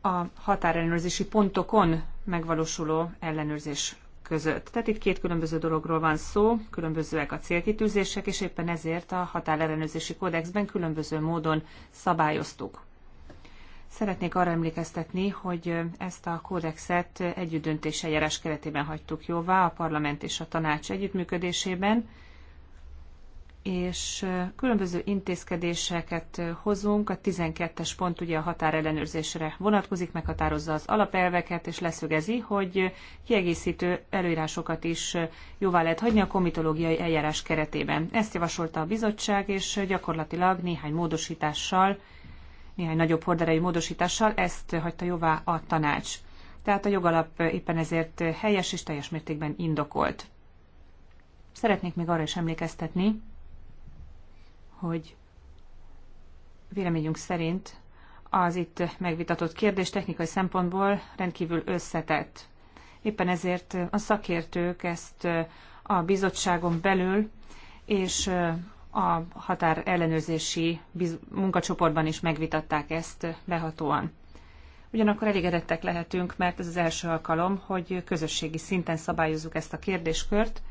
a határellenőrzési pontokon megvalósuló ellenőrzés között. Tehát itt két különböző dologról van szó, különbözőek a célkitűzések, és éppen ezért a határellenőrzési kódexben különböző módon szabályoztuk. Szeretnék arra emlékeztetni, hogy ezt a kódexet együttdöntés eljárás keretében hagytuk jóvá a parlament és a tanács együttműködésében, és különböző intézkedéseket hozunk. A 12-es pont ugye a határellenőrzésre vonatkozik, meghatározza az alapelveket, és leszögezi, hogy kiegészítő előírásokat is jóvá lehet hagyni a komitológiai eljárás keretében. Ezt javasolta a bizottság, és gyakorlatilag néhány módosítással, néhány nagyobb horderejű módosítással ezt hagyta jóvá a tanács. Tehát a jogalap éppen ezért helyes és teljes mértékben indokolt. Szeretnék még arra is emlékeztetni, hogy véleményünk szerint az itt megvitatott kérdés technikai szempontból rendkívül összetett. Éppen ezért a szakértők ezt a bizottságon belül és a határ ellenőrzési munkacsoportban is megvitatták ezt behatóan. Ugyanakkor elégedettek lehetünk, mert ez az első alkalom, hogy közösségi szinten szabályozzuk ezt a kérdéskört,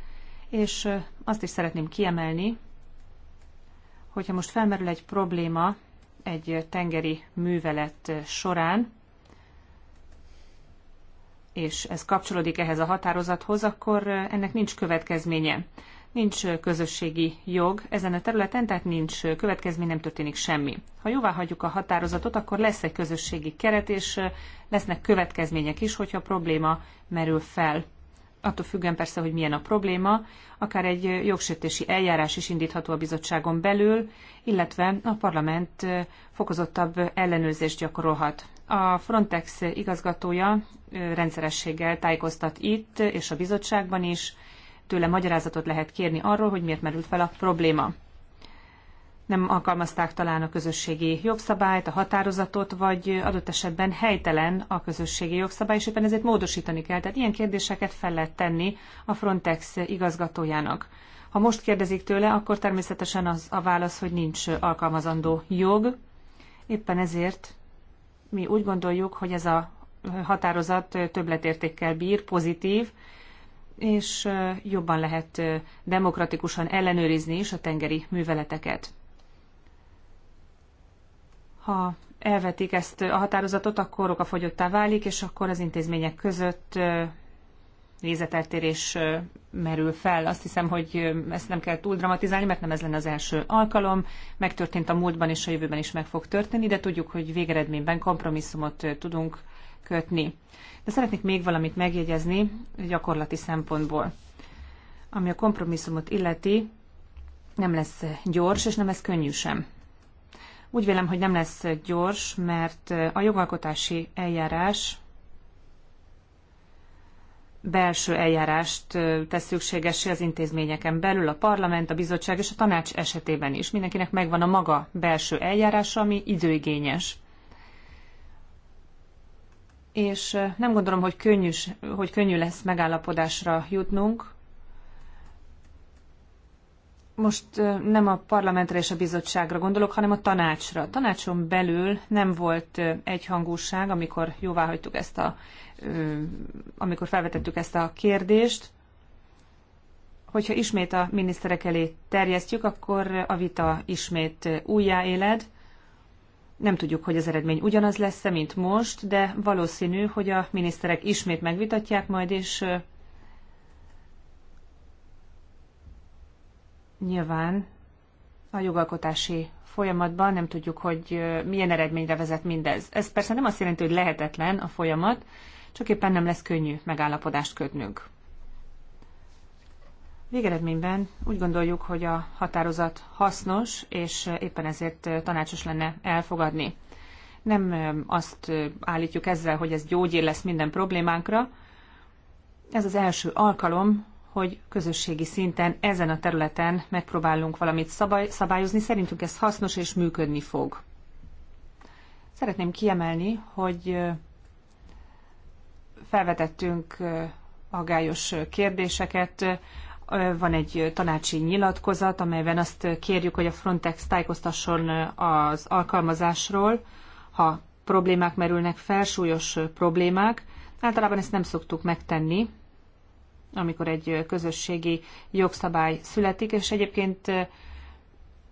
és azt is szeretném kiemelni, hogyha most felmerül egy probléma egy tengeri művelet során, és ez kapcsolódik ehhez a határozathoz, akkor ennek nincs következménye. Nincs közösségi jog ezen a területen, tehát nincs következmény, nem történik semmi. Ha jóvá hagyjuk a határozatot, akkor lesz egy közösségi keret, és lesznek következmények is, hogyha probléma merül fel attól függően persze, hogy milyen a probléma, akár egy jogsértési eljárás is indítható a bizottságon belül, illetve a parlament fokozottabb ellenőrzést gyakorolhat. A Frontex igazgatója rendszerességgel tájékoztat itt és a bizottságban is, tőle magyarázatot lehet kérni arról, hogy miért merült fel a probléma nem alkalmazták talán a közösségi jogszabályt, a határozatot, vagy adott esetben helytelen a közösségi jogszabály, és éppen ezért módosítani kell. Tehát ilyen kérdéseket fel lehet tenni a Frontex igazgatójának. Ha most kérdezik tőle, akkor természetesen az a válasz, hogy nincs alkalmazandó jog. Éppen ezért mi úgy gondoljuk, hogy ez a határozat többletértékkel bír, pozitív, és jobban lehet demokratikusan ellenőrizni is a tengeri műveleteket ha elvetik ezt a határozatot, akkor a fogyottá válik, és akkor az intézmények között nézeteltérés merül fel. Azt hiszem, hogy ezt nem kell túl dramatizálni, mert nem ez lenne az első alkalom. Megtörtént a múltban, és a jövőben is meg fog történni, de tudjuk, hogy végeredményben kompromisszumot tudunk kötni. De szeretnék még valamit megjegyezni gyakorlati szempontból. Ami a kompromisszumot illeti, nem lesz gyors, és nem lesz könnyű sem. Úgy vélem, hogy nem lesz gyors, mert a jogalkotási eljárás belső eljárást tesz szükségessé az intézményeken belül, a parlament, a bizottság és a tanács esetében is. Mindenkinek megvan a maga belső eljárása, ami időigényes. És nem gondolom, hogy, könnyűs, hogy könnyű lesz megállapodásra jutnunk, most nem a parlamentre és a bizottságra gondolok, hanem a tanácsra. A tanácson belül nem volt egyhangúság, amikor hagytuk ezt a, amikor felvetettük ezt a kérdést. Hogyha ismét a miniszterek elé terjesztjük, akkor a vita ismét újjáéled. Nem tudjuk, hogy az eredmény ugyanaz lesz-e, mint most, de valószínű, hogy a miniszterek ismét megvitatják majd, és nyilván a jogalkotási folyamatban nem tudjuk, hogy milyen eredményre vezet mindez. Ez persze nem azt jelenti, hogy lehetetlen a folyamat, csak éppen nem lesz könnyű megállapodást kötnünk. Végeredményben úgy gondoljuk, hogy a határozat hasznos, és éppen ezért tanácsos lenne elfogadni. Nem azt állítjuk ezzel, hogy ez gyógyír lesz minden problémánkra. Ez az első alkalom, hogy közösségi szinten ezen a területen megpróbálunk valamit szabály, szabályozni. Szerintünk ez hasznos és működni fog. Szeretném kiemelni, hogy felvetettünk agályos kérdéseket. Van egy tanácsi nyilatkozat, amelyben azt kérjük, hogy a Frontex tájékoztasson az alkalmazásról, ha problémák merülnek fel, súlyos problémák. Általában ezt nem szoktuk megtenni, amikor egy közösségi jogszabály születik, és egyébként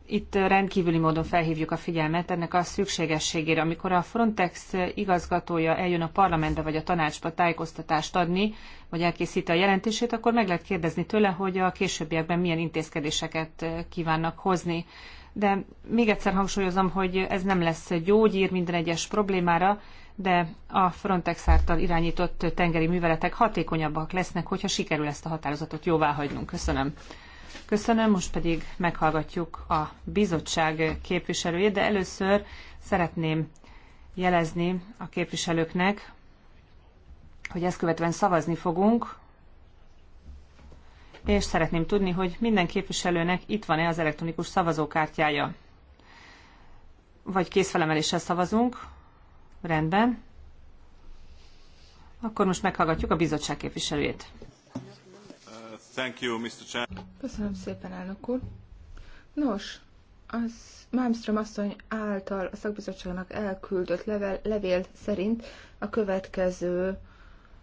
itt rendkívüli módon felhívjuk a figyelmet ennek a szükségességére. Amikor a Frontex igazgatója eljön a parlamentbe vagy a tanácsba tájékoztatást adni, vagy elkészíti a jelentését, akkor meg lehet kérdezni tőle, hogy a későbbiekben milyen intézkedéseket kívánnak hozni. De még egyszer hangsúlyozom, hogy ez nem lesz gyógyír minden egyes problémára, de a Frontex által irányított tengeri műveletek hatékonyabbak lesznek, hogyha sikerül ezt a határozatot jóvá hagynunk. Köszönöm. Köszönöm, most pedig meghallgatjuk a bizottság képviselőjét, de először szeretném jelezni a képviselőknek, hogy ezt követően szavazni fogunk, és szeretném tudni, hogy minden képviselőnek itt van-e az elektronikus szavazókártyája. Vagy készfelemeléssel szavazunk, Rendben. Akkor most meghallgatjuk a bizottság képviselőjét. Köszönöm szépen, elnök úr. Nos, az Malmström asszony által a szakbizottságnak elküldött level, levél szerint a következő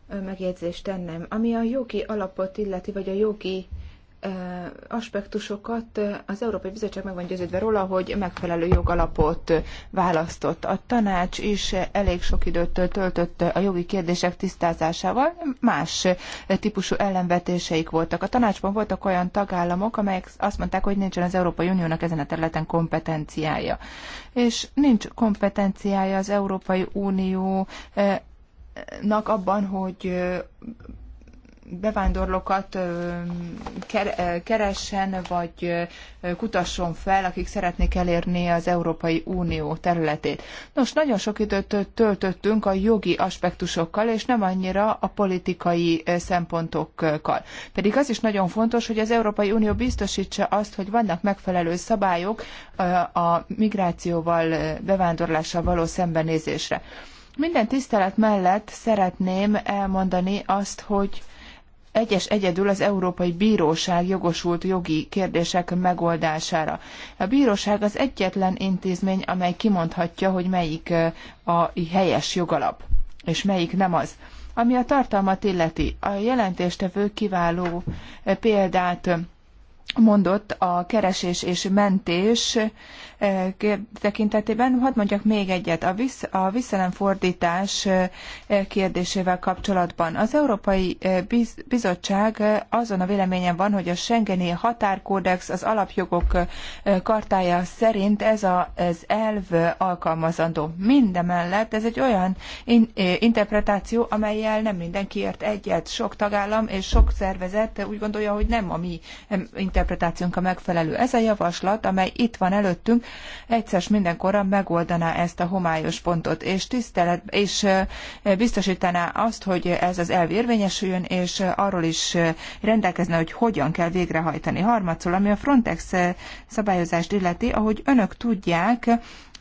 megjegyzést tennem. Ami a jogi alapot illeti, vagy a jogi aspektusokat az Európai Bizottság meg van győződve róla, hogy megfelelő jogalapot választott. A tanács is elég sok időt töltött a jogi kérdések tisztázásával, más típusú ellenvetéseik voltak. A tanácsban voltak olyan tagállamok, amelyek azt mondták, hogy nincsen az Európai Uniónak ezen a területen kompetenciája. És nincs kompetenciája az Európai Unió abban, hogy bevándorlókat keressen, vagy kutasson fel, akik szeretnék elérni az Európai Unió területét. Nos, nagyon sok időt töltöttünk a jogi aspektusokkal, és nem annyira a politikai szempontokkal. Pedig az is nagyon fontos, hogy az Európai Unió biztosítsa azt, hogy vannak megfelelő szabályok a migrációval, bevándorlással való szembenézésre. Minden tisztelet mellett szeretném elmondani azt, hogy egyes egyedül az Európai Bíróság jogosult jogi kérdések megoldására. A bíróság az egyetlen intézmény, amely kimondhatja, hogy melyik a helyes jogalap, és melyik nem az. Ami a tartalmat illeti, a jelentéstevő kiváló példát mondott a keresés és mentés tekintetében. Hadd mondjak még egyet, a, vissz, visszanemfordítás kérdésével kapcsolatban. Az Európai Bizottság azon a véleményen van, hogy a Schengeni Határkódex az alapjogok kartája szerint ez az elv alkalmazandó. Mindemellett ez egy olyan interpretáció, amelyel nem mindenki ért egyet. Sok tagállam és sok szervezet úgy gondolja, hogy nem a mi interpretációnk a megfelelő. Ez a javaslat, amely itt van előttünk, egyszer mindenkorra megoldaná ezt a homályos pontot, és tisztelet, és biztosítaná azt, hogy ez az elv érvényesüljön, és arról is rendelkezne, hogy hogyan kell végrehajtani. Harmadszor, ami a Frontex szabályozást illeti, ahogy önök tudják,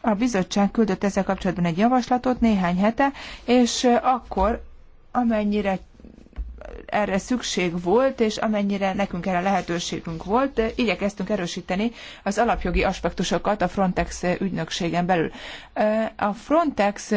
a bizottság küldött ezzel kapcsolatban egy javaslatot néhány hete, és akkor amennyire erre szükség volt, és amennyire nekünk erre lehetőségünk volt, eh, igyekeztünk erősíteni az alapjogi aspektusokat a Frontex eh, ügynökségen belül. Eh, a Frontex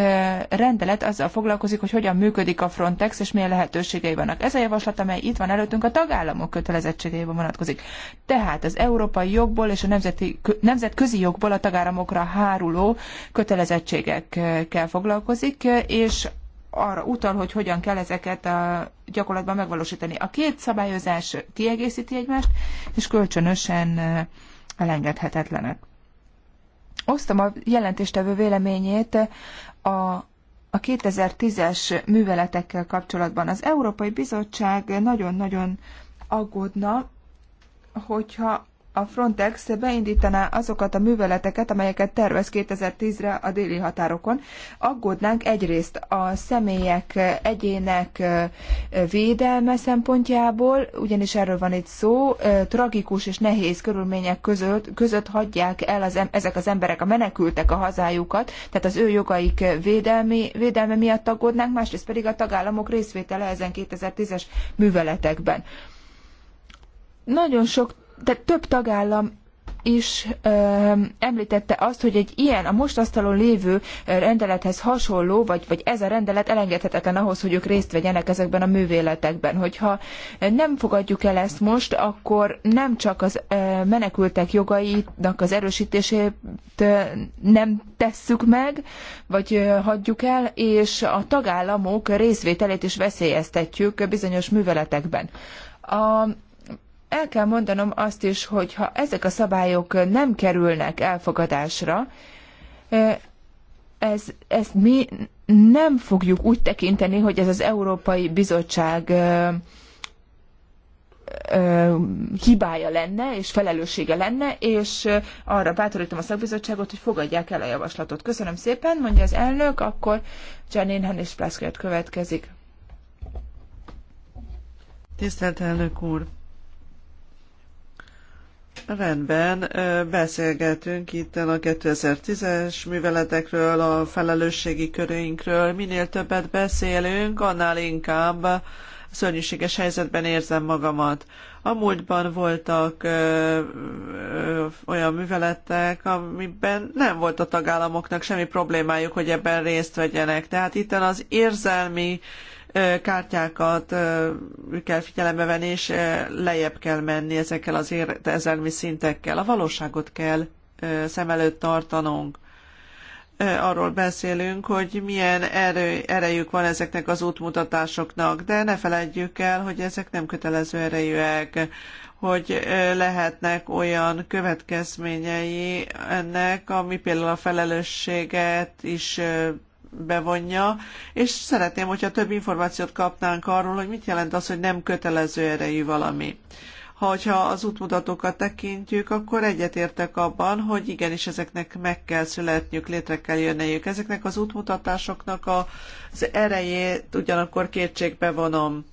rendelet azzal foglalkozik, hogy hogyan működik a Frontex, és milyen lehetőségei vannak. Ez a javaslat, amely itt van előttünk, a tagállamok kötelezettségeiben vonatkozik. Tehát az európai jogból és a nemzeti, nemzetközi jogból a tagállamokra háruló kötelezettségekkel foglalkozik, és arra utal, hogy hogyan kell ezeket a gyakorlatban megvalósítani. A két szabályozás kiegészíti egymást, és kölcsönösen elengedhetetlenek. Osztom a jelentéstevő véleményét a a 2010-es műveletekkel kapcsolatban. Az Európai Bizottság nagyon-nagyon aggódna, hogyha a Frontex beindítaná azokat a műveleteket, amelyeket tervez 2010-re a déli határokon, aggódnánk egyrészt a személyek, egyének védelme szempontjából, ugyanis erről van itt szó, tragikus és nehéz körülmények között, között hagyják el az, ezek az emberek, a menekültek a hazájukat, tehát az ő jogaik védelmi, védelme miatt aggódnánk, másrészt pedig a tagállamok részvétele ezen 2010-es műveletekben. Nagyon sok tehát több tagállam is ö, említette azt, hogy egy ilyen, a most asztalon lévő rendelethez hasonló, vagy, vagy ez a rendelet elengedhetetlen ahhoz, hogy ők részt vegyenek ezekben a művéletekben. Hogyha nem fogadjuk el ezt most, akkor nem csak az ö, menekültek jogainak az erősítését ö, nem tesszük meg, vagy ö, hagyjuk el, és a tagállamok részvételét is veszélyeztetjük bizonyos műveletekben. A el kell mondanom azt is, hogy ha ezek a szabályok nem kerülnek elfogadásra, ez, ezt mi nem fogjuk úgy tekinteni, hogy ez az Európai Bizottság hibája lenne, és felelőssége lenne, és arra bátorítom a szakbizottságot, hogy fogadják el a javaslatot. Köszönöm szépen, mondja az elnök, akkor Janine Hennis Plászkert következik. Tisztelt elnök úr! Rendben, beszélgetünk itt a 2010-es műveletekről, a felelősségi köréinkről. Minél többet beszélünk, annál inkább szörnyűséges helyzetben érzem magamat. A múltban voltak ö, ö, olyan műveletek, amiben nem volt a tagállamoknak semmi problémájuk, hogy ebben részt vegyenek. Tehát itt az érzelmi ö, kártyákat kell figyelembe venni, és lejjebb kell menni ezekkel az érzelmi szintekkel. A valóságot kell szem előtt tartanunk arról beszélünk, hogy milyen erő, erejük van ezeknek az útmutatásoknak, de ne feledjük el, hogy ezek nem kötelező erejűek, hogy lehetnek olyan következményei ennek, ami például a felelősséget is bevonja, és szeretném, hogyha több információt kapnánk arról, hogy mit jelent az, hogy nem kötelező erejű valami. Ha, hogyha az útmutatókat tekintjük, akkor egyetértek abban, hogy igenis ezeknek meg kell születniük, létre kell jönniük. Ezeknek az útmutatásoknak az erejét ugyanakkor kétségbe vonom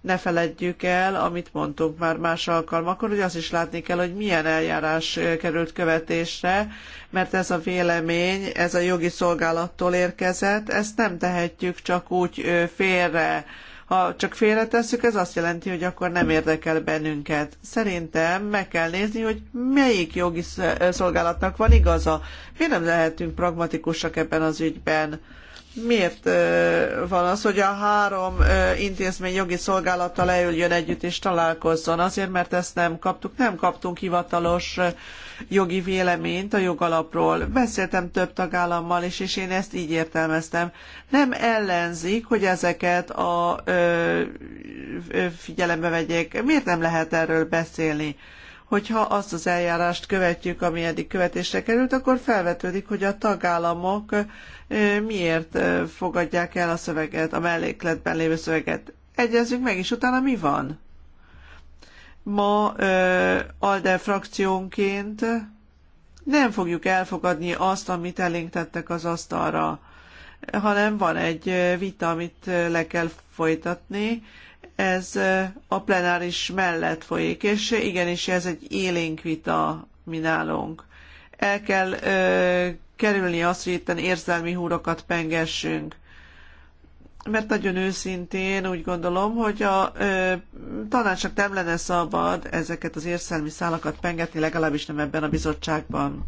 ne feledjük el, amit mondtunk már más alkalmakor, hogy azt is látni kell, hogy milyen eljárás került követésre, mert ez a vélemény, ez a jogi szolgálattól érkezett, ezt nem tehetjük csak úgy félre. Ha csak félretesszük, ez azt jelenti, hogy akkor nem érdekel bennünket. Szerintem meg kell nézni, hogy melyik jogi szolgálatnak van igaza. Mi nem lehetünk pragmatikusak ebben az ügyben miért van az, hogy a három intézmény jogi szolgálata leüljön együtt és találkozzon? Azért, mert ezt nem kaptuk. Nem kaptunk hivatalos jogi véleményt a jogalapról. Beszéltem több tagállammal is, és én ezt így értelmeztem. Nem ellenzik, hogy ezeket a figyelembe vegyék. Miért nem lehet erről beszélni? hogyha azt az eljárást követjük, ami eddig követésre került, akkor felvetődik, hogy a tagállamok miért fogadják el a szöveget, a mellékletben lévő szöveget. Egyezünk meg, és utána mi van? Ma ALDE frakciónként nem fogjuk elfogadni azt, amit elénk tettek az asztalra, hanem van egy vita, amit le kell folytatni, ez a plenáris mellett folyik, és igenis ez egy élénk vita mi nálunk. El kell ö, kerülni azt, hogy itten érzelmi húrokat pengessünk. Mert nagyon őszintén úgy gondolom, hogy a ö, tanácsnak nem lenne szabad ezeket az érzelmi szálakat pengetni, legalábbis nem ebben a bizottságban.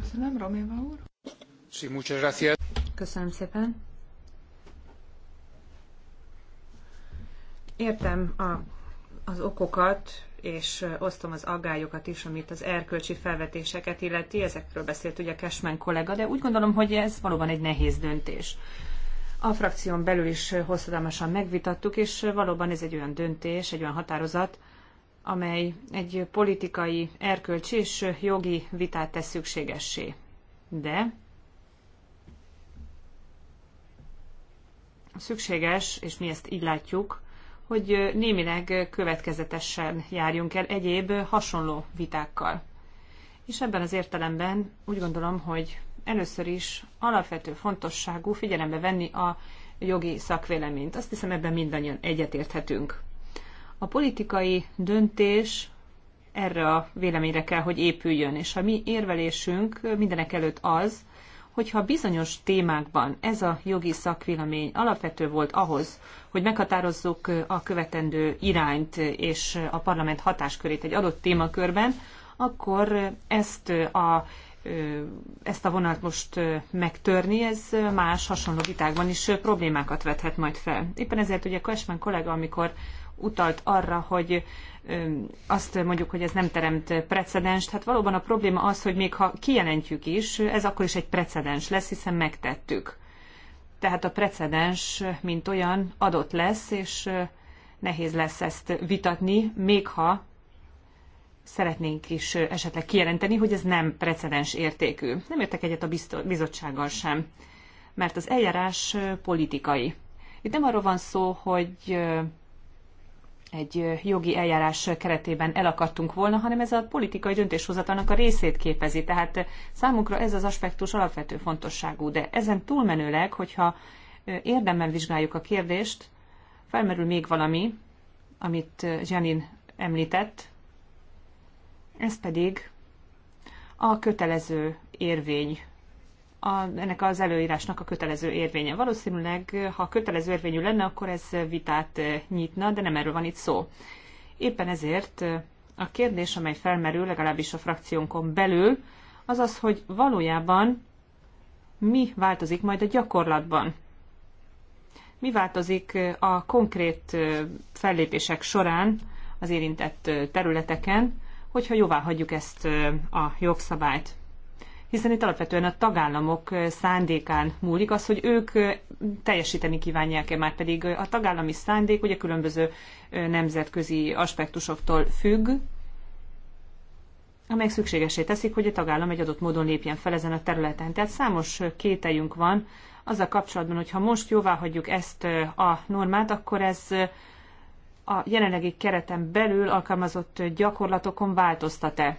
Köszönöm, Roméva úr. Köszönöm szépen. Értem a, az okokat, és osztom az aggályokat is, amit az erkölcsi felvetéseket illeti. Ezekről beszélt ugye Kesmen kollega, de úgy gondolom, hogy ez valóban egy nehéz döntés. A frakción belül is hosszadalmasan megvitattuk, és valóban ez egy olyan döntés, egy olyan határozat, amely egy politikai, erkölcsi és jogi vitát tesz szükségessé. De szükséges, és mi ezt így látjuk, hogy némileg következetesen járjunk el egyéb hasonló vitákkal. És ebben az értelemben úgy gondolom, hogy először is alapvető fontosságú figyelembe venni a jogi szakvéleményt. Azt hiszem, ebben mindannyian egyetérthetünk. A politikai döntés erre a véleményre kell, hogy épüljön, és a mi érvelésünk mindenek előtt az, hogyha bizonyos témákban ez a jogi szakvélemény alapvető volt ahhoz, hogy meghatározzuk a követendő irányt és a parlament hatáskörét egy adott témakörben, akkor ezt a ezt a vonalat most megtörni, ez más hasonló vitákban is problémákat vethet majd fel. Éppen ezért ugye Koesman kollega, amikor utalt arra, hogy azt mondjuk, hogy ez nem teremt precedenst, hát valóban a probléma az, hogy még ha kijelentjük is, ez akkor is egy precedens lesz, hiszen megtettük. Tehát a precedens, mint olyan, adott lesz, és nehéz lesz ezt vitatni, még ha szeretnénk is esetleg kijelenteni, hogy ez nem precedens értékű. Nem értek egyet a bizottsággal sem, mert az eljárás politikai. Itt nem arról van szó, hogy egy jogi eljárás keretében elakadtunk volna, hanem ez a politikai döntéshozatalnak a részét képezi. Tehát számunkra ez az aspektus alapvető fontosságú, de ezen túlmenőleg, hogyha érdemben vizsgáljuk a kérdést, felmerül még valami, amit Janin említett, ez pedig a kötelező érvény a, ennek az előírásnak a kötelező érvénye. Valószínűleg, ha kötelező érvényű lenne, akkor ez vitát eh, nyitna, de nem erről van itt szó. Éppen ezért eh, a kérdés, amely felmerül, legalábbis a frakciónkon belül, az az, hogy valójában mi változik majd a gyakorlatban. Mi változik eh, a konkrét fellépések során az érintett területeken, hogyha jóvá hagyjuk ezt a jogszabályt hiszen itt alapvetően a tagállamok szándékán múlik az, hogy ők teljesíteni kívánják-e, már pedig a tagállami szándék ugye különböző nemzetközi aspektusoktól függ, amelyek szükségesé teszik, hogy a tagállam egy adott módon lépjen fel ezen a területen. Tehát számos kételjünk van azzal kapcsolatban, hogy ha most jóvá hagyjuk ezt a normát, akkor ez a jelenlegi kereten belül alkalmazott gyakorlatokon változtat-e?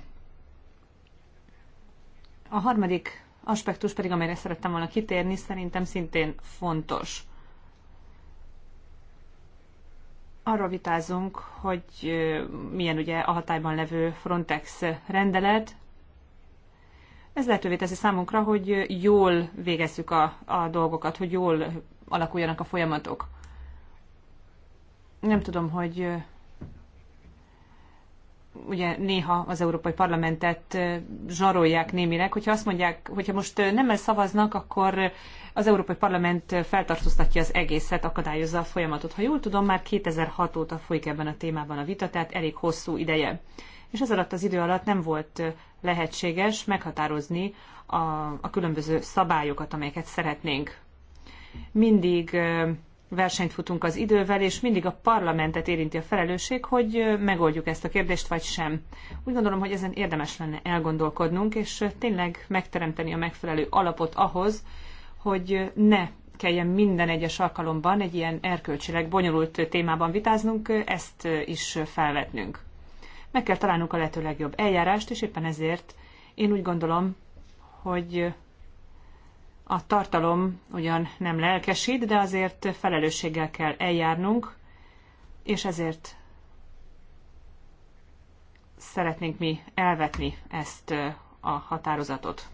A harmadik aspektus pedig, amelyre szerettem volna kitérni, szerintem szintén fontos. Arról vitázunk, hogy milyen ugye a hatályban levő Frontex rendelet. Ez lehetővé teszi számunkra, hogy jól végezzük a, a dolgokat, hogy jól alakuljanak a folyamatok. Nem tudom, hogy ugye néha az Európai Parlamentet zsarolják némileg, hogyha azt mondják, hogyha most nem szavaznak, akkor az Európai Parlament feltartóztatja az egészet, akadályozza a folyamatot. Ha jól tudom, már 2006 óta folyik ebben a témában a vita, tehát elég hosszú ideje. És ez alatt az idő alatt nem volt lehetséges meghatározni a, a különböző szabályokat, amelyeket szeretnénk. Mindig versenyt futunk az idővel, és mindig a parlamentet érinti a felelősség, hogy megoldjuk ezt a kérdést, vagy sem. Úgy gondolom, hogy ezen érdemes lenne elgondolkodnunk, és tényleg megteremteni a megfelelő alapot ahhoz, hogy ne kelljen minden egyes alkalomban egy ilyen erkölcsileg bonyolult témában vitáznunk, ezt is felvetnünk. Meg kell találnunk a lehető legjobb eljárást, és éppen ezért én úgy gondolom, hogy a tartalom ugyan nem lelkesít, de azért felelősséggel kell eljárnunk, és ezért szeretnénk mi elvetni ezt a határozatot.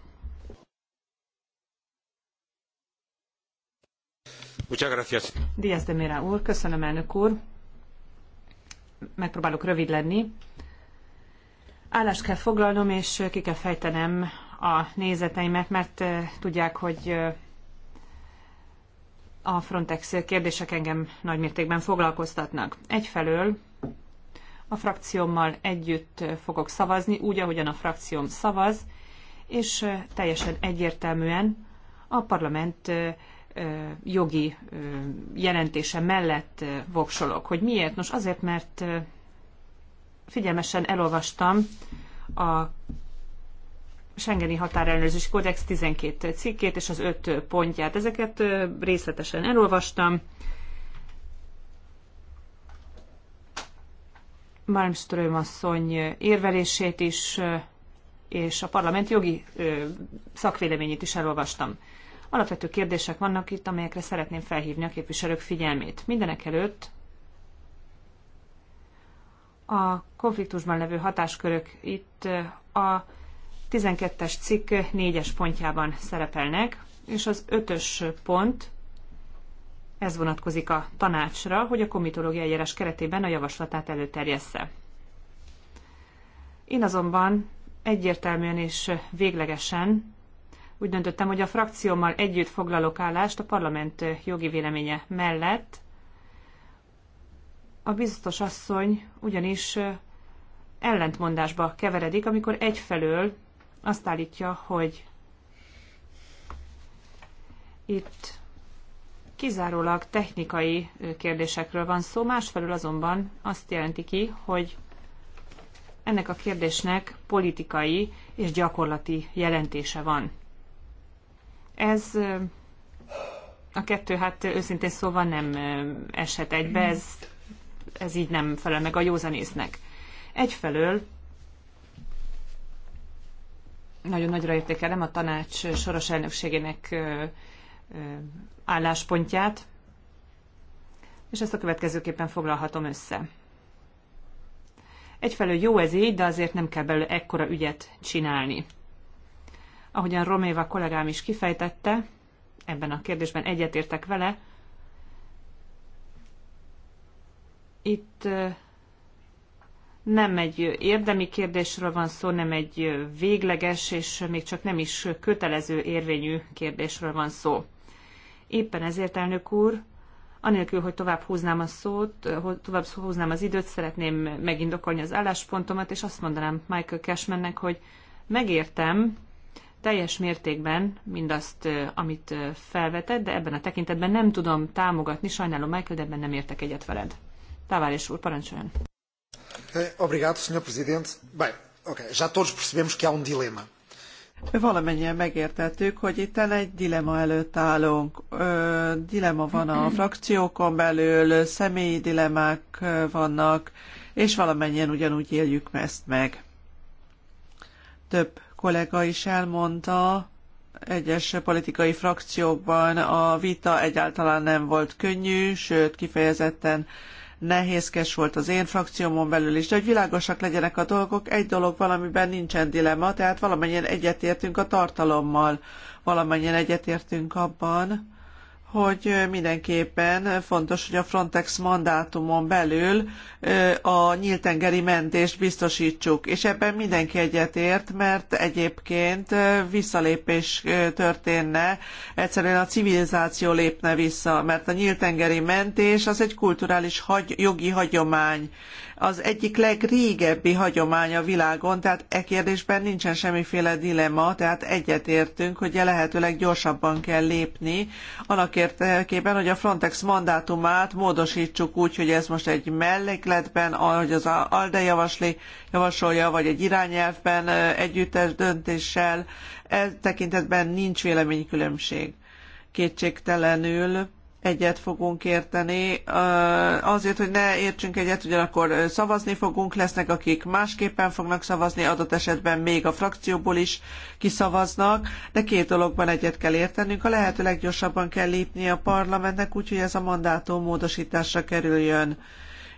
Díaz de Mira úr, köszönöm elnök úr. Megpróbálok rövid lenni. Állást kell foglalnom, és ki kell fejtenem a nézeteimet, mert tudják, hogy a Frontex kérdések engem nagymértékben foglalkoztatnak. Egyfelől a frakciómmal együtt fogok szavazni, úgy, ahogyan a frakcióm szavaz, és teljesen egyértelműen a parlament jogi jelentése mellett voksolok. Hogy miért? Nos, azért, mert figyelmesen elolvastam a Schengeni határellenőrzési kódex 12 cikkét és az 5 pontját. Ezeket részletesen elolvastam. Malmström asszony érvelését is, és a parlament jogi szakvéleményét is elolvastam. Alapvető kérdések vannak itt, amelyekre szeretném felhívni a képviselők figyelmét. Mindenek előtt a konfliktusban levő hatáskörök itt a 12-es cikk 4-es pontjában szerepelnek, és az 5-ös pont, ez vonatkozik a tanácsra, hogy a komitológiai eljárás keretében a javaslatát előterjessze. Én azonban egyértelműen és véglegesen úgy döntöttem, hogy a frakciómmal együtt foglalok állást a parlament jogi véleménye mellett. A biztos asszony ugyanis ellentmondásba keveredik, amikor egyfelől azt állítja, hogy itt kizárólag technikai kérdésekről van szó, másfelől azonban azt jelenti ki, hogy ennek a kérdésnek politikai és gyakorlati jelentése van. Ez a kettő, hát őszintén szóval nem eshet egybe, ez, ez így nem felel meg a józanésznek. Egyfelől nagyon nagyra értékelem a tanács soros elnökségének álláspontját, és ezt a következőképpen foglalhatom össze. Egyfelől jó ez így, de azért nem kell belőle ekkora ügyet csinálni. Ahogyan Roméva kollégám is kifejtette, ebben a kérdésben egyetértek vele, itt nem egy érdemi kérdésről van szó, nem egy végleges és még csak nem is kötelező érvényű kérdésről van szó. Éppen ezért, elnök úr, anélkül, hogy tovább húznám a szót, tovább húznám az időt, szeretném megindokolni az álláspontomat, és azt mondanám Michael Cashmannek, hogy megértem teljes mértékben mindazt, amit felvetett, de ebben a tekintetben nem tudom támogatni, sajnálom Michael, de ebben nem értek egyet veled. Távárés úr, parancsoljon! Eh, obrigado, Sr. Presidente. Bem, ok, já todos percebemos que há um dilema. Valamennyien megértettük, hogy itt egy dilema előtt állunk. Ö, dilema van a frakciókon belül, személyi dilemák vannak, és valamennyien ugyanúgy éljük ezt meg. Több kollega is elmondta, egyes politikai frakciókban a vita egyáltalán nem volt könnyű, sőt kifejezetten nehézkes volt az én frakciómon belül is, de hogy világosak legyenek a dolgok, egy dolog valamiben nincsen dilemma, tehát valamennyien egyetértünk a tartalommal, valamennyien egyetértünk abban, hogy mindenképpen fontos, hogy a Frontex mandátumon belül a nyíltengeri mentést biztosítsuk, és ebben mindenki egyetért, mert egyébként visszalépés történne, egyszerűen a civilizáció lépne vissza, mert a nyíltengeri mentés az egy kulturális hagy, jogi hagyomány, az egyik legrégebbi hagyomány a világon, tehát e kérdésben nincsen semmiféle dilemma, tehát egyetértünk, hogy a lehetőleg gyorsabban kell lépni, annak érdekében, hogy a Frontex mandátumát módosítsuk úgy, hogy ez most egy mellékletben, ahogy az ALDE javasli, javasolja, vagy egy irányelvben együttes döntéssel, ez tekintetben nincs véleménykülönbség. Kétségtelenül egyet fogunk érteni. Azért, hogy ne értsünk egyet, ugyanakkor szavazni fogunk, lesznek, akik másképpen fognak szavazni, adott esetben még a frakcióból is kiszavaznak, de két dologban egyet kell értenünk. A lehető leggyorsabban kell lépni a parlamentnek, úgyhogy ez a mandátum módosításra kerüljön.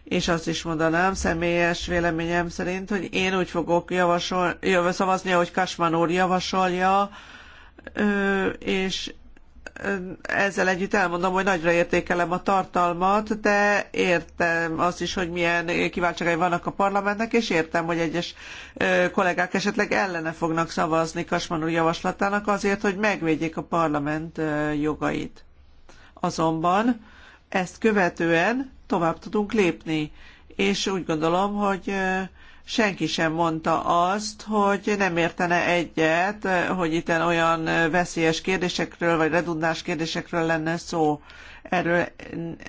És azt is mondanám személyes véleményem szerint, hogy én úgy fogok javasol, szavazni, ahogy Kasman úr javasolja, és ezzel együtt elmondom, hogy nagyra értékelem a tartalmat, de értem azt is, hogy milyen kiváltságai vannak a parlamentnek, és értem, hogy egyes kollégák esetleg ellene fognak szavazni Kasman úr javaslatának azért, hogy megvédjék a parlament jogait. Azonban ezt követően tovább tudunk lépni, és úgy gondolom, hogy senki sem mondta azt, hogy nem értene egyet, hogy itt olyan veszélyes kérdésekről, vagy redundáns kérdésekről lenne szó. Erről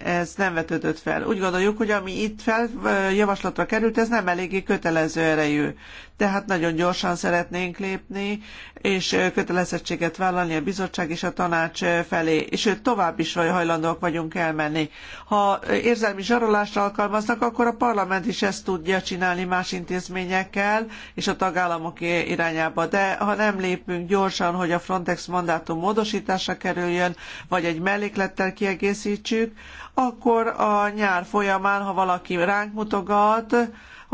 ez nem vetődött fel. Úgy gondoljuk, hogy ami itt fel javaslatra került, ez nem eléggé kötelező erejű. Tehát nagyon gyorsan szeretnénk lépni, és kötelezettséget vállalni a bizottság és a tanács felé, és tovább is hajlandóak vagyunk elmenni. Ha érzelmi zsarolást alkalmaznak, akkor a parlament is ezt tudja csinálni más intézményekkel és a tagállamok irányába. De ha nem lépünk gyorsan, hogy a Frontex mandátum módosításra kerüljön, vagy egy melléklettel kiegészítsük, akkor a nyár folyamán, ha valaki ránk mutogat,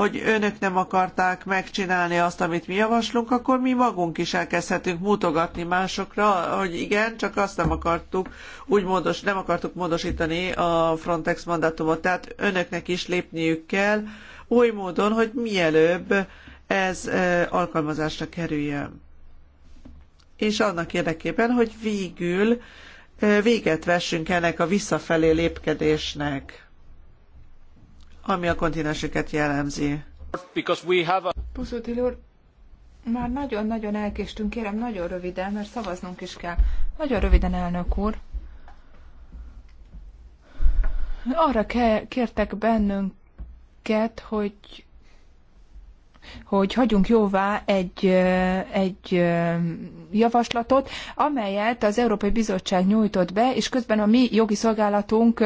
hogy önök nem akarták megcsinálni azt, amit mi javaslunk, akkor mi magunk is elkezdhetünk mutogatni másokra, hogy igen, csak azt nem akartuk, úgy módos, nem akartuk módosítani a Frontex mandátumot. Tehát önöknek is lépniük kell, oly módon, hogy mielőbb ez alkalmazásra kerüljön. És annak érdekében, hogy végül véget vessünk ennek a visszafelé lépkedésnek ami a kontinenseket jellemzi. Buszutil úr, már nagyon-nagyon elkéstünk, kérem, nagyon röviden, mert szavaznunk is kell. Nagyon röviden, elnök úr. Arra kértek bennünket, hogy hogy hagyjunk jóvá egy, egy javaslatot, amelyet az Európai Bizottság nyújtott be, és közben a mi jogi szolgálatunk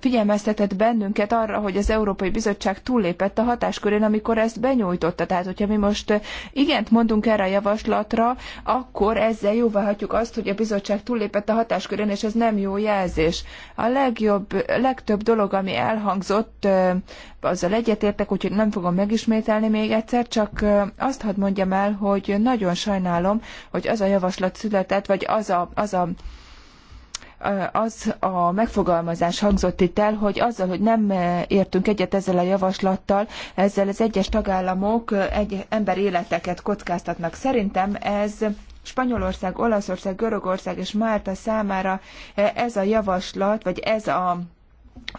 figyelmeztetett bennünket arra, hogy az Európai Bizottság túllépett a hatáskörén, amikor ezt benyújtotta. Tehát, hogyha mi most igent mondunk erre a javaslatra, akkor ezzel jóváhagyjuk azt, hogy a bizottság túllépett a hatáskörén, és ez nem jó jelzés. A legjobb, legtöbb dolog, ami elhangzott, azzal egyetértek, úgyhogy nem fogom megismételni még egyszer, csak azt hadd mondjam el, hogy nagyon sajnálom, hogy az a javaslat született, vagy az a, az a az a megfogalmazás hangzott itt el, hogy azzal, hogy nem értünk egyet ezzel a javaslattal, ezzel az egyes tagállamok egy ember életeket kockáztatnak. Szerintem ez Spanyolország, Olaszország, Görögország és Málta számára ez a javaslat, vagy ez a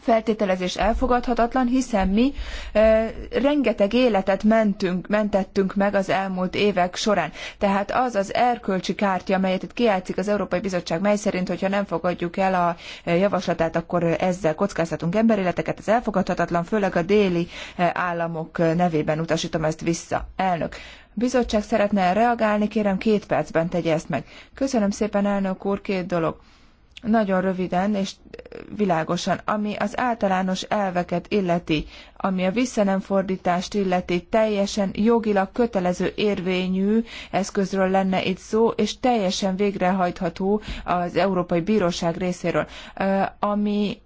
feltételezés elfogadhatatlan, hiszen mi e, rengeteg életet mentünk, mentettünk meg az elmúlt évek során. Tehát az az erkölcsi kártya, amelyet itt kiátszik az Európai Bizottság, mely szerint, hogyha nem fogadjuk el a javaslatát, akkor ezzel kockáztatunk emberéleteket, ez elfogadhatatlan, főleg a déli államok nevében utasítom ezt vissza. Elnök, bizottság szeretne reagálni, kérem két percben tegye ezt meg. Köszönöm szépen, elnök úr, két dolog. Nagyon röviden és világosan, ami az általános elveket illeti, ami a visszanemfordítást illeti, teljesen jogilag kötelező érvényű eszközről lenne itt szó, és teljesen végrehajtható az Európai Bíróság részéről. Ami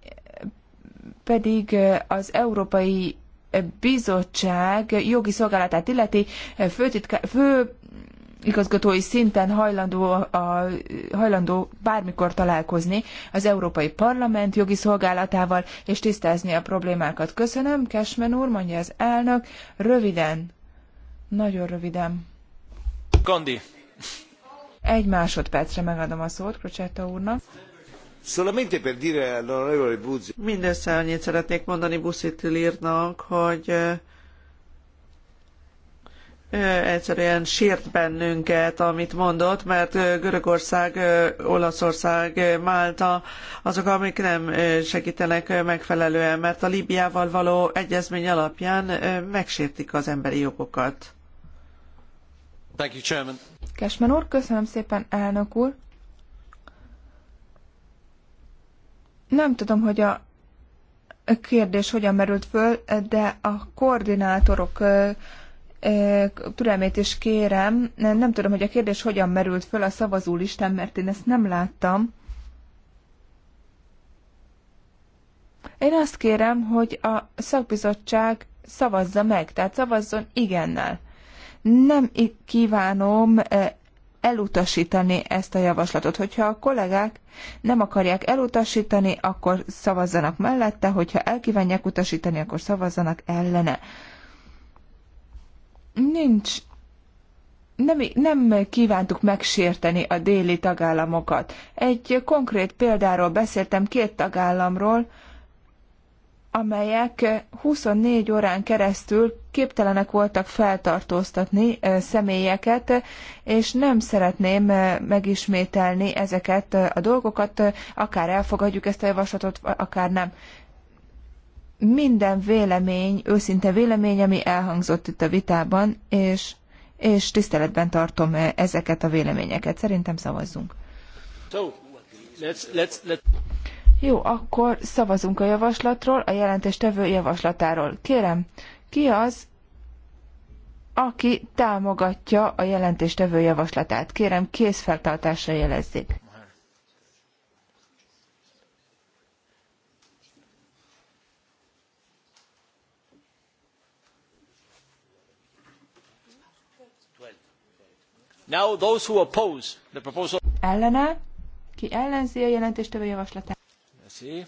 pedig az Európai bizottság jogi szolgálatát illeti, főtitka, fő igazgatói szinten hajlandó, a, hajlandó bármikor találkozni az Európai Parlament jogi szolgálatával és tisztázni a problémákat. Köszönöm, Kesmen úr, mondja az elnök. Röviden, nagyon röviden. Gandhi. Egy másodpercre megadom a szót Crocetta úrnak. Solamente per dire all'onorevole Mindössze annyit szeretnék mondani Buszit írnak, hogy egyszerűen sért bennünket, amit mondott, mert Görögország, Olaszország, Málta, azok, amik nem segítenek megfelelően, mert a Líbiával való egyezmény alapján megsértik az emberi jogokat. Thank you, Chairman. Cashman úr, köszönöm szépen, elnök úr. Nem tudom, hogy a kérdés hogyan merült föl, de a koordinátorok türelmét is kérem. Nem tudom, hogy a kérdés hogyan merült föl a szavazó listán, mert én ezt nem láttam. Én azt kérem, hogy a szakbizottság szavazza meg, tehát szavazzon igennel. Nem kívánom elutasítani ezt a javaslatot. Hogyha a kollégák nem akarják elutasítani, akkor szavazzanak mellette, hogyha elkívánják utasítani, akkor szavazzanak ellene nincs nem, nem kívántuk megsérteni a déli tagállamokat. Egy konkrét példáról beszéltem két tagállamról, amelyek 24 órán keresztül képtelenek voltak feltartóztatni személyeket, és nem szeretném megismételni ezeket a dolgokat, akár elfogadjuk ezt a javaslatot, akár nem minden vélemény, őszinte vélemény, ami elhangzott itt a vitában, és, és tiszteletben tartom ezeket a véleményeket. Szerintem szavazzunk. So, let's, let's, let's... Jó, akkor szavazunk a javaslatról, a jelentéstevő javaslatáról. Kérem, ki az, aki támogatja a jelentéstevő javaslatát? Kérem, készfeltartásra jelezzék. Now those who oppose the proposal... Ellene? Ki ellenzi a jelentéstevő javaslatát? Merci.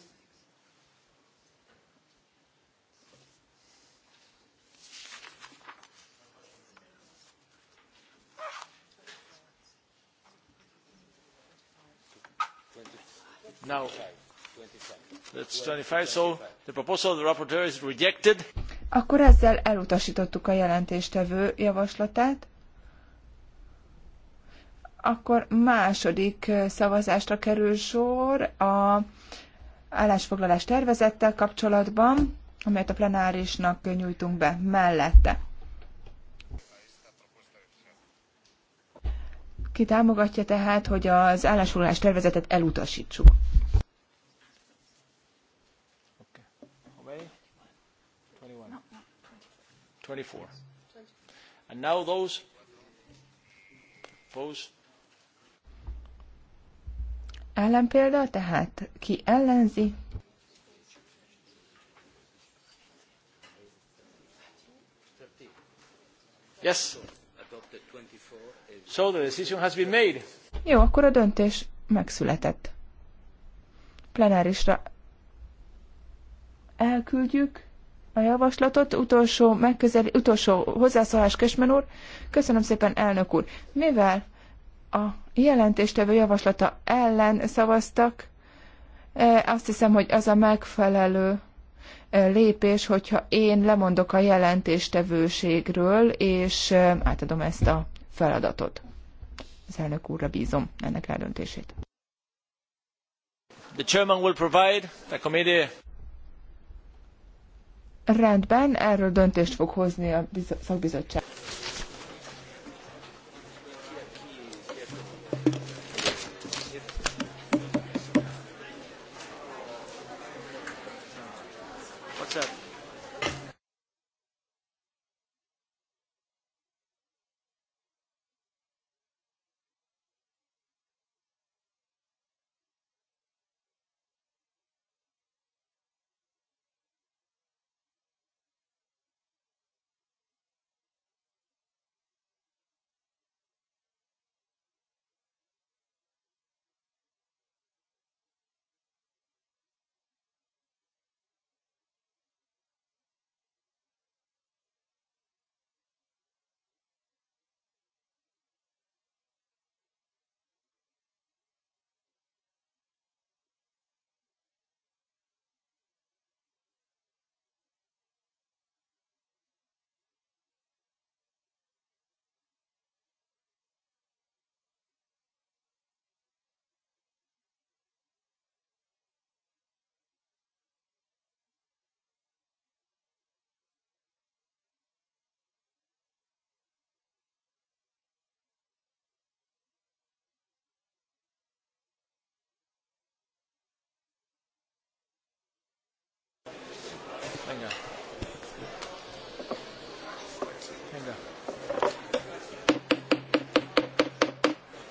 Now, that's 25, so the proposal of the rapporteur is rejected. Akkor ezzel elutasítottuk a jelentéstevő javaslatát. Akkor második szavazásra kerül sor a állásfoglalás tervezettel kapcsolatban, amelyet a plenárisnak nyújtunk be mellette. Ki támogatja tehát, hogy az állásfoglalás tervezetet elutasítsuk? Okay. 24. And now those opposed Ellenpélda, tehát ki ellenzi? Yes. So the decision has been made. Jó, akkor a döntés megszületett. Plenárisra elküldjük a javaslatot. Utolsó, megközeli, utolsó hozzászólás Kösmen úr. Köszönöm szépen, elnök úr. Mivel a jelentéstevő javaslata ellen szavaztak. E, azt hiszem, hogy az a megfelelő e, lépés, hogyha én lemondok a jelentéstevőségről, és e, átadom ezt a feladatot. Az elnök úrra bízom ennek eldöntését. The chairman will provide the committee. Rendben, erről döntést fog hozni a szakbizottság.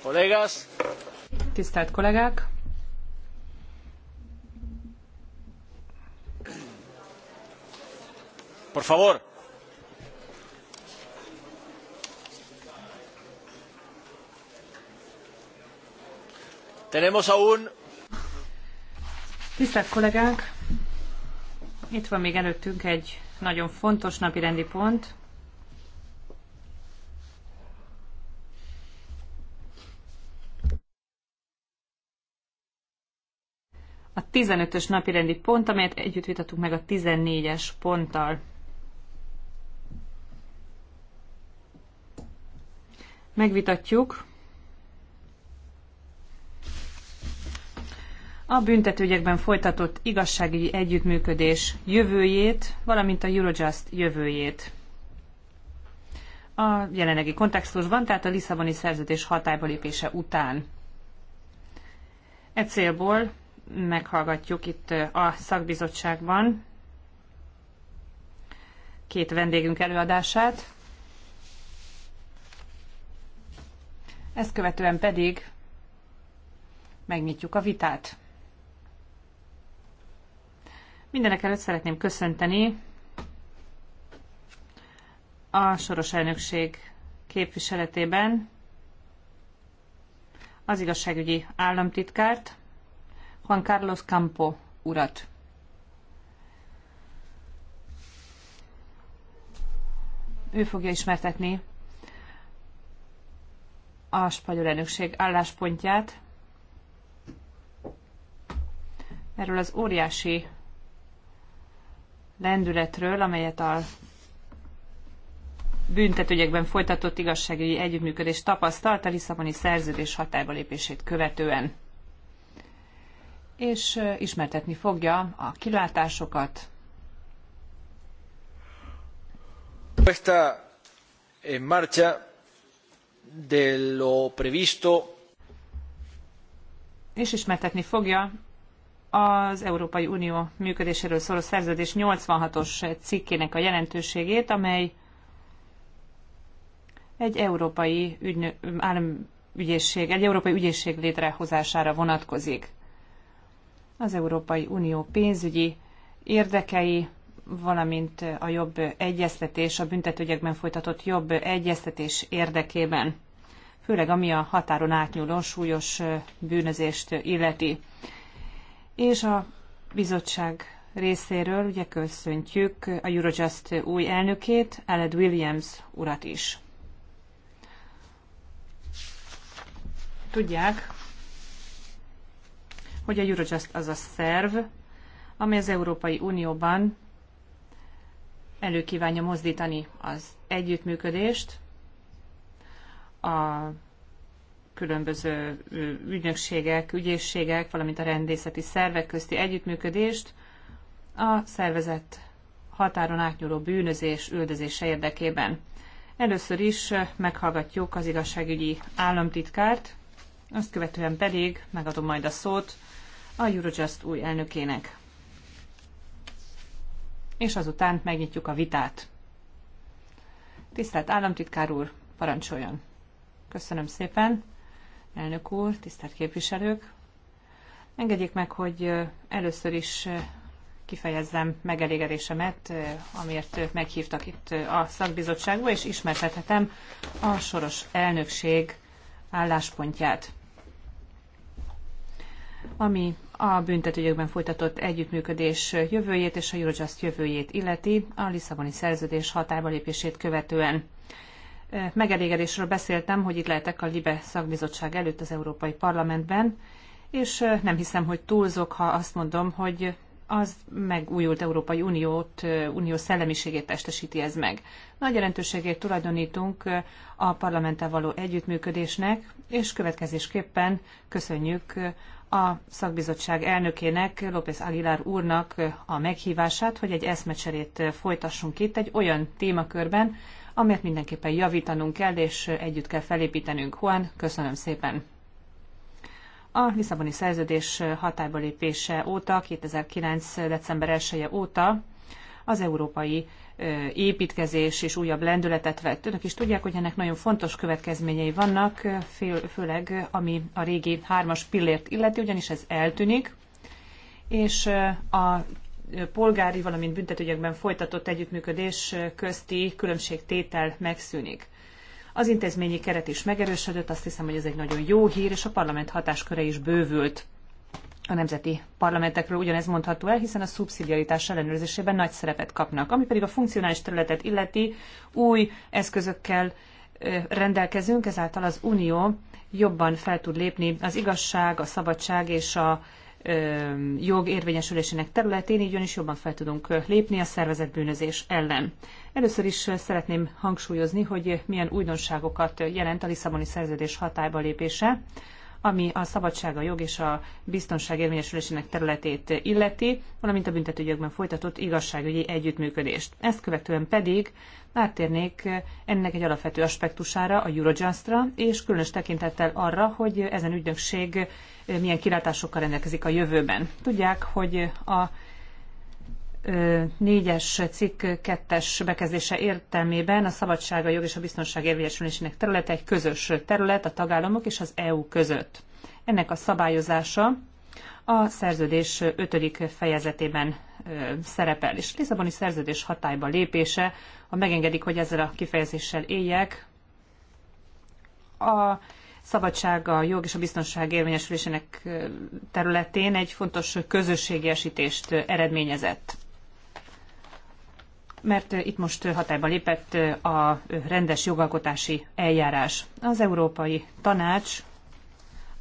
Kollégás! Tisztelt kollégák! Por favor! Tenemos aún... Tisztelt kollégák! Itt van még előttünk egy nagyon fontos napirendi pont, 15-ös rendi pont, amelyet együtt vitatunk meg a 14-es ponttal. Megvitatjuk a büntetőgyekben folytatott igazságügyi együttműködés jövőjét, valamint a Eurojust jövőjét. A jelenlegi kontextusban, tehát a Lisszaboni szerződés hatályba lépése után. E célból meghallgatjuk itt a szakbizottságban két vendégünk előadását. Ezt követően pedig megnyitjuk a vitát. Mindenek előtt szeretném köszönteni a soros elnökség képviseletében az igazságügyi államtitkárt, Juan Carlos Campo urat. Ő fogja ismertetni a spanyol elnökség álláspontját erről az óriási lendületről, amelyet a büntetőgyekben folytatott igazságügyi együttműködés tapasztalt a Lisszaboni szerződés hatályba lépését követően és ismertetni fogja a kilátásokat. Puesta en marcha de lo previsto. És ismertetni fogja az Európai Unió működéséről szóló szerződés 86-os cikkének a jelentőségét, amely egy európai ügynö, államügyészség, egy európai ügyészség létrehozására vonatkozik az Európai Unió pénzügyi érdekei, valamint a jobb egyeztetés, a büntetőgyekben folytatott jobb egyeztetés érdekében, főleg ami a határon átnyúló súlyos bűnözést illeti. És a bizottság részéről ugye köszöntjük a Eurojust új elnökét, Aled Williams urat is. Tudják, hogy a Eurojust az a szerv, ami az Európai Unióban előkívánja mozdítani az együttműködést a különböző ügynökségek, ügyészségek, valamint a rendészeti szervek közti együttműködést a szervezett határon átnyúló bűnözés üldözése érdekében. Először is meghallgatjuk az igazságügyi államtitkárt, azt követően pedig megadom majd a szót a Eurojust új elnökének. És azután megnyitjuk a vitát. Tisztelt államtitkár úr, parancsoljon! Köszönöm szépen, elnök úr, tisztelt képviselők! Engedjék meg, hogy először is kifejezzem megelégedésemet, amiért meghívtak itt a szakbizottságba, és ismertethetem a soros elnökség álláspontját. Ami a büntetőjogban folytatott együttműködés jövőjét és a Eurojust jövőjét illeti a Lisszaboni szerződés hatályba lépését követően. Megelégedésről beszéltem, hogy itt lehetek a LIBE szakbizottság előtt az Európai Parlamentben, és nem hiszem, hogy túlzok, ha azt mondom, hogy az megújult Európai Uniót, unió szellemiségét testesíti ez meg. Nagy jelentőségét tulajdonítunk a parlamenttel való együttműködésnek, és következésképpen köszönjük a szakbizottság elnökének, López Aguilar úrnak a meghívását, hogy egy eszmecserét folytassunk itt egy olyan témakörben, amelyet mindenképpen javítanunk kell, és együtt kell felépítenünk. Juan, köszönöm szépen! A Lisszaboni szerződés hatályba lépése óta, 2009. december 1 -e óta az Európai építkezés és újabb lendületet vett. Önök is tudják, hogy ennek nagyon fontos következményei vannak, főleg ami a régi hármas pillért illeti, ugyanis ez eltűnik, és a polgári, valamint büntetőgyekben folytatott együttműködés közti különbségtétel megszűnik. Az intézményi keret is megerősödött, azt hiszem, hogy ez egy nagyon jó hír, és a parlament hatásköre is bővült a nemzeti parlamentekről ugyanez mondható el, hiszen a szubszidiaritás ellenőrzésében nagy szerepet kapnak. Ami pedig a funkcionális területet illeti, új eszközökkel rendelkezünk, ezáltal az Unió jobban fel tud lépni az igazság, a szabadság és a jog érvényesülésének területén, így is jobban fel tudunk lépni a szervezetbűnözés ellen. Először is szeretném hangsúlyozni, hogy milyen újdonságokat jelent a Lisszaboni szerződés hatályba lépése ami a szabadság, a jog és a biztonság érvényesülésének területét illeti, valamint a büntetőgyökben folytatott igazságügyi együttműködést. Ezt követően pedig áttérnék ennek egy alapvető aspektusára, a Eurojustra, és különös tekintettel arra, hogy ezen ügynökség milyen kilátásokkal rendelkezik a jövőben. Tudják, hogy a négyes cikk kettes bekezdése értelmében a szabadság, a jog és a biztonság érvényesülésének területe egy közös terület a tagállamok és az EU között. Ennek a szabályozása a szerződés ötödik fejezetében szerepel, és a Lisszaboni szerződés hatályba lépése, ha megengedik, hogy ezzel a kifejezéssel éljek, a szabadság, a jog és a biztonság érvényesülésének területén egy fontos közösségi esítést eredményezett mert eh, itt most eh, hatályba lépett eh, a rendes jogalkotási eljárás. Az Európai Tanács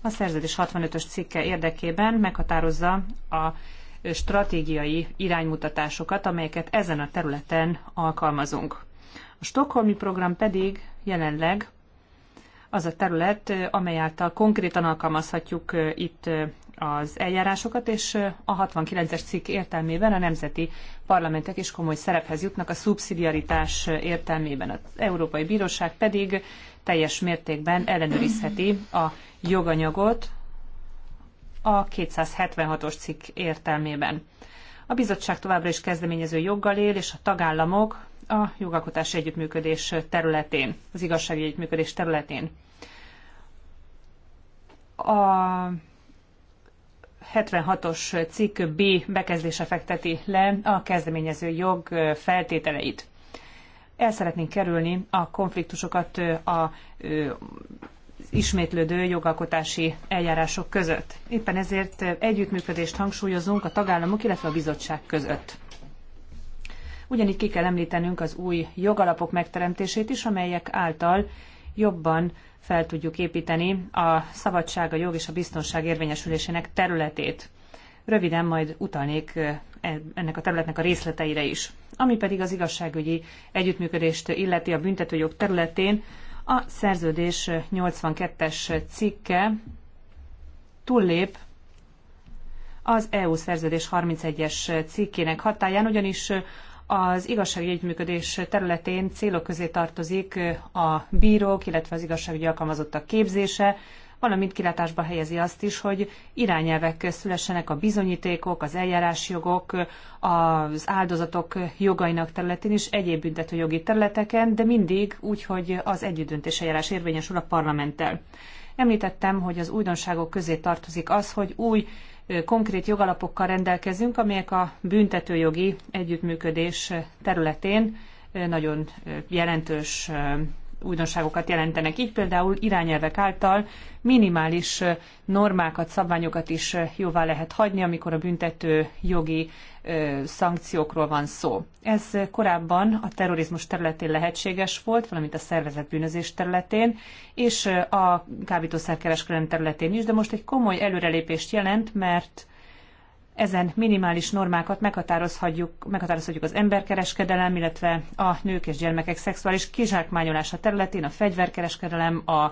a szerződés 65-ös cikke érdekében meghatározza a stratégiai iránymutatásokat, amelyeket ezen a területen alkalmazunk. A Stockholmi program pedig jelenleg az a terület, amely által konkrétan alkalmazhatjuk itt az eljárásokat, és a 69-es cikk értelmében a nemzeti parlamentek is komoly szerephez jutnak a szubszidiaritás értelmében. Az Európai Bíróság pedig teljes mértékben ellenőrizheti a joganyagot a 276-os cikk értelmében. A bizottság továbbra is kezdeményező joggal él, és a tagállamok a jogalkotási együttműködés területén, az igazságügyi együttműködés területén. A 76-os cikk B bekezdése fekteti le a kezdeményező jog feltételeit. El szeretnénk kerülni a konfliktusokat a ismétlődő jogalkotási eljárások között. Éppen ezért együttműködést hangsúlyozunk a tagállamok, illetve a bizottság között. Ugyanígy ki kell említenünk az új jogalapok megteremtését is, amelyek által jobban fel tudjuk építeni a szabadság, a jog és a biztonság érvényesülésének területét. Röviden majd utalnék e, ennek a területnek a részleteire is. Ami pedig az igazságügyi együttműködést illeti a büntetőjog területén, a szerződés 82-es cikke túllép az EU szerződés 31-es cikkének hatáján, ugyanis az igazságügyi együttműködés területén célok közé tartozik a bírók, illetve az igazságügyi alkalmazottak képzése, valamint kilátásba helyezi azt is, hogy irányelvek szülessenek a bizonyítékok, az eljárásjogok, az áldozatok jogainak területén is egyéb jogi területeken, de mindig úgy, hogy az együttdöntés eljárás érvényesül a parlamenttel. Említettem, hogy az újdonságok közé tartozik az, hogy új konkrét jogalapokkal rendelkezünk, amelyek a büntetőjogi együttműködés területén eh, nagyon eh, jelentős eh, újdonságokat jelentenek. Így például irányelvek által minimális normákat, szabványokat is jóvá lehet hagyni, amikor a büntető jogi szankciókról van szó. Ez korábban a terrorizmus területén lehetséges volt, valamint a szervezett bűnözés területén, és a kábítószerkereskedelem területén is, de most egy komoly előrelépést jelent, mert ezen minimális normákat meghatározhatjuk, meghatározhatjuk az emberkereskedelem, illetve a nők és gyermekek szexuális kizsákmányolása területén, a fegyverkereskedelem, a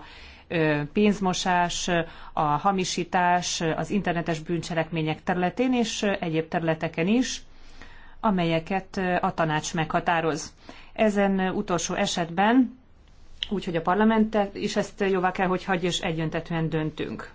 pénzmosás, a hamisítás, az internetes bűncselekmények területén és egyéb területeken is, amelyeket a tanács meghatároz. Ezen utolsó esetben, úgyhogy a parlament is ezt jóvá kell, hogy hagyja, és egyöntetően döntünk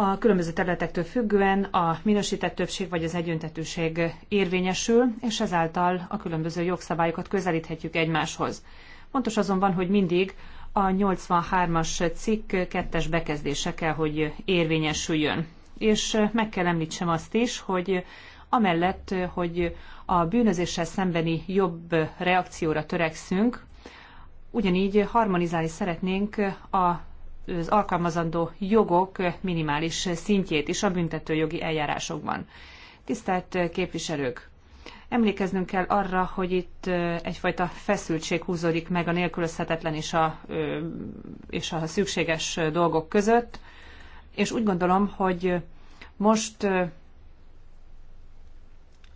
a különböző területektől függően a minősített többség vagy az egyöntetőség érvényesül, és ezáltal a különböző jogszabályokat közelíthetjük egymáshoz. Fontos azonban, hogy mindig a 83-as cikk kettes bekezdése kell, hogy érvényesüljön. És meg kell említsem azt is, hogy amellett, hogy a bűnözéssel szembeni jobb reakcióra törekszünk, ugyanígy harmonizálni szeretnénk a az alkalmazandó jogok minimális szintjét is a büntetőjogi eljárásokban. Tisztelt képviselők! Emlékeznünk kell arra, hogy itt egyfajta feszültség húzódik meg a nélkülözhetetlen és a, és a szükséges dolgok között, és úgy gondolom, hogy most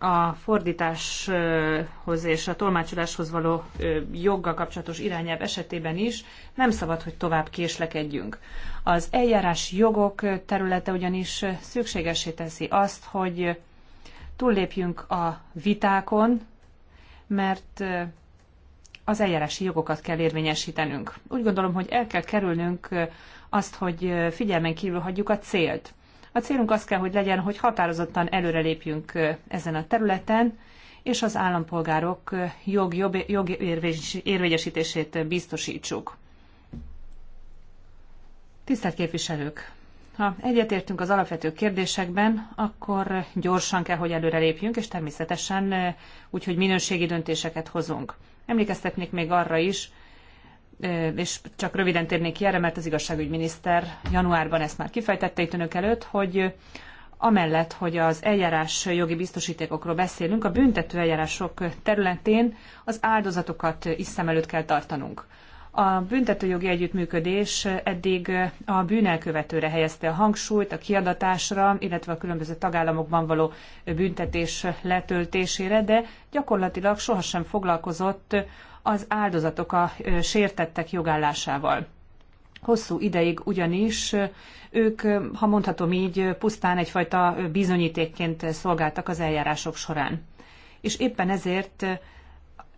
a fordításhoz és a tolmácsoláshoz való joggal kapcsolatos irányelv esetében is nem szabad, hogy tovább késlekedjünk. Az eljárás jogok területe ugyanis szükségesé teszi azt, hogy túllépjünk a vitákon, mert az eljárási jogokat kell érvényesítenünk. Úgy gondolom, hogy el kell kerülnünk azt, hogy figyelmen kívül hagyjuk a célt. A célunk az kell, hogy legyen, hogy határozottan előrelépjünk ezen a területen, és az állampolgárok jog, jog, jog érvényesítését biztosítsuk. Tisztelt képviselők! Ha egyetértünk az alapvető kérdésekben, akkor gyorsan kell, hogy előrelépjünk, és természetesen úgy, hogy minőségi döntéseket hozunk. Emlékeztetnék még arra is, és csak röviden térnék ki erre, mert az igazságügyminiszter januárban ezt már kifejtette itt önök előtt, hogy amellett, hogy az eljárás jogi biztosítékokról beszélünk, a büntető eljárások területén az áldozatokat is szem előtt kell tartanunk. A büntetőjogi együttműködés eddig a bűnelkövetőre helyezte a hangsúlyt, a kiadatásra, illetve a különböző tagállamokban való büntetés letöltésére, de gyakorlatilag sohasem foglalkozott az áldozatok, a sértettek jogállásával. Hosszú ideig ugyanis ők, ha mondhatom így, pusztán egyfajta bizonyítékként szolgáltak az eljárások során. És éppen ezért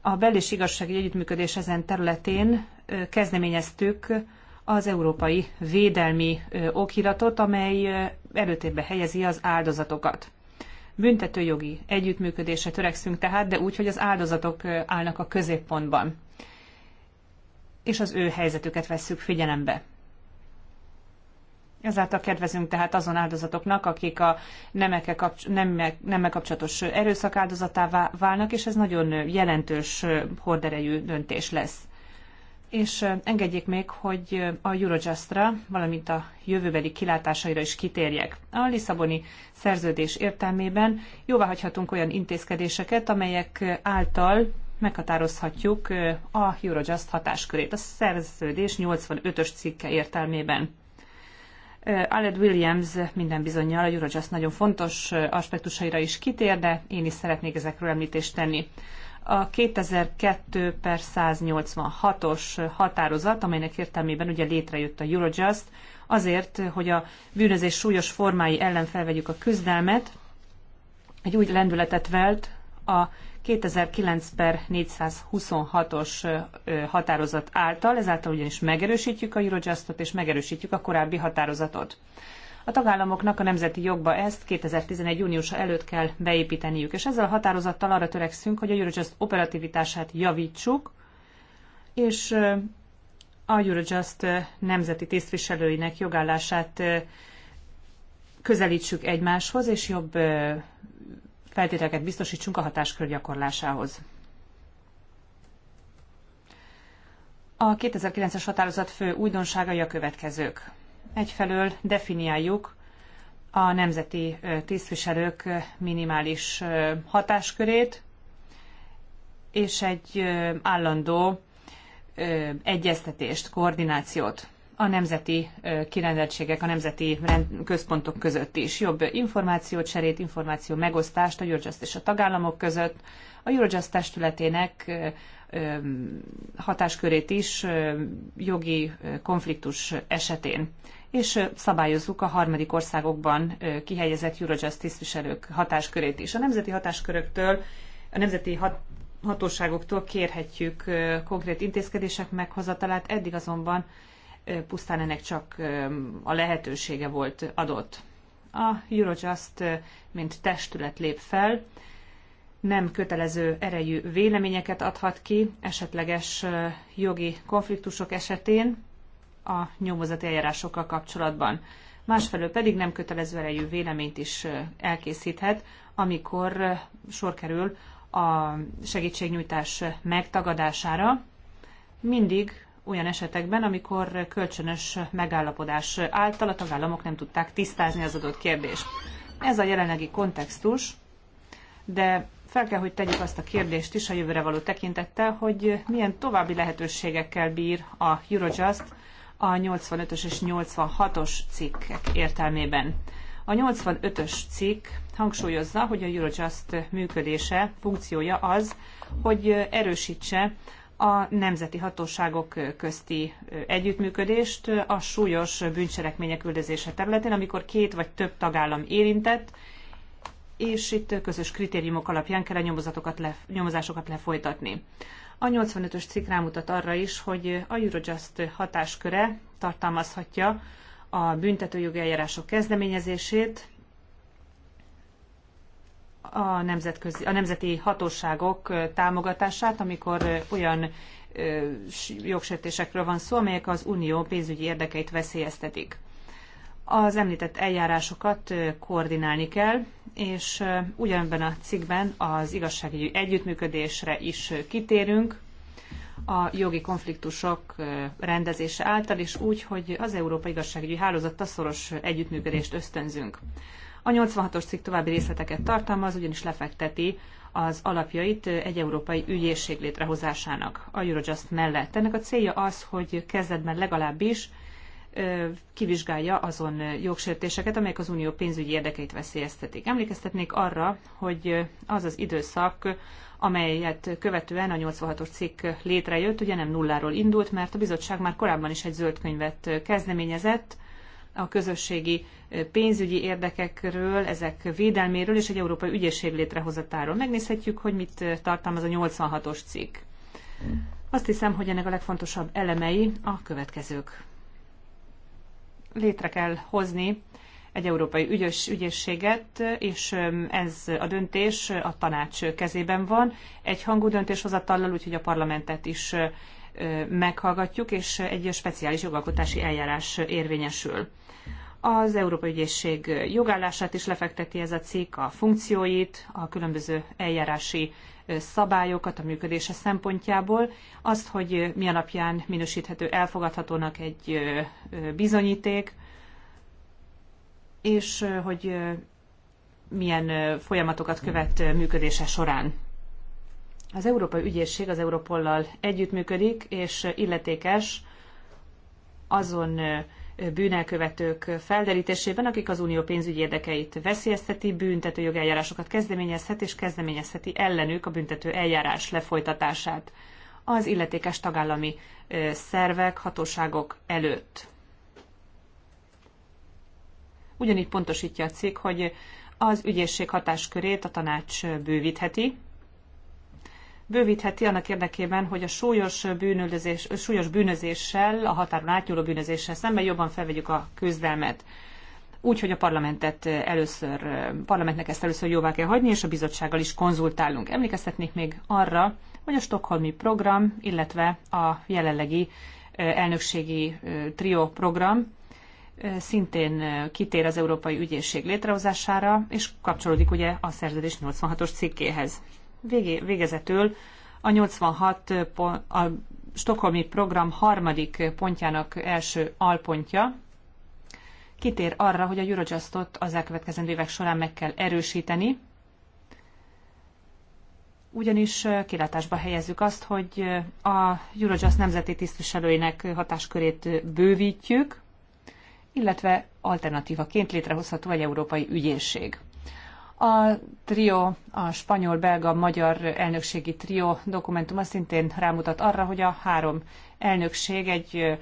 a bel- és igazságügyi együttműködés ezen területén kezdeményeztük az Európai Védelmi Okiratot, amely előtérbe helyezi az áldozatokat. Büntetőjogi együttműködésre törekszünk tehát, de úgy, hogy az áldozatok állnak a középpontban, és az ő helyzetüket vesszük figyelembe. Ezáltal kedvezünk tehát azon áldozatoknak, akik a nemekkel nemmel kapcsolatos erőszak áldozatává válnak, és ez nagyon jelentős horderejű döntés lesz és engedjék még, hogy a Eurojustra, valamint a jövőbeli kilátásaira is kitérjek. A Lisszaboni szerződés értelmében jóváhagyhatunk olyan intézkedéseket, amelyek által meghatározhatjuk a Eurojust hatáskörét. A szerződés 85-ös cikke értelmében. Aled Williams minden bizonyal a Eurojust nagyon fontos aspektusaira is kitér, de én is szeretnék ezekről említést tenni a 2002 per 186-os határozat, amelynek értelmében ugye létrejött a Eurojust, azért, hogy a bűnözés súlyos formái ellen felvegyük a küzdelmet, egy új lendületet velt a 2009 per 426-os határozat által, ezáltal ugyanis megerősítjük a Eurojustot és megerősítjük a korábbi határozatot. A tagállamoknak a nemzeti jogba ezt 2011. júniusa előtt kell beépíteniük, és ezzel a határozattal arra törekszünk, hogy a Eurojust operativitását javítsuk, és a Eurojust nemzeti tisztviselőinek jogállását közelítsük egymáshoz, és jobb feltételeket biztosítsunk a hatáskör gyakorlásához. A 2009-es határozat fő újdonságai a következők. Egyfelől definiáljuk a nemzeti tisztviselők minimális hatáskörét, és egy állandó egyeztetést, koordinációt a nemzeti kirendeltségek, a nemzeti központok között is. Jobb információt információcserét, információ megosztást a Eurojust és a tagállamok között, a Eurojust testületének hatáskörét is jogi konfliktus esetén és szabályozzuk a harmadik országokban kihelyezett Eurojust tisztviselők hatáskörét is. A nemzeti hatásköröktől, a nemzeti hat hatóságoktól kérhetjük konkrét intézkedések meghozatalát, eddig azonban pusztán ennek csak a lehetősége volt adott. A Eurojust, mint testület lép fel, nem kötelező erejű véleményeket adhat ki esetleges jogi konfliktusok esetén, a nyomozati eljárásokkal kapcsolatban. Másfelől pedig nem kötelező erejű véleményt is elkészíthet, amikor sor kerül a segítségnyújtás megtagadására, mindig olyan esetekben, amikor kölcsönös megállapodás által a tagállamok nem tudták tisztázni az adott kérdést. Ez a jelenlegi kontextus, de fel kell, hogy tegyük azt a kérdést is a jövőre való tekintettel, hogy milyen további lehetőségekkel bír a Eurojust a 85-ös és 86-os cikkek értelmében. A 85-ös cikk hangsúlyozza, hogy a Eurojust működése, funkciója az, hogy erősítse a nemzeti hatóságok közti együttműködést a súlyos bűncselekmények üldözése területén, amikor két vagy több tagállam érintett, és itt közös kritériumok alapján kell a nyomozásokat lefolytatni. A 85-ös cikk rámutat arra is, hogy a Eurojust hatásköre tartalmazhatja a büntetőjogi eljárások kezdeményezését, a, nemzetközi, a nemzeti hatóságok támogatását, amikor olyan jogsértésekről van szó, amelyek az unió pénzügyi érdekeit veszélyeztetik. Az említett eljárásokat koordinálni kell, és ugyanebben a cikkben az igazságügyi együttműködésre is kitérünk a jogi konfliktusok rendezése által, és úgy, hogy az Európai Igazságügyi Hálózattal szoros együttműködést ösztönzünk. A 86-os cikk további részleteket tartalmaz, ugyanis lefekteti az alapjait egy európai ügyészség létrehozásának a Eurojust mellett. Ennek a célja az, hogy kezdetben legalábbis kivizsgálja azon jogsértéseket, amelyek az unió pénzügyi érdekeit veszélyeztetik. Emlékeztetnék arra, hogy az az időszak, amelyet követően a 86-os cikk létrejött, ugye nem nulláról indult, mert a bizottság már korábban is egy zöld könyvet kezdeményezett, a közösségi pénzügyi érdekekről, ezek védelméről és egy európai ügyészség létrehozatáról. Megnézhetjük, hogy mit tartalmaz a 86-os cikk. Azt hiszem, hogy ennek a legfontosabb elemei a következők létre kell hozni egy európai ügyös ügyészséget, és ez a döntés a tanács kezében van. Egy hangú döntéshozatallal, úgyhogy a parlamentet is meghallgatjuk, és egy speciális jogalkotási eljárás érvényesül. Az Európai Ügyészség jogállását is lefekteti ez a cikk, a funkcióit, a különböző eljárási szabályokat a működése szempontjából, azt, hogy mi alapján minősíthető elfogadhatónak egy bizonyíték, és hogy milyen folyamatokat követ működése során. Az Európai Ügyészség az Európollal együttműködik, és illetékes azon bűnelkövetők felderítésében, akik az unió pénzügyi érdekeit veszélyezteti, büntető jogeljárásokat kezdeményezhet és kezdeményezheti ellenük a büntető eljárás lefolytatását az illetékes tagállami szervek, hatóságok előtt. Ugyanígy pontosítja a cikk, hogy az ügyészség hatáskörét a tanács bővítheti, bővítheti annak érdekében, hogy a súlyos, bűnözés, súlyos bűnözéssel, a határon átnyúló bűnözéssel szemben jobban felvegyük a küzdelmet. Úgy, hogy a parlamentet először, parlamentnek ezt először jóvá kell hagyni, és a bizottsággal is konzultálunk. Emlékeztetnék még arra, hogy a Stockholmi program, illetve a jelenlegi elnökségi trió program szintén kitér az Európai Ügyészség létrehozására, és kapcsolódik ugye a szerződés 86-os cikkéhez végé, végezetül a 86 pont, a Stokholmi program harmadik pontjának első alpontja kitér arra, hogy a Eurojustot az elkövetkezendő évek során meg kell erősíteni, ugyanis kilátásba helyezzük azt, hogy a Eurojust nemzeti tisztviselőinek hatáskörét bővítjük, illetve alternatívaként létrehozható egy európai ügyészség. A trio a spanyol-belga-magyar elnökségi trio dokumentuma szintén rámutat arra, hogy a három elnökség egy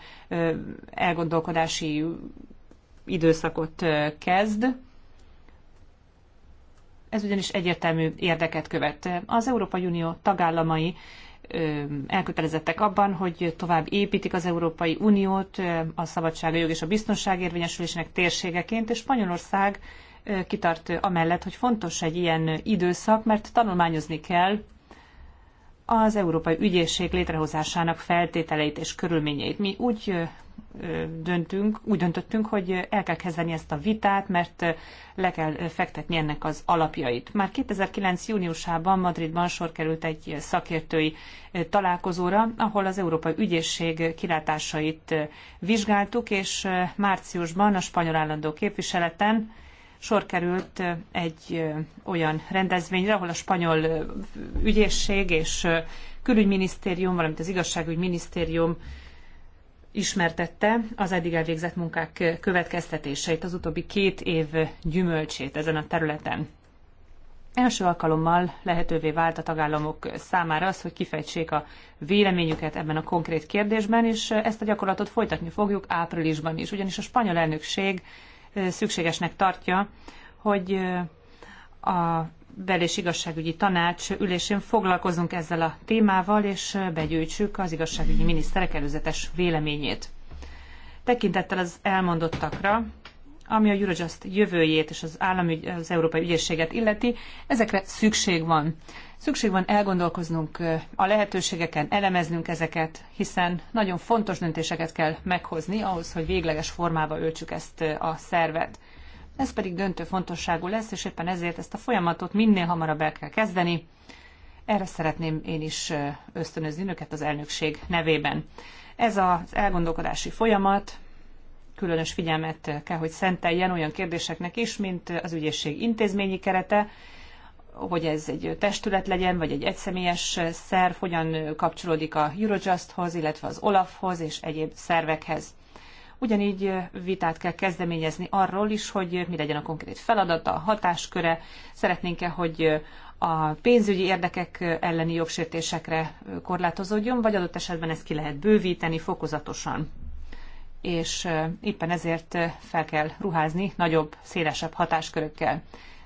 elgondolkodási időszakot kezd. Ez ugyanis egyértelmű érdeket követ. Az Európai Unió tagállamai elkötelezettek abban, hogy tovább építik az Európai Uniót a szabadságjog és a biztonság érvényesülésének térségeként, és Spanyolország kitart amellett, hogy fontos egy ilyen időszak, mert tanulmányozni kell az Európai Ügyészség létrehozásának feltételeit és körülményeit. Mi úgy döntünk, úgy döntöttünk, hogy el kell kezdeni ezt a vitát, mert le kell fektetni ennek az alapjait. Már 2009. júniusában Madridban sor került egy szakértői találkozóra, ahol az Európai Ügyészség kilátásait vizsgáltuk, és márciusban a spanyol állandó képviseleten sor került egy olyan rendezvényre, ahol a spanyol ügyészség és külügyminisztérium, valamint az igazságügyminisztérium ismertette az eddig elvégzett munkák következtetéseit, az utóbbi két év gyümölcsét ezen a területen. Első alkalommal lehetővé vált a tagállamok számára az, hogy kifejtsék a véleményüket ebben a konkrét kérdésben, és ezt a gyakorlatot folytatni fogjuk áprilisban is, ugyanis a spanyol elnökség szükségesnek tartja, hogy a bel- és igazságügyi tanács ülésén foglalkozunk ezzel a témával, és begyűjtsük az igazságügyi miniszterek előzetes véleményét. Tekintettel az elmondottakra, ami a Eurojust jövőjét és az, államügy, az Európai Ügyészséget illeti, ezekre szükség van. Szükség van elgondolkoznunk a lehetőségeken, elemeznünk ezeket, hiszen nagyon fontos döntéseket kell meghozni ahhoz, hogy végleges formába öltsük ezt a szervet. Ez pedig döntő fontosságú lesz, és éppen ezért ezt a folyamatot minél hamarabb el kell kezdeni. Erre szeretném én is ösztönözni önöket az elnökség nevében. Ez az elgondolkodási folyamat különös figyelmet kell, hogy szenteljen olyan kérdéseknek is, mint az ügyészség intézményi kerete, hogy ez egy testület legyen, vagy egy egyszemélyes szerv, hogyan kapcsolódik a Eurojusthoz, illetve az Olafhoz és egyéb szervekhez. Ugyanígy vitát kell kezdeményezni arról is, hogy mi legyen a konkrét feladata, a hatásköre. Szeretnénk-e, hogy a pénzügyi érdekek elleni jogsértésekre korlátozódjon, vagy adott esetben ezt ki lehet bővíteni fokozatosan. És éppen ezért fel kell ruházni nagyobb, szélesebb hatáskörökkel.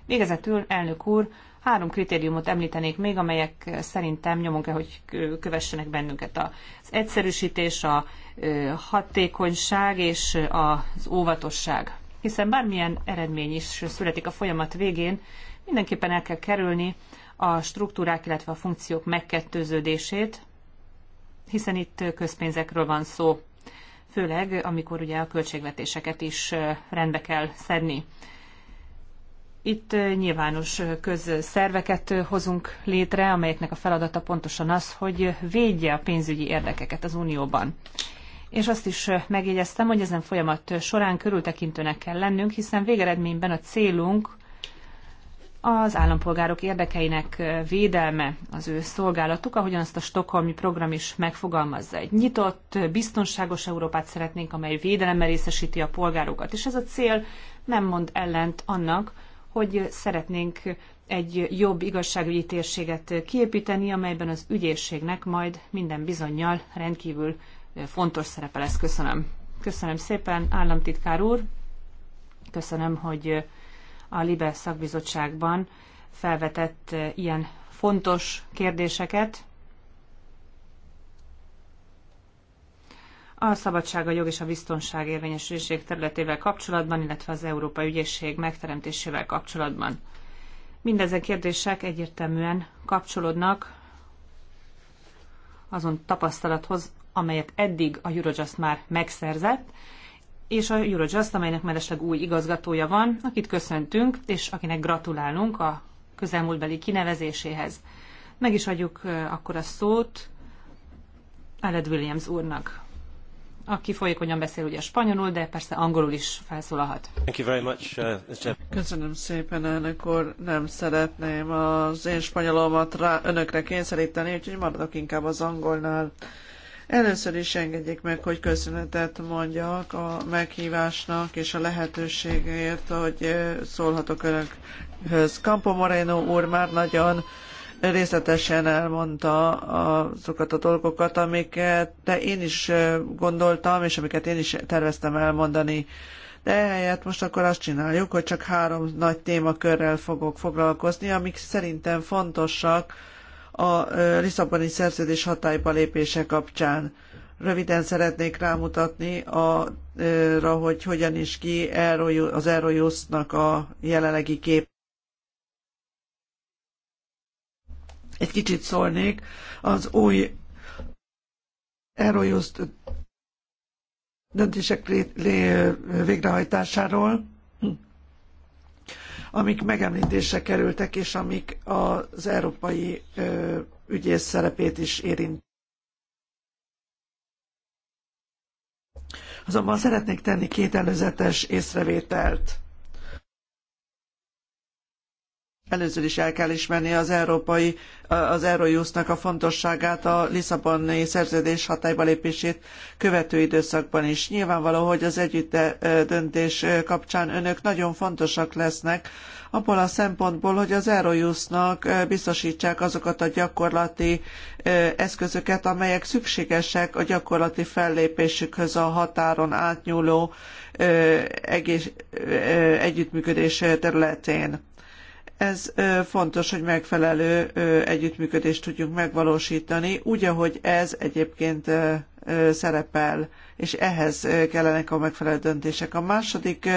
Végezetül, elnök úr, Három kritériumot említenék még, amelyek szerintem nyomon kell, hogy kövessenek bennünket. Az egyszerűsítés, a hatékonyság és az óvatosság. Hiszen bármilyen eredmény is születik a folyamat végén, mindenképpen el kell kerülni a struktúrák, illetve a funkciók megkettőződését, hiszen itt közpénzekről van szó, főleg amikor ugye a költségvetéseket is rendbe kell szedni. Itt nyilvános közszerveket hozunk létre, amelyeknek a feladata pontosan az, hogy védje a pénzügyi érdekeket az Unióban. És azt is megjegyeztem, hogy ezen folyamat során körültekintőnek kell lennünk, hiszen végeredményben a célunk az állampolgárok érdekeinek védelme az ő szolgálatuk, ahogyan azt a stokholmi program is megfogalmazza. Egy nyitott, biztonságos Európát szeretnénk, amely védelemmel részesíti a polgárokat. És ez a cél nem mond ellent annak, hogy szeretnénk egy jobb igazságügyi térséget kiépíteni, amelyben az ügyészségnek majd minden bizonyal rendkívül fontos szerepe lesz. Köszönöm. Köszönöm szépen, államtitkár úr. Köszönöm, hogy a Libe szakbizottságban felvetett ilyen fontos kérdéseket, a szabadság, a jog és a biztonság érvényesüléség területével kapcsolatban, illetve az Európai Ügyészség megteremtésével kapcsolatban. Mindezen kérdések egyértelműen kapcsolódnak azon tapasztalathoz, amelyet eddig a Eurojust már megszerzett, és a Eurojust, amelynek mellesleg új igazgatója van, akit köszöntünk, és akinek gratulálunk a közelmúltbeli kinevezéséhez. Meg is adjuk eh, akkor a szót Aled Williams úrnak aki folyékonyan beszél ugye spanyolul, de persze angolul is felszólalhat. Uh, Köszönöm szépen, elnök úr. Nem szeretném az én spanyolomat rá önökre kényszeríteni, úgyhogy maradok inkább az angolnál. Először is engedjék meg, hogy köszönetet mondjak a meghívásnak és a lehetőségeért, hogy szólhatok önökhöz. Campo Moreno úr már nagyon részletesen elmondta azokat a dolgokat, amiket de én is gondoltam, és amiket én is terveztem elmondani. De ehelyett most akkor azt csináljuk, hogy csak három nagy témakörrel fogok foglalkozni, amik szerintem fontosak a Lisszaboni szerződés hatályba lépése kapcsán. Röviden szeretnék rámutatni arra, hogy hogyan is ki az Eurojustnak a jelenlegi kép. egy kicsit szólnék az új Eurojust döntések végrehajtásáról, amik megemlítésre kerültek, és amik az európai ügyész szerepét is érint. Azonban szeretnék tenni két előzetes észrevételt először is el kell ismerni az európai, az Eurojustnak a fontosságát a Lisszaboni szerződés hatályba lépését követő időszakban is. Nyilvánvaló, hogy az együtt döntés kapcsán önök nagyon fontosak lesznek abból a szempontból, hogy az Eurojustnak biztosítsák azokat a gyakorlati eszközöket, amelyek szükségesek a gyakorlati fellépésükhöz a határon átnyúló egész, együttműködés területén ez fontos, hogy megfelelő együttműködést tudjunk megvalósítani, úgy, ahogy ez egyébként szerepel, és ehhez kellenek a megfelelő döntések. A második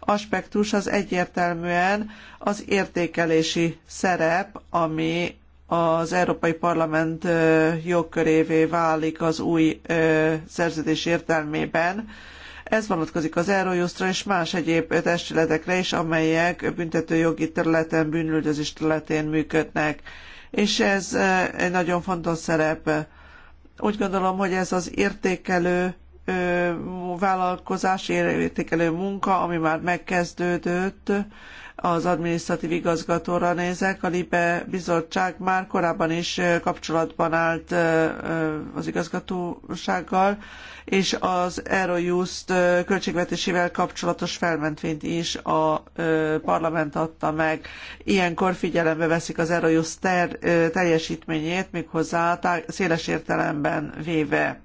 aspektus az egyértelműen az értékelési szerep, ami az Európai Parlament jogkörévé válik az új szerződés értelmében, ez vonatkozik az Eurojustra és más egyéb testületekre is, amelyek büntetőjogi területen, bűnüldözés területén működnek. És ez eh, egy nagyon fontos szerep. Úgy gondolom, hogy ez az értékelő eh, vállalkozás, értékelő munka, ami már megkezdődött, az adminisztratív igazgatóra nézek. A LIBE bizottság már korábban is kapcsolatban állt az igazgatósággal, és az Eurojust költségvetésével kapcsolatos felmentvényt is a parlament adta meg. Ilyenkor figyelembe veszik az Eurojust ter- teljesítményét, méghozzá tá- széles értelemben véve.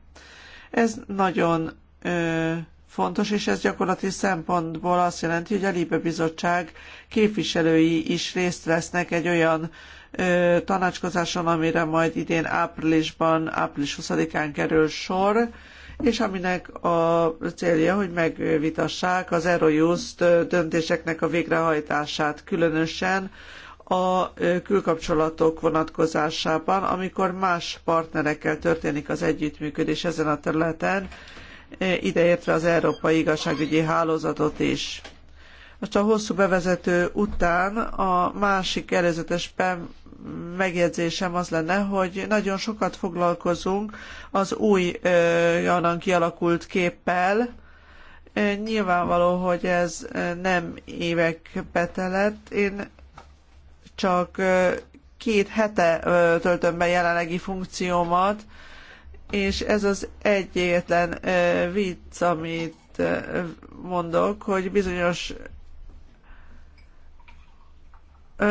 Ez nagyon fontos, és ez gyakorlati szempontból azt jelenti, hogy a Libe Bizottság képviselői is részt vesznek egy olyan ö, tanácskozáson, amire majd idén áprilisban, április 20-án kerül sor, és aminek a célja, hogy megvitassák az Eurojust döntéseknek a végrehajtását, különösen a külkapcsolatok vonatkozásában, amikor más partnerekkel történik az együttműködés ezen a területen, E, ideértve az Európai Igazságügyi Hálózatot is. Most a hosszú bevezető után a másik előzetes megjegyzésem az lenne, hogy nagyon sokat foglalkozunk az új e, olyan kialakult képpel. E, nyilvánvaló, hogy ez nem évekbe telett. Én csak két hete töltöm be jelenlegi funkciómat, és ez az egyetlen vicc, amit mondok, hogy bizonyos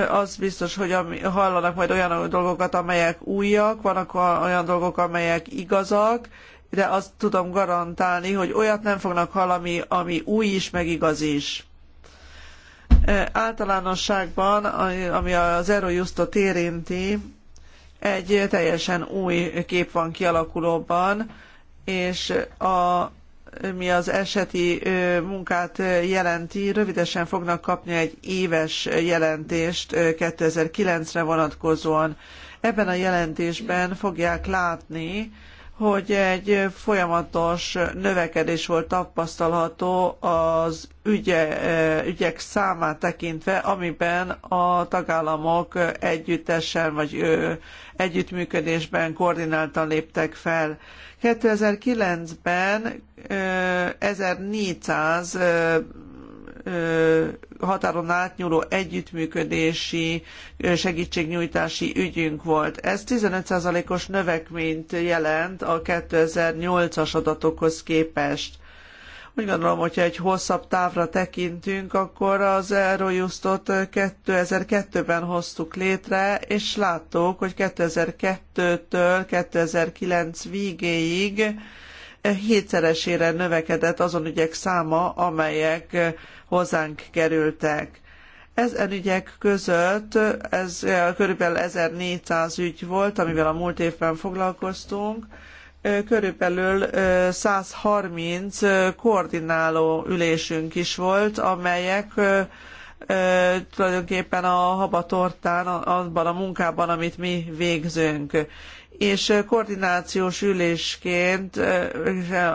az biztos, hogy hallanak majd olyan dolgokat, amelyek újak, vannak olyan dolgok, amelyek igazak, de azt tudom garantálni, hogy olyat nem fognak hallani, ami új is, meg igaz is. Általánosságban, ami az Erojusztot érinti, egy teljesen új kép van kialakulóban, és a, mi az eseti munkát jelenti, rövidesen fognak kapni egy éves jelentést 2009-re vonatkozóan. Ebben a jelentésben fogják látni, hogy egy folyamatos növekedés volt tapasztalható az ügye, e, ügyek számát tekintve, amiben a tagállamok együttesen vagy együttműködésben koordináltan léptek fel. 2009-ben 1400 határon átnyúló együttműködési segítségnyújtási ügyünk volt. Ez 15%-os növekményt jelent a 2008-as adatokhoz képest. Úgy gondolom, hogyha egy hosszabb távra tekintünk, akkor az Eurojustot 2002-ben hoztuk létre, és láttuk, hogy 2002-től 2009 végéig hétszeresére növekedett azon ügyek száma, amelyek hozzánk kerültek. Ezen ügyek között ez körülbelül 1400 ügy volt, amivel a múlt évben foglalkoztunk, körülbelül 130 koordináló ülésünk is volt, amelyek tulajdonképpen a habatortán, abban a munkában, amit mi végzünk és koordinációs ülésként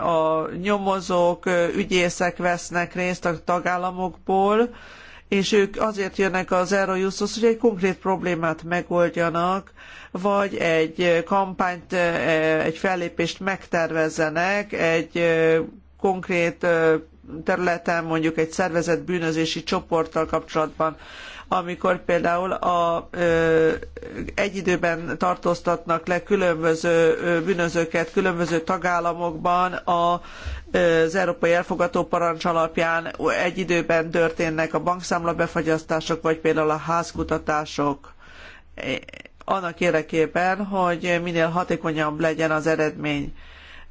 a nyomozók, ügyészek vesznek részt a tagállamokból, és ők azért jönnek az Eurojusthoz, hogy egy konkrét problémát megoldjanak, vagy egy kampányt, egy fellépést megtervezzenek, egy konkrét területen, mondjuk egy szervezett bűnözési csoporttal kapcsolatban amikor például a, ö, egy időben tartóztatnak le különböző bűnözőket különböző tagállamokban a, az európai elfogató parancs alapján egy időben történnek a bankszámla befagyasztások, vagy például a házkutatások annak érdekében, hogy minél hatékonyabb legyen az eredmény.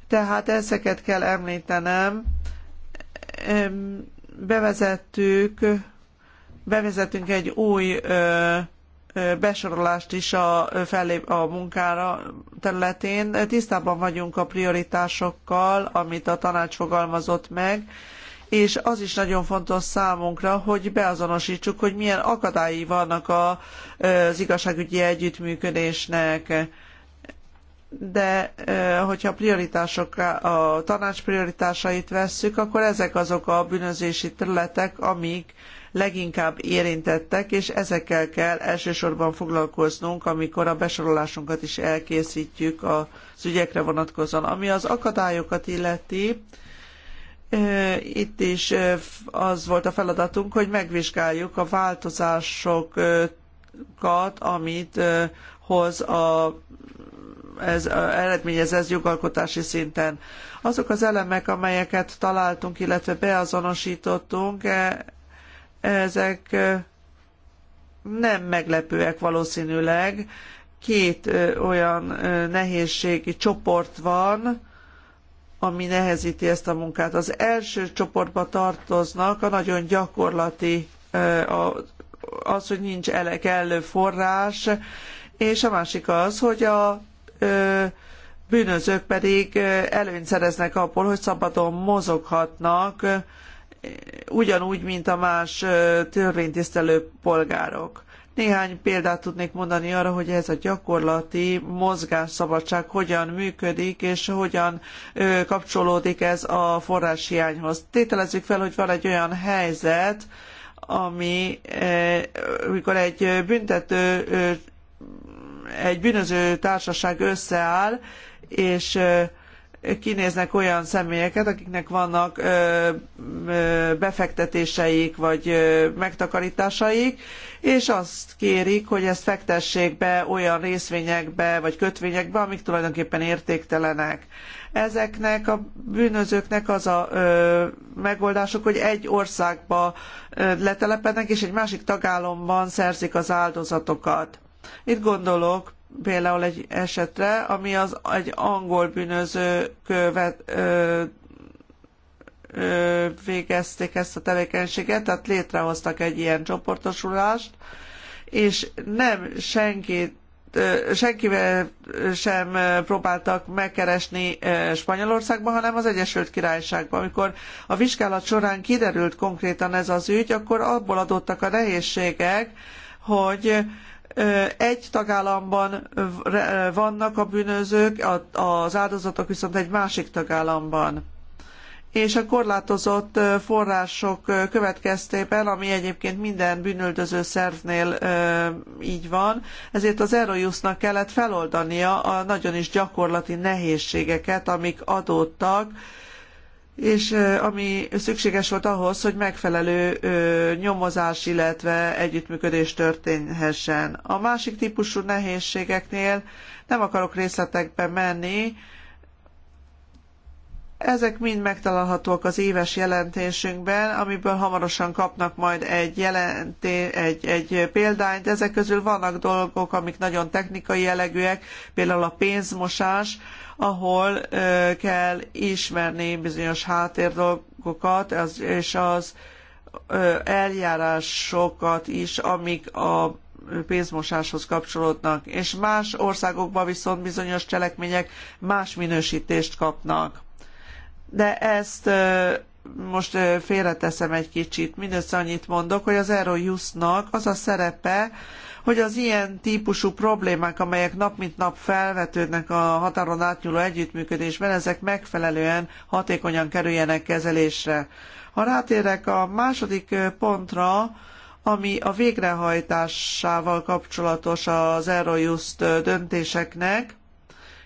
Tehát ezeket kell említenem. Bevezettük bevezetünk egy új ö, besorolást is a, fellép, a munkára területén. Tisztában vagyunk a prioritásokkal, amit a tanács fogalmazott meg, és az is nagyon fontos számunkra, hogy beazonosítsuk, hogy milyen akadályi vannak a, az igazságügyi együttműködésnek. De hogyha prioritások, a tanács prioritásait vesszük, akkor ezek azok a bűnözési területek, amik leginkább érintettek, és ezekkel kell elsősorban foglalkoznunk, amikor a besorolásunkat is elkészítjük az ügyekre vonatkozóan. Ami az akadályokat illeti, itt is az volt a feladatunk, hogy megvizsgáljuk a változásokat, amit hoz a ez, eredményez ez jogalkotási szinten. Azok az elemek, amelyeket találtunk, illetve beazonosítottunk, e, ezek nem meglepőek valószínűleg. Két olyan nehézségi csoport van, ami nehezíti ezt a munkát. Az első csoportba tartoznak a nagyon gyakorlati, az, hogy nincs kellő forrás, és a másik az, hogy a bűnözők pedig előnyt szereznek abból, hogy szabadon mozoghatnak, ugyanúgy, mint a más törvénytisztelő polgárok. Néhány példát tudnék mondani arra, hogy ez a gyakorlati mozgásszabadság hogyan működik, és hogyan kapcsolódik ez a forráshiányhoz. Tételezzük fel, hogy van egy olyan helyzet, ami, amikor egy büntető, egy bűnöző társaság összeáll, és kinéznek olyan személyeket, akiknek vannak befektetéseik vagy ö, megtakarításaik, és azt kérik, hogy ezt fektessék be olyan részvényekbe vagy kötvényekbe, amik tulajdonképpen értéktelenek. Ezeknek a bűnözőknek az a ö, megoldásuk, hogy egy országba ö, letelepednek, és egy másik tagállamban szerzik az áldozatokat. Itt gondolok például egy esetre, ami az egy angol bűnöző követ, ö, ö, végezték ezt a tevékenységet, tehát létrehoztak egy ilyen csoportosulást, és nem senkit senkivel sem próbáltak megkeresni Spanyolországban, hanem az Egyesült Királyságban. Amikor a vizsgálat során kiderült konkrétan ez az ügy, akkor abból adottak a nehézségek, hogy egy tagállamban vannak a bűnözők, az áldozatok viszont egy másik tagállamban és a korlátozott források következtében, ami egyébként minden bűnöldöző szervnél így van, ezért az Eurojustnak kellett feloldania a nagyon is gyakorlati nehézségeket, amik adódtak, és ami szükséges volt ahhoz, hogy megfelelő nyomozás, illetve együttműködés történhessen. A másik típusú nehézségeknél nem akarok részletekbe menni, ezek mind megtalálhatóak az éves jelentésünkben, amiből hamarosan kapnak majd egy, jelenté, egy, egy példányt. Ezek közül vannak dolgok, amik nagyon technikai jellegűek, például a pénzmosás, ahol kell ismerni bizonyos háttérdolgokat, és az eljárásokat is, amik a pénzmosáshoz kapcsolódnak, és más országokban viszont bizonyos cselekmények más minősítést kapnak. De ezt most félreteszem egy kicsit, mindössze annyit mondok, hogy az Eurojustnak az a szerepe, hogy az ilyen típusú problémák, amelyek nap mint nap felvetődnek a határon átnyúló együttműködésben, ezek megfelelően hatékonyan kerüljenek kezelésre. Ha rátérek a második pontra, ami a végrehajtásával kapcsolatos az Eurojust döntéseknek,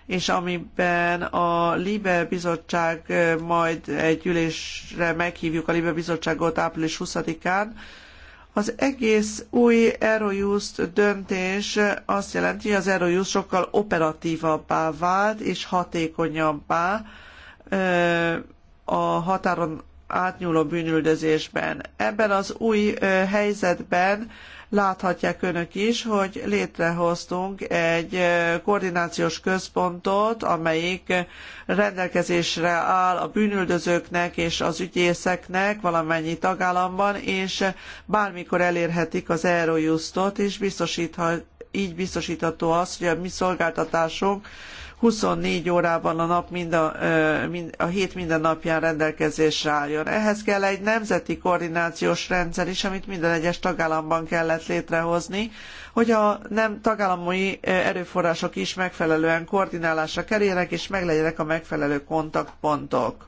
és amiben a Libe Bizottság majd egy ülésre meghívjuk a Libe Bizottságot április 20-án, az egész új Eurojust döntés azt jelenti, hogy az Eurojust sokkal operatívabbá vált és hatékonyabbá a határon átnyúló bűnüldözésben. Ebben az új helyzetben Láthatják önök is, hogy létrehoztunk egy koordinációs központot, amelyik rendelkezésre áll a bűnüldözőknek és az ügyészeknek valamennyi tagállamban, és bármikor elérhetik az Eurojustot, és biztosíthat így biztosítható az, hogy a mi szolgáltatásunk 24 órában a nap mind a, mind, a hét minden napján rendelkezésre álljon. Ehhez kell egy nemzeti koordinációs rendszer is, amit minden egyes tagállamban kellett létrehozni, hogy a nem tagállami erőforrások is megfelelően koordinálásra kerüljenek, és meglegyenek a megfelelő kontaktpontok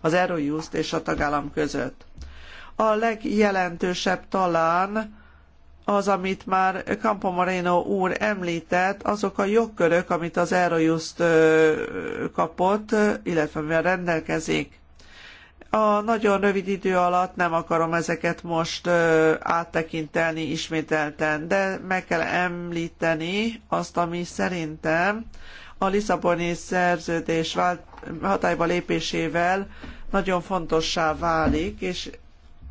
az Eurojust és a tagállam között. A legjelentősebb talán az, amit már Campo Moreno úr említett, azok a jogkörök, amit az Eurojust kapott, illetve mivel rendelkezik. A nagyon rövid idő alatt nem akarom ezeket most áttekinteni ismételten, de meg kell említeni azt, ami szerintem a Lisszaboni szerződés hatályba lépésével nagyon fontossá válik, és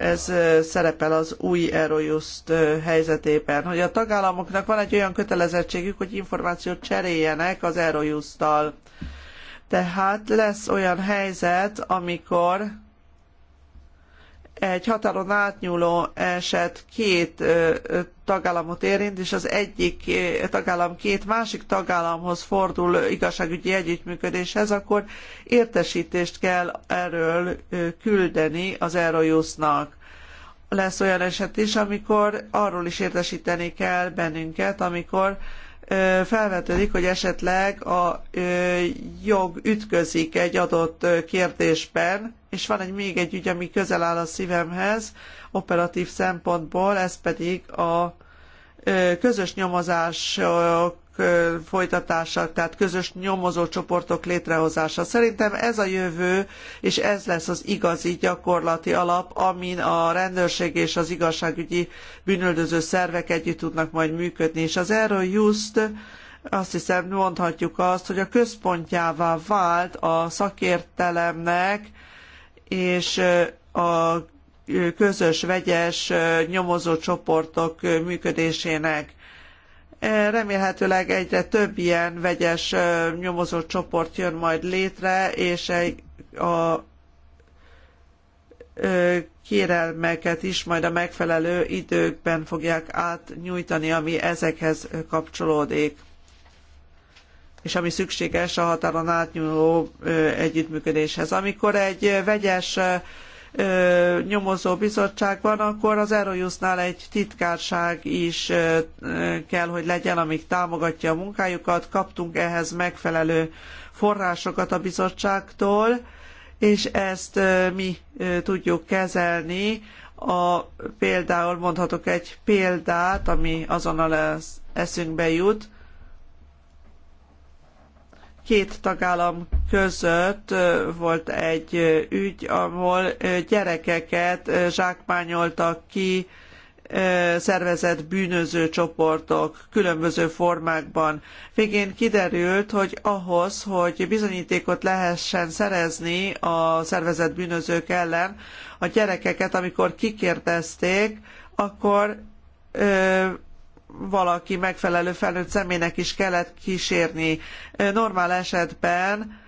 ez szerepel az új Eurojust helyzetében, hogy a tagállamoknak van egy olyan kötelezettségük, hogy információt cseréljenek az Eurojusttal. Tehát lesz olyan helyzet, amikor egy határon átnyúló eset két tagállamot érint, és az egyik tagállam két másik tagállamhoz fordul igazságügyi együttműködéshez, akkor értesítést kell erről küldeni az Eurojustnak. Lesz olyan eset is, amikor arról is értesíteni kell bennünket, amikor felvetődik, hogy esetleg a jog ütközik egy adott kérdésben, és van egy még egy ügy, ami közel áll a szívemhez, operatív szempontból, ez pedig a közös nyomozások folytatása, tehát közös nyomozó csoportok létrehozása. Szerintem ez a jövő, és ez lesz az igazi gyakorlati alap, amin a rendőrség és az igazságügyi bűnöldöző szervek együtt tudnak majd működni. És az Eurojust azt hiszem mondhatjuk azt, hogy a központjává vált a szakértelemnek, és a közös vegyes nyomozó csoportok működésének. E, remélhetőleg egyre több ilyen vegyes nyomozó csoport jön majd létre, és egy, a kérelmeket is majd a megfelelő időkben fogják átnyújtani, ami ezekhez kapcsolódik és ami szükséges a határon átnyúló együttműködéshez. Amikor egy vegyes nyomozó bizottság van, akkor az Eurojustnál egy titkárság is kell, hogy legyen, amik támogatja a munkájukat. Kaptunk ehhez megfelelő forrásokat a bizottságtól, és ezt mi tudjuk kezelni. A, például mondhatok egy példát, ami azonnal eszünkbe jut két tagállam között volt egy ügy, ahol gyerekeket zsákmányoltak ki szervezett bűnöző csoportok különböző formákban. Végén kiderült, hogy ahhoz, hogy bizonyítékot lehessen szerezni a szervezett bűnözők ellen, a gyerekeket, amikor kikérdezték, akkor valaki megfelelő felnőtt személynek is kellett kísérni. Normál esetben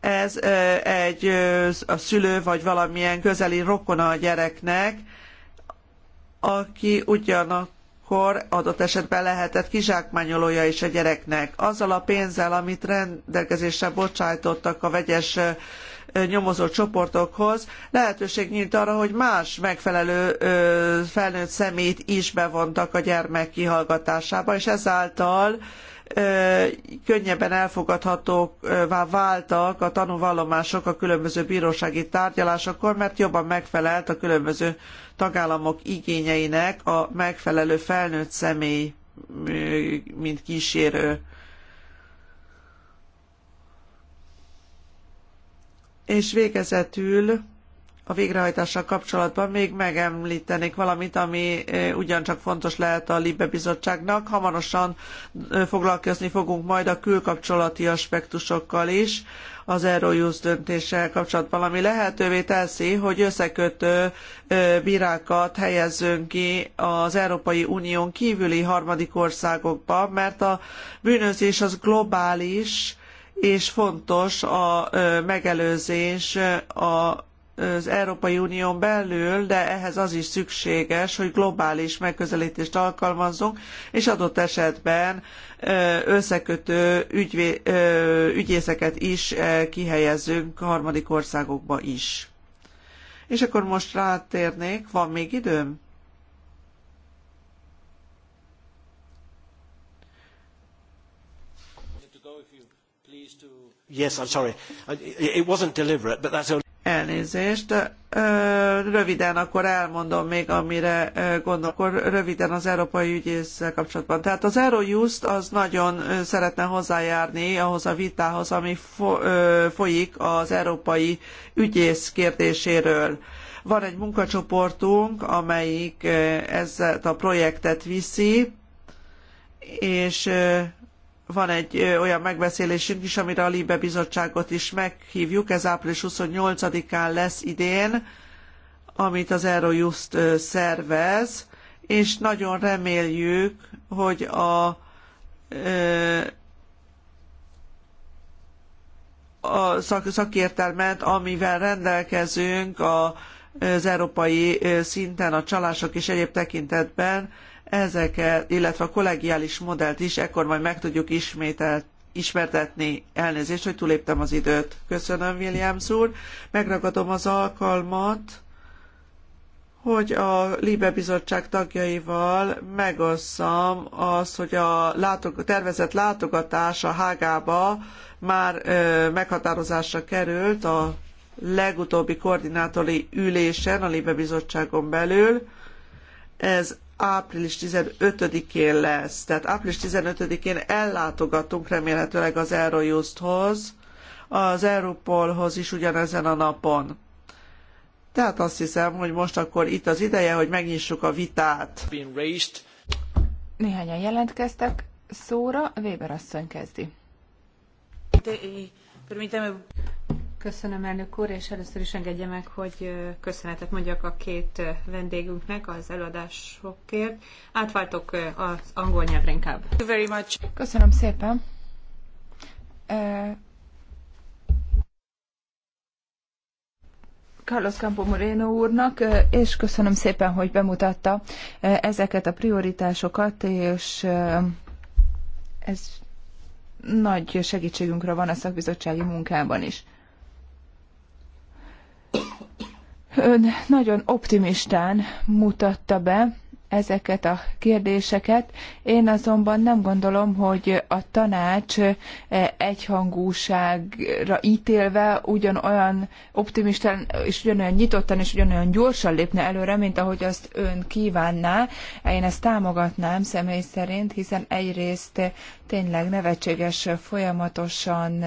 ez egy a szülő vagy valamilyen közeli rokona a gyereknek, aki ugyanakkor adott esetben lehetett kizsákmányolója is a gyereknek. Azzal a pénzzel, amit rendelkezésre bocsájtottak a vegyes nyomozott csoportokhoz lehetőség nyílt arra, hogy más megfelelő felnőtt szemét is bevontak a gyermek kihallgatásába, és ezáltal könnyebben elfogadhatóvá váltak a tanúvallomások a különböző bírósági tárgyalásokon, mert jobban megfelelt a különböző tagállamok igényeinek a megfelelő felnőtt személy, mint kísérő. És végezetül a végrehajtással kapcsolatban még megemlítenék valamit, ami ugyancsak fontos lehet a Libe Bizottságnak. Hamarosan foglalkozni fogunk majd a külkapcsolati aspektusokkal is az Eurojust döntéssel kapcsolatban, ami lehetővé teszi, hogy összekötő bírákat helyezzünk ki az Európai Unión kívüli harmadik országokba, mert a bűnözés az globális, és fontos a megelőzés a az Európai Unión belül, de ehhez az is szükséges, hogy globális megközelítést alkalmazzunk, és adott esetben összekötő ügyvé, ügyészeket is kihelyezzünk harmadik országokba is. És akkor most rátérnék, van még időm? Yes, I'm sorry. It wasn't deliberate, but that's only... Elnézést. Röviden akkor elmondom még, amire gondolok. Akkor röviden az európai ügyészsel kapcsolatban. Tehát az Eurojust az nagyon szeretne hozzájárni ahhoz a vitához, ami folyik az európai ügyész kérdéséről. Van egy munkacsoportunk, amelyik ezt a projektet viszi, és van egy olyan megbeszélésünk is, amire a Libe Bizottságot is meghívjuk, ez április 28-án lesz idén, amit az Eurojust szervez, és nagyon reméljük, hogy a a szak, szakértelmet, amivel rendelkezünk a, az európai szinten a csalások és egyéb tekintetben, ezeket, illetve a kollegiális modellt is, ekkor majd meg tudjuk ismételt ismertetni. Elnézést, hogy túléptem az időt. Köszönöm, Williams úr. Megragadom az alkalmat, hogy a Libe Bizottság tagjaival megosszam azt, hogy a tervezett látogatás a Hágába már ö, meghatározásra került a legutóbbi koordinátori ülésen a Libe Bizottságon belül. Ez április 15-én lesz. Tehát április 15-én ellátogatunk remélhetőleg az Eurojusthoz, az Europolhoz is ugyanezen a napon. Tehát azt hiszem, hogy most akkor itt az ideje, hogy megnyissuk a vitát. Néhányan jelentkeztek szóra, Weber asszony kezdi. Eh, Köszönöm, elnök úr, és először is engedje meg, hogy köszönetet mondjak a két vendégünknek az előadásokért. Átváltok az angol nyelvre inkább. Köszönöm szépen. Carlos Campo Moreno úrnak, és köszönöm szépen, hogy bemutatta ezeket a prioritásokat, és ez nagy segítségünkre van a szakbizottsági munkában is. Ön nagyon optimistán mutatta be ezeket a kérdéseket. Én azonban nem gondolom, hogy a tanács eh, egyhangúságra ítélve ugyanolyan optimistán és ugyanolyan nyitottan és ugyanolyan gyorsan lépne előre, mint ahogy azt ön kívánná. Én ezt támogatnám személy szerint, hiszen egyrészt tényleg nevetséges folyamatosan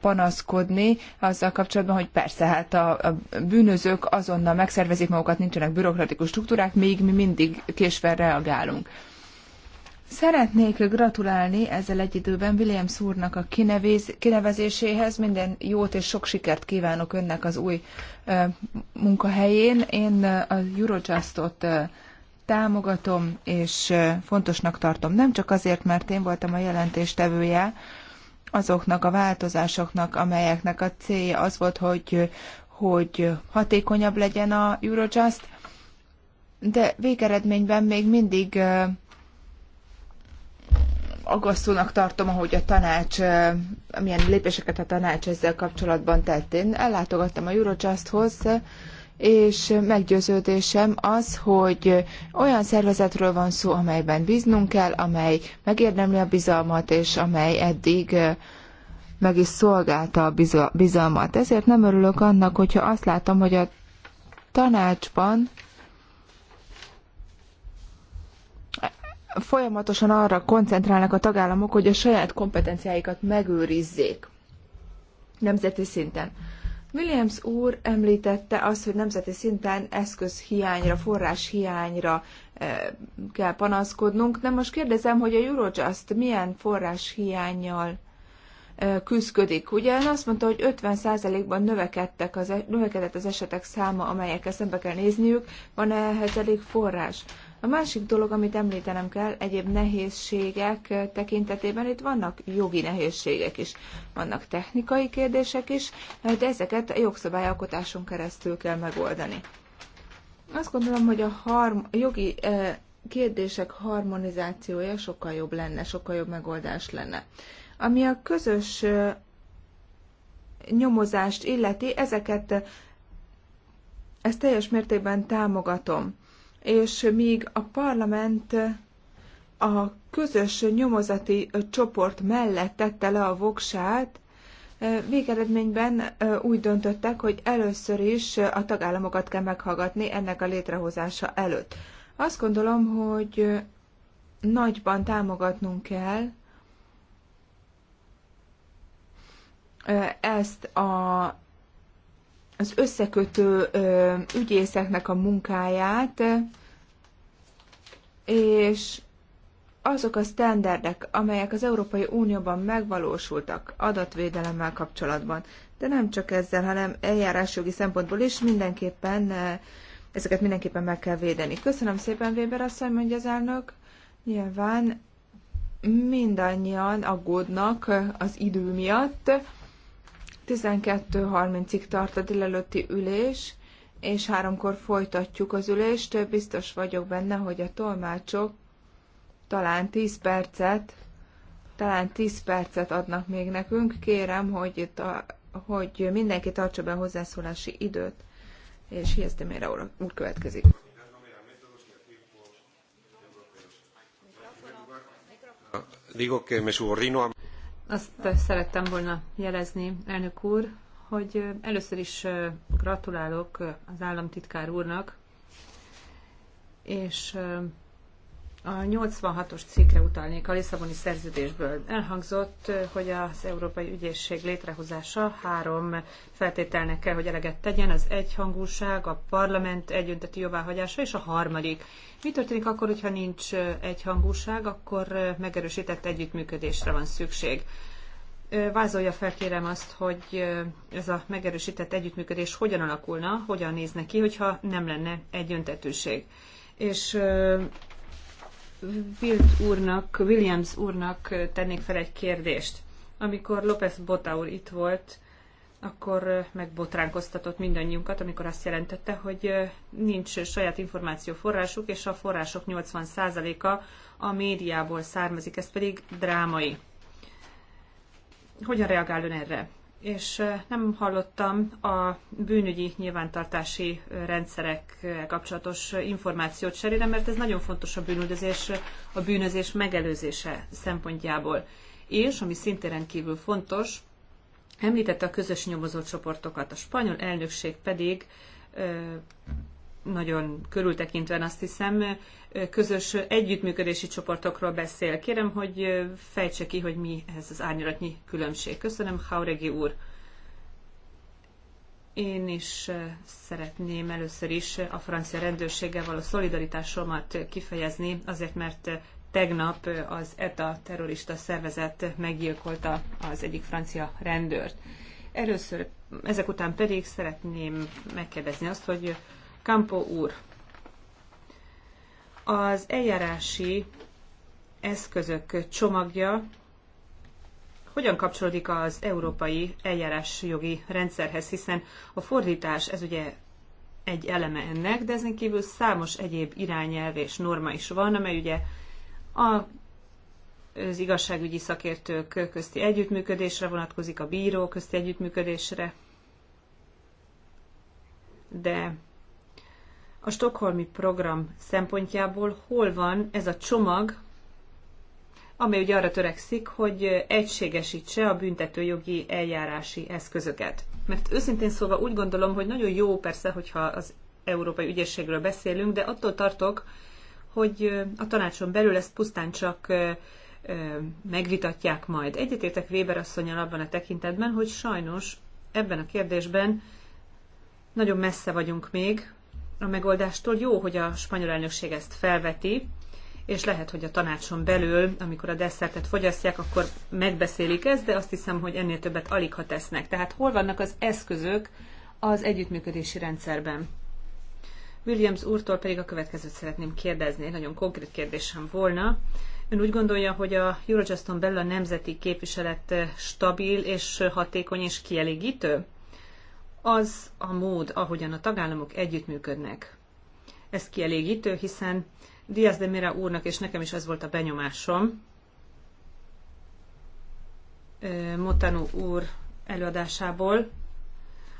panaszkodni azzal kapcsolatban, hogy persze, hát a, bűnözők azonnal megszervezik magukat, nincsenek bürokratikus struktúrák, még mi mindig késve reagálunk. Szeretnék gratulálni ezzel egy időben William Szúrnak a kinevez, kinevezéséhez. Minden jót és sok sikert kívánok önnek az új uh, munkahelyén. Én uh, a Eurojustot uh, támogatom és fontosnak tartom. Nem csak azért, mert én voltam a jelentéstevője azoknak a változásoknak, amelyeknek a célja az volt, hogy, hogy hatékonyabb legyen a Eurojust, de végeredményben még mindig aggasztónak tartom, ahogy a tanács, milyen lépéseket a tanács ezzel kapcsolatban tett. Én ellátogattam a Eurojusthoz, és meggyőződésem az, hogy olyan szervezetről van szó, amelyben bíznunk kell, amely megérdemli a bizalmat, és amely eddig eh, meg is szolgálta a bizalmat. Ezért nem örülök annak, hogyha azt látom, hogy a tanácsban folyamatosan arra koncentrálnak a tagállamok, hogy a saját kompetenciáikat megőrizzék nemzeti szinten. Williams úr említette azt, hogy nemzeti szinten eszközhiányra, forráshiányra eh, kell panaszkodnunk. Na most kérdezem, hogy a Eurojust milyen forráshiányjal eh, küzdködik. Ugye azt mondta, hogy 50%-ban növekedtek az, e- növekedett az esetek száma, amelyekkel szembe kell nézniük. Van-e elég forrás? A másik dolog, amit említenem kell, egyéb nehézségek tekintetében itt vannak jogi nehézségek is, vannak technikai kérdések is, de ezeket a jogszabályalkotáson keresztül kell megoldani. Azt gondolom, hogy a harm- jogi eh, kérdések harmonizációja sokkal jobb lenne, sokkal jobb megoldás lenne. Ami a közös eh, nyomozást illeti, ezeket eh, ezt teljes mértékben támogatom és míg a parlament a közös nyomozati csoport mellett tette le a voksát, Végeredményben úgy döntöttek, hogy először is a tagállamokat kell meghallgatni ennek a létrehozása előtt. Azt gondolom, hogy nagyban támogatnunk kell ezt a az összekötő ügyészeknek a munkáját, és azok a standardek, amelyek az Európai Unióban megvalósultak adatvédelemmel kapcsolatban, de nem csak ezzel, hanem eljárásjogi szempontból is mindenképpen ezeket mindenképpen meg kell védeni. Köszönöm szépen, Weber asszony, mondja az elnök. Nyilván mindannyian aggódnak az idő miatt, 12.30-ig tart a délelőtti ülés, és háromkor folytatjuk az ülést. Biztos vagyok benne, hogy a tolmácsok talán 10 percet, talán 10 percet adnak még nekünk. Kérem, hogy, a, hogy mindenki tartsa be a hozzászólási időt, és Hiesztemére úr, úr következik. Digo que me subordino a... Azt szerettem volna jelezni, elnök úr, hogy először is gratulálok az államtitkár úrnak, és a 86-os cikkre utalnék a Lisszaboni szerződésből. Elhangzott, hogy az Európai Ügyészség létrehozása három feltételnek kell, hogy eleget tegyen, az egyhangúság, a parlament egyönteti jóváhagyása és a harmadik. Mi történik akkor, hogyha nincs egyhangúság, akkor megerősített együttműködésre van szükség. Vázolja fel kérem azt, hogy ez a megerősített együttműködés hogyan alakulna, hogyan nézne ki, hogyha nem lenne egyöntetűség. És Wild úrnak, Williams úrnak tennék fel egy kérdést. Amikor López Bota úr itt volt, akkor megbotránkoztatott mindannyiunkat, amikor azt jelentette, hogy nincs saját információforrásuk, és a források 80%-a a médiából származik, ez pedig drámai. Hogyan reagál ön erre? és nem hallottam a bűnügyi nyilvántartási rendszerek kapcsolatos információt cserére, mert ez nagyon fontos a bűnözés, a bűnözés megelőzése szempontjából. És, ami szintén rendkívül fontos, említette a közös nyomozócsoportokat, a spanyol elnökség pedig nagyon körültekintően azt hiszem, közös együttműködési csoportokról beszél. Kérem, hogy fejtse ki, hogy mi ez az árnyalatnyi különbség. Köszönöm, Hauregi úr. Én is eh, szeretném először is a francia rendőrséggel való szolidaritásomat kifejezni, azért mert eh, tegnap eh, az ETA terrorista szervezet meggyilkolta az egyik francia rendőrt. Először, ezek után pedig szeretném megkérdezni azt, hogy Campo úr, az eljárási eszközök csomagja hogyan kapcsolódik az európai eljárásjogi rendszerhez, hiszen a fordítás ez ugye egy eleme ennek, de ezen kívül számos egyéb irányelv és norma is van, amely ugye a, az igazságügyi szakértők közti együttműködésre vonatkozik, a bíró közti együttműködésre, de a Stockholmi program szempontjából hol van ez a csomag, amely ugye arra törekszik, hogy egységesítse a büntetőjogi eljárási eszközöket. Mert őszintén szólva úgy gondolom, hogy nagyon jó persze, hogyha az európai ügyességről beszélünk, de attól tartok, hogy a tanácson belül ezt pusztán csak megvitatják majd. Egyetértek Weber asszonyal abban a tekintetben, hogy sajnos ebben a kérdésben nagyon messze vagyunk még a megoldástól. Jó, hogy a spanyol elnökség ezt felveti, és lehet, hogy a tanácson belül, amikor a desszertet fogyasztják, akkor megbeszélik ezt, de azt hiszem, hogy ennél többet alig ha tesznek. Tehát hol vannak az eszközök az együttműködési rendszerben? Williams úrtól pedig a következőt szeretném kérdezni, Egy nagyon konkrét kérdésem volna. Ön úgy gondolja, hogy a Eurojuston belül a nemzeti képviselet stabil és hatékony és kielégítő? az a mód, ahogyan a tagállamok együttműködnek. Ez kielégítő, hiszen Diaz de Mira úrnak és nekem is ez volt a benyomásom. Motanu úr előadásából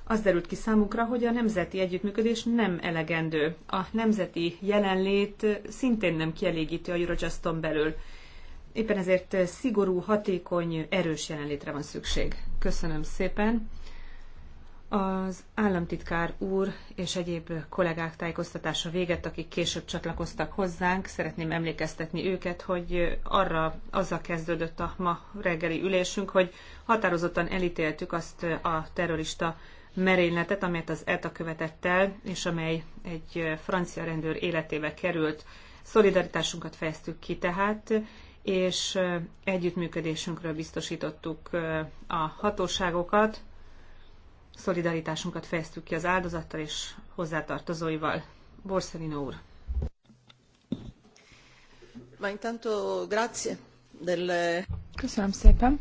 az derült ki számunkra, hogy a nemzeti együttműködés nem elegendő. A nemzeti jelenlét szintén nem kielégítő a Eurojuston belül. Éppen ezért szigorú, hatékony, erős jelenlétre van szükség. Köszönöm szépen. Az államtitkár úr és egyéb kollégák tájékoztatása véget, akik később csatlakoztak hozzánk, szeretném emlékeztetni őket, hogy arra azzal kezdődött a ma reggeli ülésünk, hogy határozottan elítéltük azt a terrorista merényletet, amelyet az ETA követett el, és amely egy francia rendőr életébe került. Szolidaritásunkat fejeztük ki tehát, és együttműködésünkről biztosítottuk a hatóságokat, szolidaritásunkat fejeztük ki az áldozattal és hozzátartozóival. Borszelino úr. Ma intanto grazie del... Köszönöm szépen.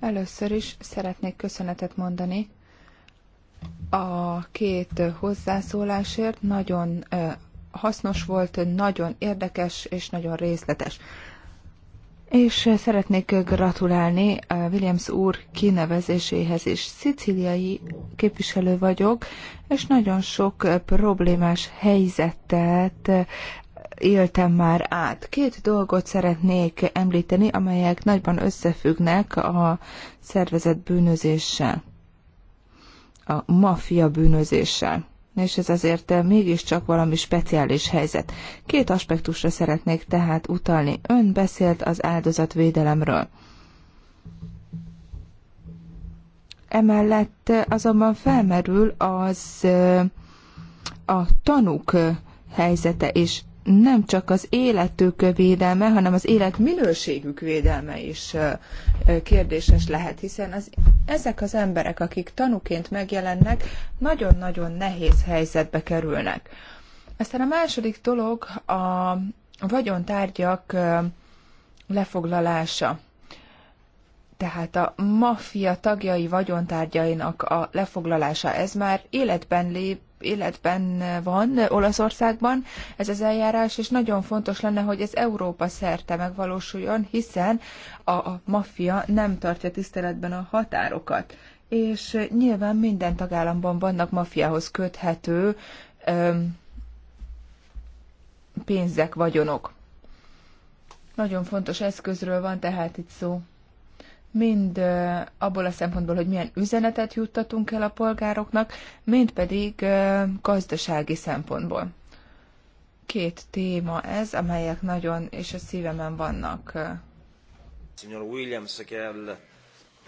Először is szeretnék köszönetet mondani a két hozzászólásért. Nagyon hasznos volt, nagyon érdekes és nagyon részletes. És szeretnék gratulálni Williams úr kinevezéséhez is. Szicíliai képviselő vagyok, és nagyon sok problémás helyzetet éltem már át. Két dolgot szeretnék említeni, amelyek nagyban összefüggnek a szervezet bűnözéssel, a maffia bűnözéssel és ez azért eh, mégiscsak valami speciális helyzet. Két aspektusra szeretnék tehát utalni. Ön beszélt az áldozatvédelemről. Emellett eh, azonban felmerül az eh, a tanúk helyzete is nem csak az életük védelme, hanem az minőségük védelme is kérdéses lehet, hiszen az, ezek az emberek, akik tanúként megjelennek, nagyon-nagyon nehéz helyzetbe kerülnek. Aztán a második dolog a vagyontárgyak lefoglalása. Tehát a maffia tagjai vagyontárgyainak a lefoglalása, ez már életben lép, életben van Olaszországban ez az eljárás, és nagyon fontos lenne, hogy ez Európa szerte megvalósuljon, hiszen a, a maffia nem tartja tiszteletben a határokat. És nyilván minden tagállamban vannak maffiához köthető öm, pénzek, vagyonok. Nagyon fontos eszközről van tehát itt szó mind abból a szempontból, hogy milyen üzenetet juttatunk el a polgároknak, mind pedig gazdasági szempontból. Két téma ez, amelyek nagyon és a szívemen vannak. Signor Williams, che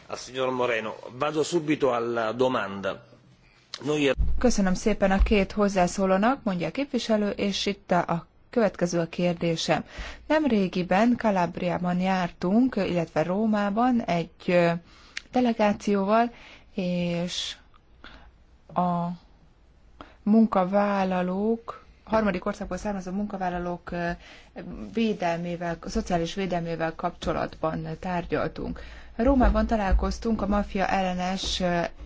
a signor Moreno. Vado subito alla domanda. Er- Köszönöm szépen a két hozzászólónak, mondja a képviselő, és itt a következő a kérdésem. Nem régiben Kalabriában jártunk, illetve Rómában egy delegációval, és a munkavállalók, harmadik országból származó munkavállalók védelmével, szociális védelmével kapcsolatban tárgyaltunk. Rómában találkoztunk a maffia ellenes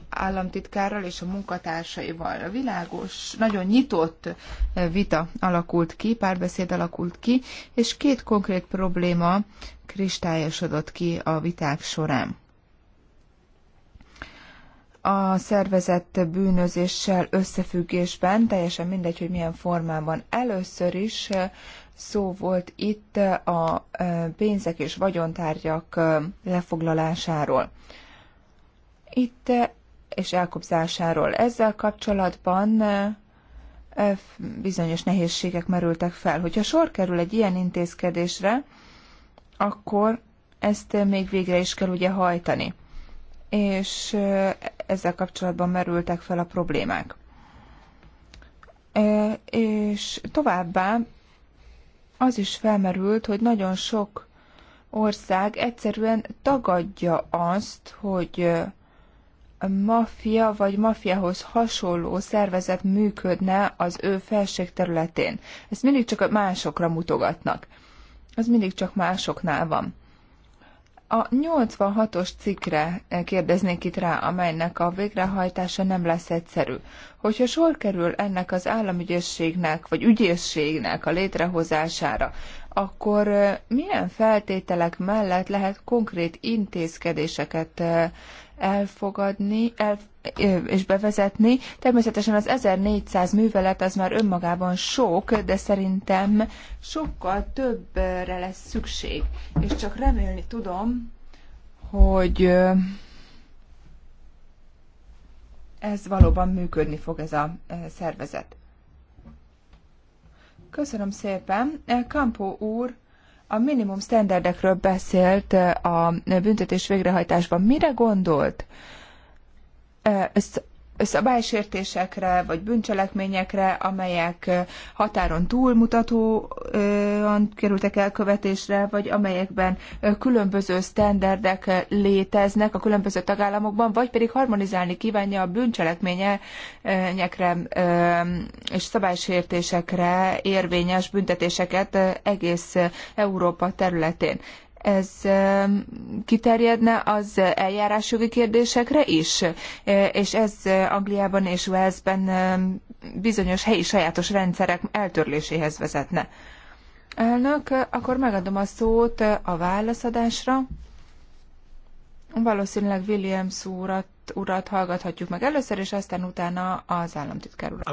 államtitkárral és a munkatársaival. Világos, nagyon nyitott vita alakult ki, párbeszéd alakult ki, és két konkrét probléma kristályosodott ki a viták során. A szervezett bűnözéssel összefüggésben, teljesen mindegy, hogy milyen formában először is szó volt itt a pénzek és vagyontárgyak lefoglalásáról. Itt és elkobzásáról. Ezzel kapcsolatban bizonyos nehézségek merültek fel. Hogyha sor kerül egy ilyen intézkedésre, akkor ezt még végre is kell ugye hajtani. És ezzel kapcsolatban merültek fel a problémák. És továbbá az is felmerült, hogy nagyon sok ország egyszerűen tagadja azt, hogy maffia vagy maffiahoz hasonló szervezet működne az ő felség területén. Ezt mindig csak másokra mutogatnak. Ez mindig csak másoknál van. A 86-os cikkre kérdeznék itt rá, amelynek a végrehajtása nem lesz egyszerű. Hogyha sor kerül ennek az államügyészségnek vagy ügyészségnek a létrehozására, akkor milyen feltételek mellett lehet konkrét intézkedéseket elfogadni, el, és bevezetni. Természetesen az 1400 művelet az már önmagában sok, de szerintem sokkal többre lesz szükség. És csak remélni tudom, hogy ez valóban működni fog ez a szervezet. Köszönöm szépen. Kampó úr a minimum standardekről beszélt a büntetés végrehajtásban. Mire gondolt? szabálysértésekre vagy bűncselekményekre, amelyek határon túlmutatóan kerültek elkövetésre, vagy amelyekben különböző sztenderdek léteznek a különböző tagállamokban, vagy pedig harmonizálni kívánja a bűncselekményekre és szabálysértésekre érvényes büntetéseket egész Európa területén ez kiterjedne az eljárásjogi kérdésekre is, e, és ez Angliában és Walesben bizonyos helyi sajátos rendszerek eltörléséhez vezetne. Elnök, akkor megadom a szót a válaszadásra. Valószínűleg Williams úrat, urat hallgathatjuk meg először, és aztán utána az államtitkár urat.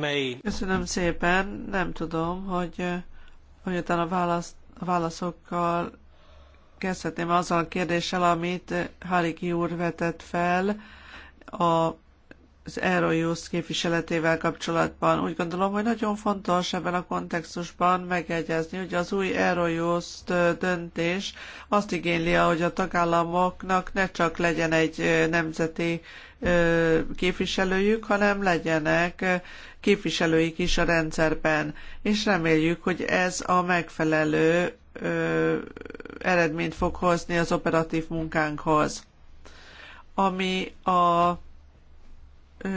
May... Köszönöm szépen, nem tudom, hogy miután a válasz, a válaszokkal kezdhetném azzal a kérdéssel, amit Hariki úr vetett fel a az Eurojus képviseletével kapcsolatban. Úgy gondolom, hogy nagyon fontos ebben a kontextusban megegyezni, hogy az új Eurojus döntés azt igényli, hogy a tagállamoknak ne csak legyen egy nemzeti képviselőjük, hanem legyenek képviselőik is a rendszerben. És reméljük, hogy ez a megfelelő ö, eredményt fog hozni az operatív munkánkhoz. Ami a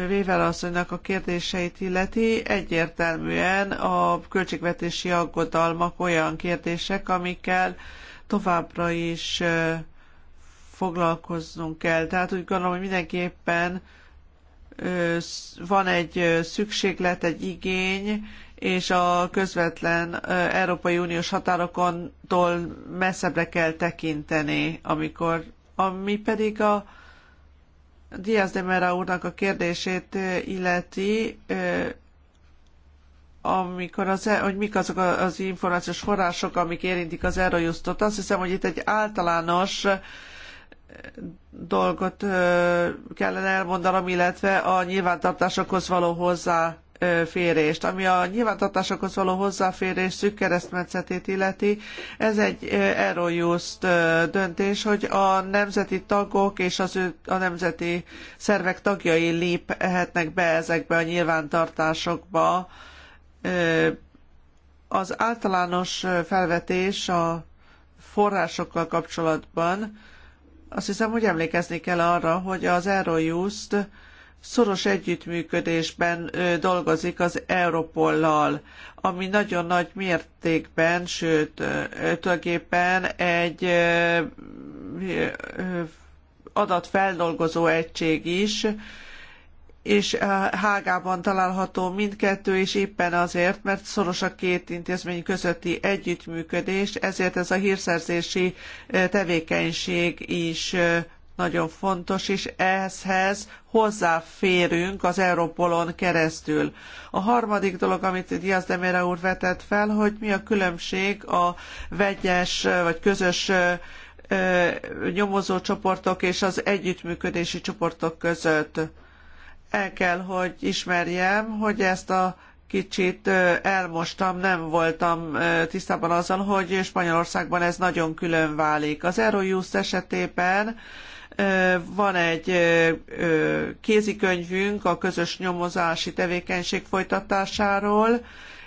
Vével asszonynak a kérdéseit illeti, egyértelműen a költségvetési aggodalmak olyan kérdések, amikkel továbbra is foglalkoznunk kell. Tehát úgy gondolom, hogy mindenképpen van egy szükséglet, egy igény, és a közvetlen Európai Uniós határokon messzebbre kell tekinteni, amikor, ami pedig a Diaz de Mera úrnak a kérdését illeti, amikor az, e, hogy mik azok az információs források, amik érintik az Eurojustot. Azt hiszem, hogy itt egy általános dolgot kellene elmondanom, illetve a nyilvántartásokhoz való hozzá hozzáférést. Ami a nyilvántartásokhoz való hozzáférés szűk keresztmetszetét illeti, ez egy Eurojust döntés, hogy a nemzeti tagok és az ő, a nemzeti szervek tagjai léphetnek be ezekbe a nyilvántartásokba. Az általános felvetés a forrásokkal kapcsolatban azt hiszem, hogy emlékezni kell arra, hogy az Eurojust szoros együttműködésben dolgozik az Europollal, ami nagyon nagy mértékben, sőt, tulajdonképpen egy adatfeldolgozó egység is, és Hágában található mindkettő, és éppen azért, mert szoros a két intézmény közötti együttműködés, ezért ez a hírszerzési tevékenység is nagyon fontos, és ehhez hozzáférünk az Europolon keresztül. A harmadik dolog, amit Diaz de Mera úr vetett fel, hogy mi a különbség a vegyes vagy közös nyomozó csoportok és az együttműködési csoportok között. El kell, hogy ismerjem, hogy ezt a kicsit elmostam, nem voltam tisztában azzal, hogy Spanyolországban ez nagyon külön válik. Az Eurojust esetében van egy kézikönyvünk a közös nyomozási tevékenység folytatásáról,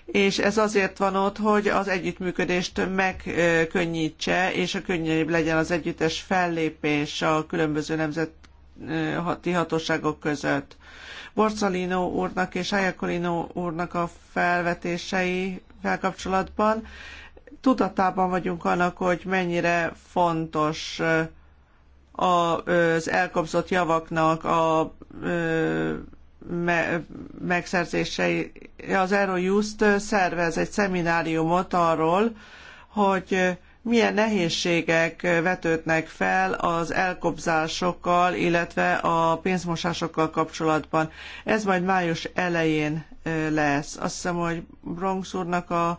és ez azért van ott, hogy az együttműködést megkönnyítse, és a könnyebb legyen az együttes fellépés a különböző nemzeti hatóságok között. Borcalino úrnak és Ayakolino úrnak a felvetései felkapcsolatban tudatában vagyunk annak, hogy mennyire fontos az elkobzott javaknak a me- megszerzései. Az Eurojust szervez egy szemináriumot arról, hogy milyen nehézségek vetődnek fel az elkobzásokkal, illetve a pénzmosásokkal kapcsolatban. Ez majd május elején lesz. Azt hiszem, hogy Bronx úrnak a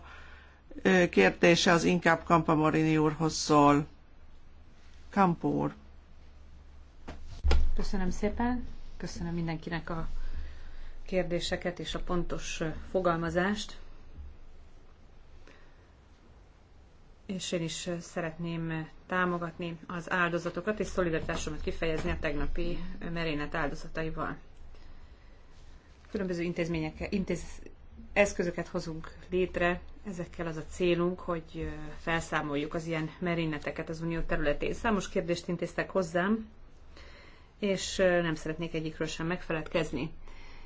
kérdése az inkább Kampamorini úrhoz szól. Kampó úr. Köszönöm szépen, köszönöm mindenkinek a kérdéseket és a pontos fogalmazást. És én is szeretném támogatni az áldozatokat és szolidaritásomat kifejezni a tegnapi merénet áldozataival. Különböző intézmények, intéz, eszközöket hozunk létre, ezekkel az a célunk, hogy felszámoljuk az ilyen merényleteket az unió területén. Számos kérdést intéztek hozzám, és nem szeretnék egyikről sem megfeledkezni.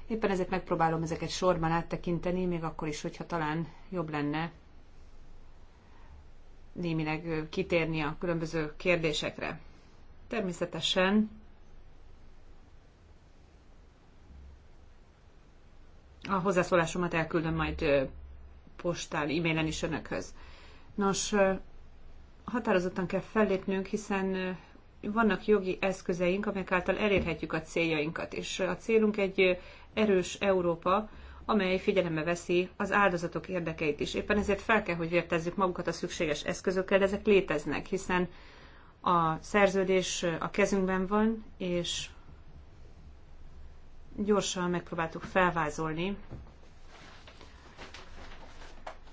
Éppen ezért megpróbálom ezeket sorban áttekinteni, még akkor is, hogyha talán jobb lenne némileg kitérni a különböző kérdésekre. Természetesen a hozzászólásomat elküldöm majd postál, e-mailen is önökhöz. Nos, határozottan kell fellépnünk, hiszen vannak jogi eszközeink, amelyek által elérhetjük a céljainkat, és a célunk egy erős Európa, amely figyelembe veszi az áldozatok érdekeit is. Éppen ezért fel kell, hogy vértezzük magukat a szükséges eszközökkel, de ezek léteznek, hiszen a szerződés a kezünkben van, és gyorsan megpróbáltuk felvázolni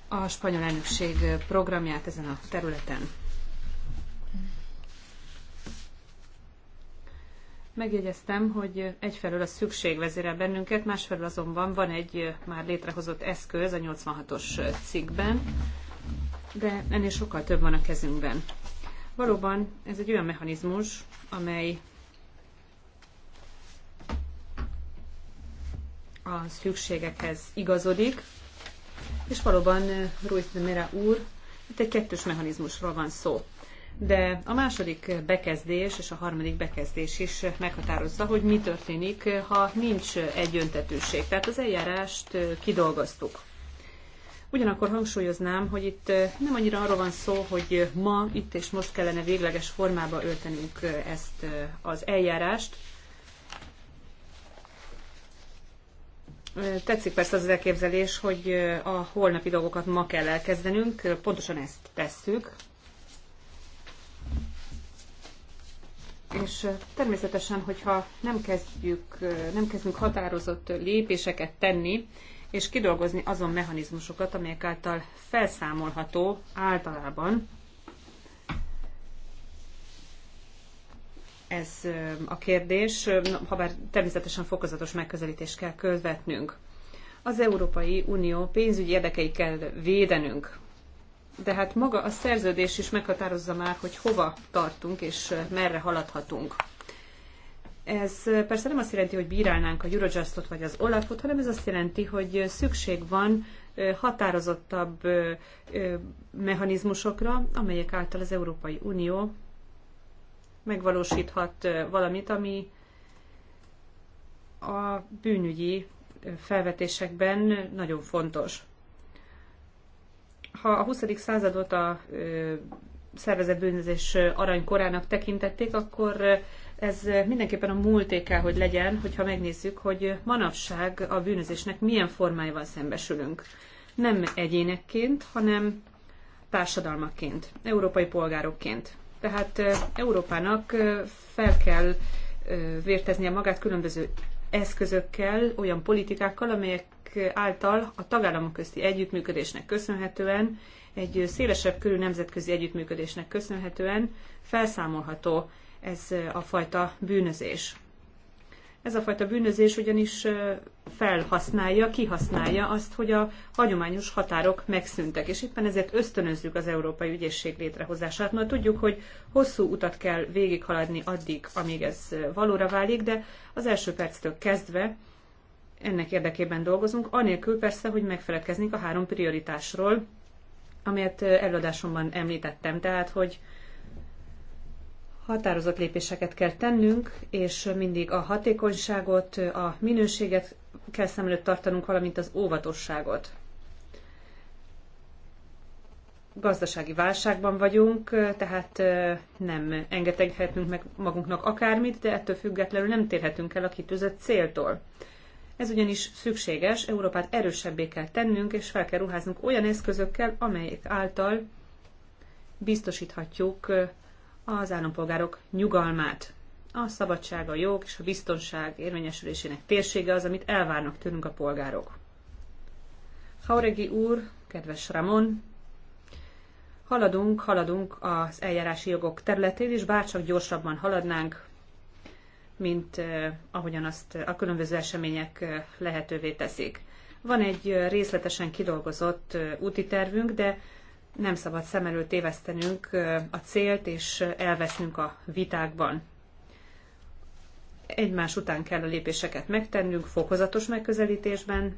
a spanyol elnökség programját ezen a területen. Megjegyeztem, hogy egyfelől a szükség vezérel bennünket, másfelől azonban van egy már létrehozott eszköz a 86-os cikkben, de ennél sokkal több van a kezünkben. Valóban ez egy olyan mechanizmus, amely a szükségekhez igazodik, és valóban Ruiz de Mera úr, itt egy kettős mechanizmusról van szó de a második bekezdés és a harmadik bekezdés is meghatározza, hogy mi történik, ha nincs egyöntetőség. Tehát az eljárást kidolgoztuk. Ugyanakkor hangsúlyoznám, hogy itt nem annyira arról van szó, hogy ma, itt és most kellene végleges formába öltenünk ezt az eljárást. Tetszik persze az elképzelés, hogy a holnapi dolgokat ma kell elkezdenünk, pontosan ezt tesszük, És természetesen, hogyha nem, kezdjük, nem kezdünk határozott lépéseket tenni, és kidolgozni azon mechanizmusokat, amelyek által felszámolható általában ez a kérdés, ha bár természetesen fokozatos megközelítést kell követnünk. Az Európai Unió pénzügyi érdekei kell védenünk de hát maga a szerződés is meghatározza már, hogy hova tartunk és merre haladhatunk. Ez persze nem azt jelenti, hogy bírálnánk a Eurojustot vagy az Olafot, hanem ez azt jelenti, hogy szükség van határozottabb mechanizmusokra, amelyek által az Európai Unió megvalósíthat valamit, ami a bűnügyi felvetésekben nagyon fontos ha a 20. századot a szervezett bűnözés aranykorának tekintették, akkor ez mindenképpen a múlté kell, hogy legyen, hogyha megnézzük, hogy manapság a bűnözésnek milyen formáival szembesülünk. Nem egyénekként, hanem társadalmaként, európai polgárokként. Tehát Európának fel kell vérteznie magát különböző eszközökkel, olyan politikákkal, amelyek által a tagállamok közti együttműködésnek köszönhetően, egy szélesebb körű nemzetközi együttműködésnek köszönhetően felszámolható ez a fajta bűnözés. Ez a fajta bűnözés ugyanis felhasználja, kihasználja azt, hogy a hagyományos határok megszűntek, és éppen ezért ösztönözzük az Európai Ügyészség létrehozását, mert tudjuk, hogy hosszú utat kell végighaladni addig, amíg ez valóra válik, de az első perctől kezdve ennek érdekében dolgozunk, anélkül persze, hogy megfeledkeznénk a három prioritásról, amelyet előadásomban említettem. Tehát, hogy határozott lépéseket kell tennünk, és mindig a hatékonyságot, a minőséget kell szem előtt tartanunk, valamint az óvatosságot. Gazdasági válságban vagyunk, tehát nem engedhetünk meg magunknak akármit, de ettől függetlenül nem térhetünk el a kitűzött céltól. Ez ugyanis szükséges, Európát erősebbé kell tennünk, és fel kell ruháznunk olyan eszközökkel, amelyek által biztosíthatjuk az állampolgárok nyugalmát. A szabadság, a jog és a biztonság érvényesülésének térsége az, amit elvárnak tőlünk a polgárok. Hauregi úr, kedves Ramon, haladunk, haladunk az eljárási jogok területén, és bárcsak gyorsabban haladnánk, mint eh, ahogyan azt a különböző események eh, lehetővé teszik. Van egy eh, részletesen kidolgozott úti tervünk, de nem szabad szem előtt tévesztenünk a célt, és elvesznünk a vitákban. Egymás után kell a lépéseket megtennünk, fokozatos megközelítésben.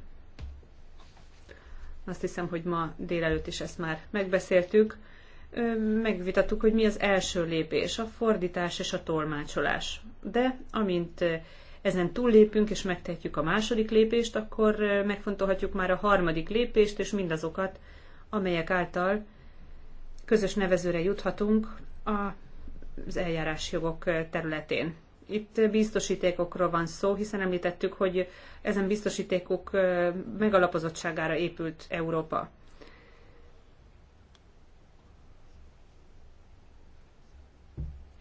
Azt hiszem, hogy ma délelőtt is ezt már megbeszéltük megvitattuk, hogy mi az első lépés, a fordítás és a tolmácsolás. De amint ezen túllépünk és megtehetjük a második lépést, akkor megfontolhatjuk már a harmadik lépést és mindazokat, amelyek által közös nevezőre juthatunk az eljárásjogok területén. Itt biztosítékokról van szó, hiszen említettük, hogy ezen biztosítékok megalapozottságára épült Európa.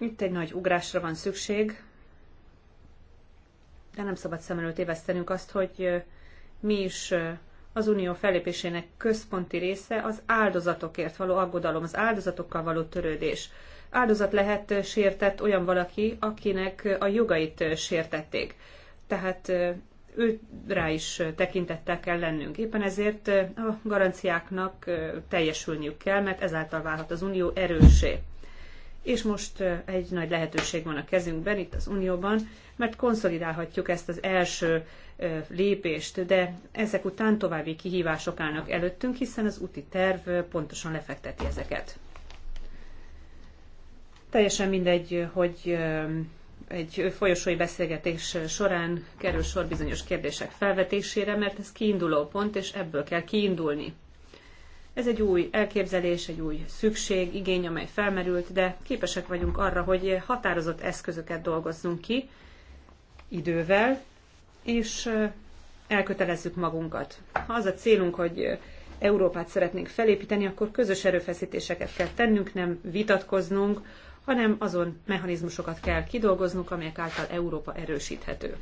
Itt egy nagy ugrásra van szükség, de nem szabad szem előtt évesztenünk azt, hogy mi is az unió felépésének központi része az áldozatokért való aggodalom, az áldozatokkal való törődés. Áldozat lehet sértett olyan valaki, akinek a jogait sértették. Tehát ő rá is tekintettel kell lennünk. Éppen ezért a garanciáknak teljesülniük kell, mert ezáltal válhat az unió erősé és most egy nagy lehetőség van a kezünkben itt az Unióban, mert konszolidálhatjuk ezt az első lépést, de ezek után további kihívások állnak előttünk, hiszen az úti terv pontosan lefekteti ezeket. Teljesen mindegy, hogy egy folyosói beszélgetés során kerül sor bizonyos kérdések felvetésére, mert ez kiinduló pont, és ebből kell kiindulni. Ez egy új elképzelés, egy új szükség, igény, amely felmerült, de képesek vagyunk arra, hogy határozott eszközöket dolgozzunk ki idővel, és elkötelezzük magunkat. Ha az a célunk, hogy Európát szeretnénk felépíteni, akkor közös erőfeszítéseket kell tennünk, nem vitatkoznunk, hanem azon mechanizmusokat kell kidolgoznunk, amelyek által Európa erősíthető.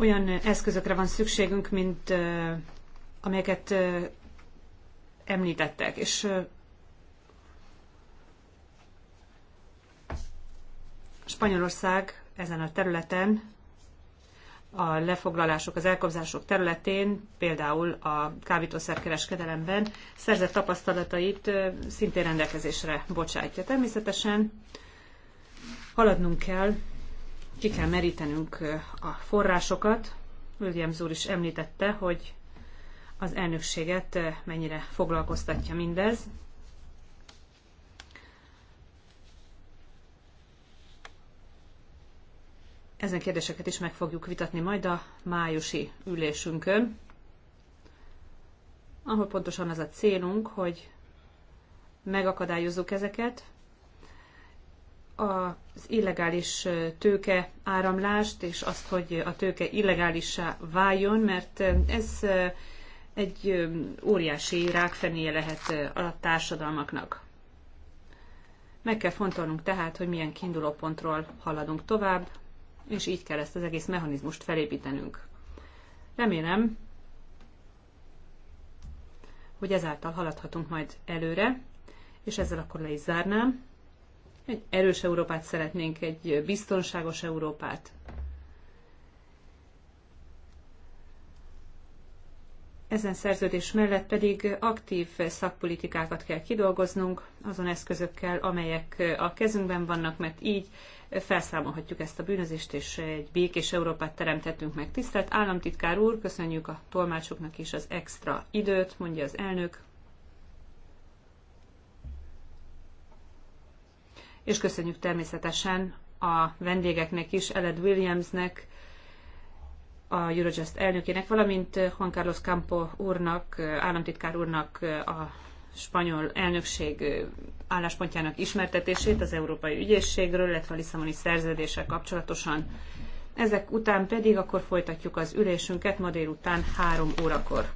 Olyan eszközökre van szükségünk, mint amelyeket említettek, és Spanyolország ezen a területen, a lefoglalások, az elkobzások területén, például a kábítószerkereskedelemben szerzett tapasztalatait szintén rendelkezésre bocsájtja. Természetesen haladnunk kell ki kell merítenünk a forrásokat. Williams úr is említette, hogy az elnökséget mennyire foglalkoztatja mindez. Ezen kérdéseket is meg fogjuk vitatni majd a májusi ülésünkön, ahol pontosan az a célunk, hogy megakadályozzuk ezeket, az illegális tőke áramlást, és azt, hogy a tőke illegálissá váljon, mert ez egy óriási rákfenéje lehet a társadalmaknak. Meg kell fontolnunk tehát, hogy milyen kiindulópontról haladunk tovább, és így kell ezt az egész mechanizmust felépítenünk. Remélem, hogy ezáltal haladhatunk majd előre, és ezzel akkor le is zárnám. Egy erős Európát szeretnénk, egy biztonságos Európát. Ezen szerződés mellett pedig aktív szakpolitikákat kell kidolgoznunk azon eszközökkel, amelyek a kezünkben vannak, mert így felszámolhatjuk ezt a bűnözést, és egy békés Európát teremtettünk meg. Tisztelt államtitkár úr, köszönjük a tolmácsoknak is az extra időt, mondja az elnök. és köszönjük természetesen a vendégeknek is, Eled Williamsnek, a Eurojust elnökének, valamint Juan Carlos Campo úrnak, államtitkár úrnak a spanyol elnökség álláspontjának ismertetését az Európai Ügyészségről, illetve a Lisszaboni szerződéssel kapcsolatosan. Ezek után pedig akkor folytatjuk az ülésünket ma délután három órakor.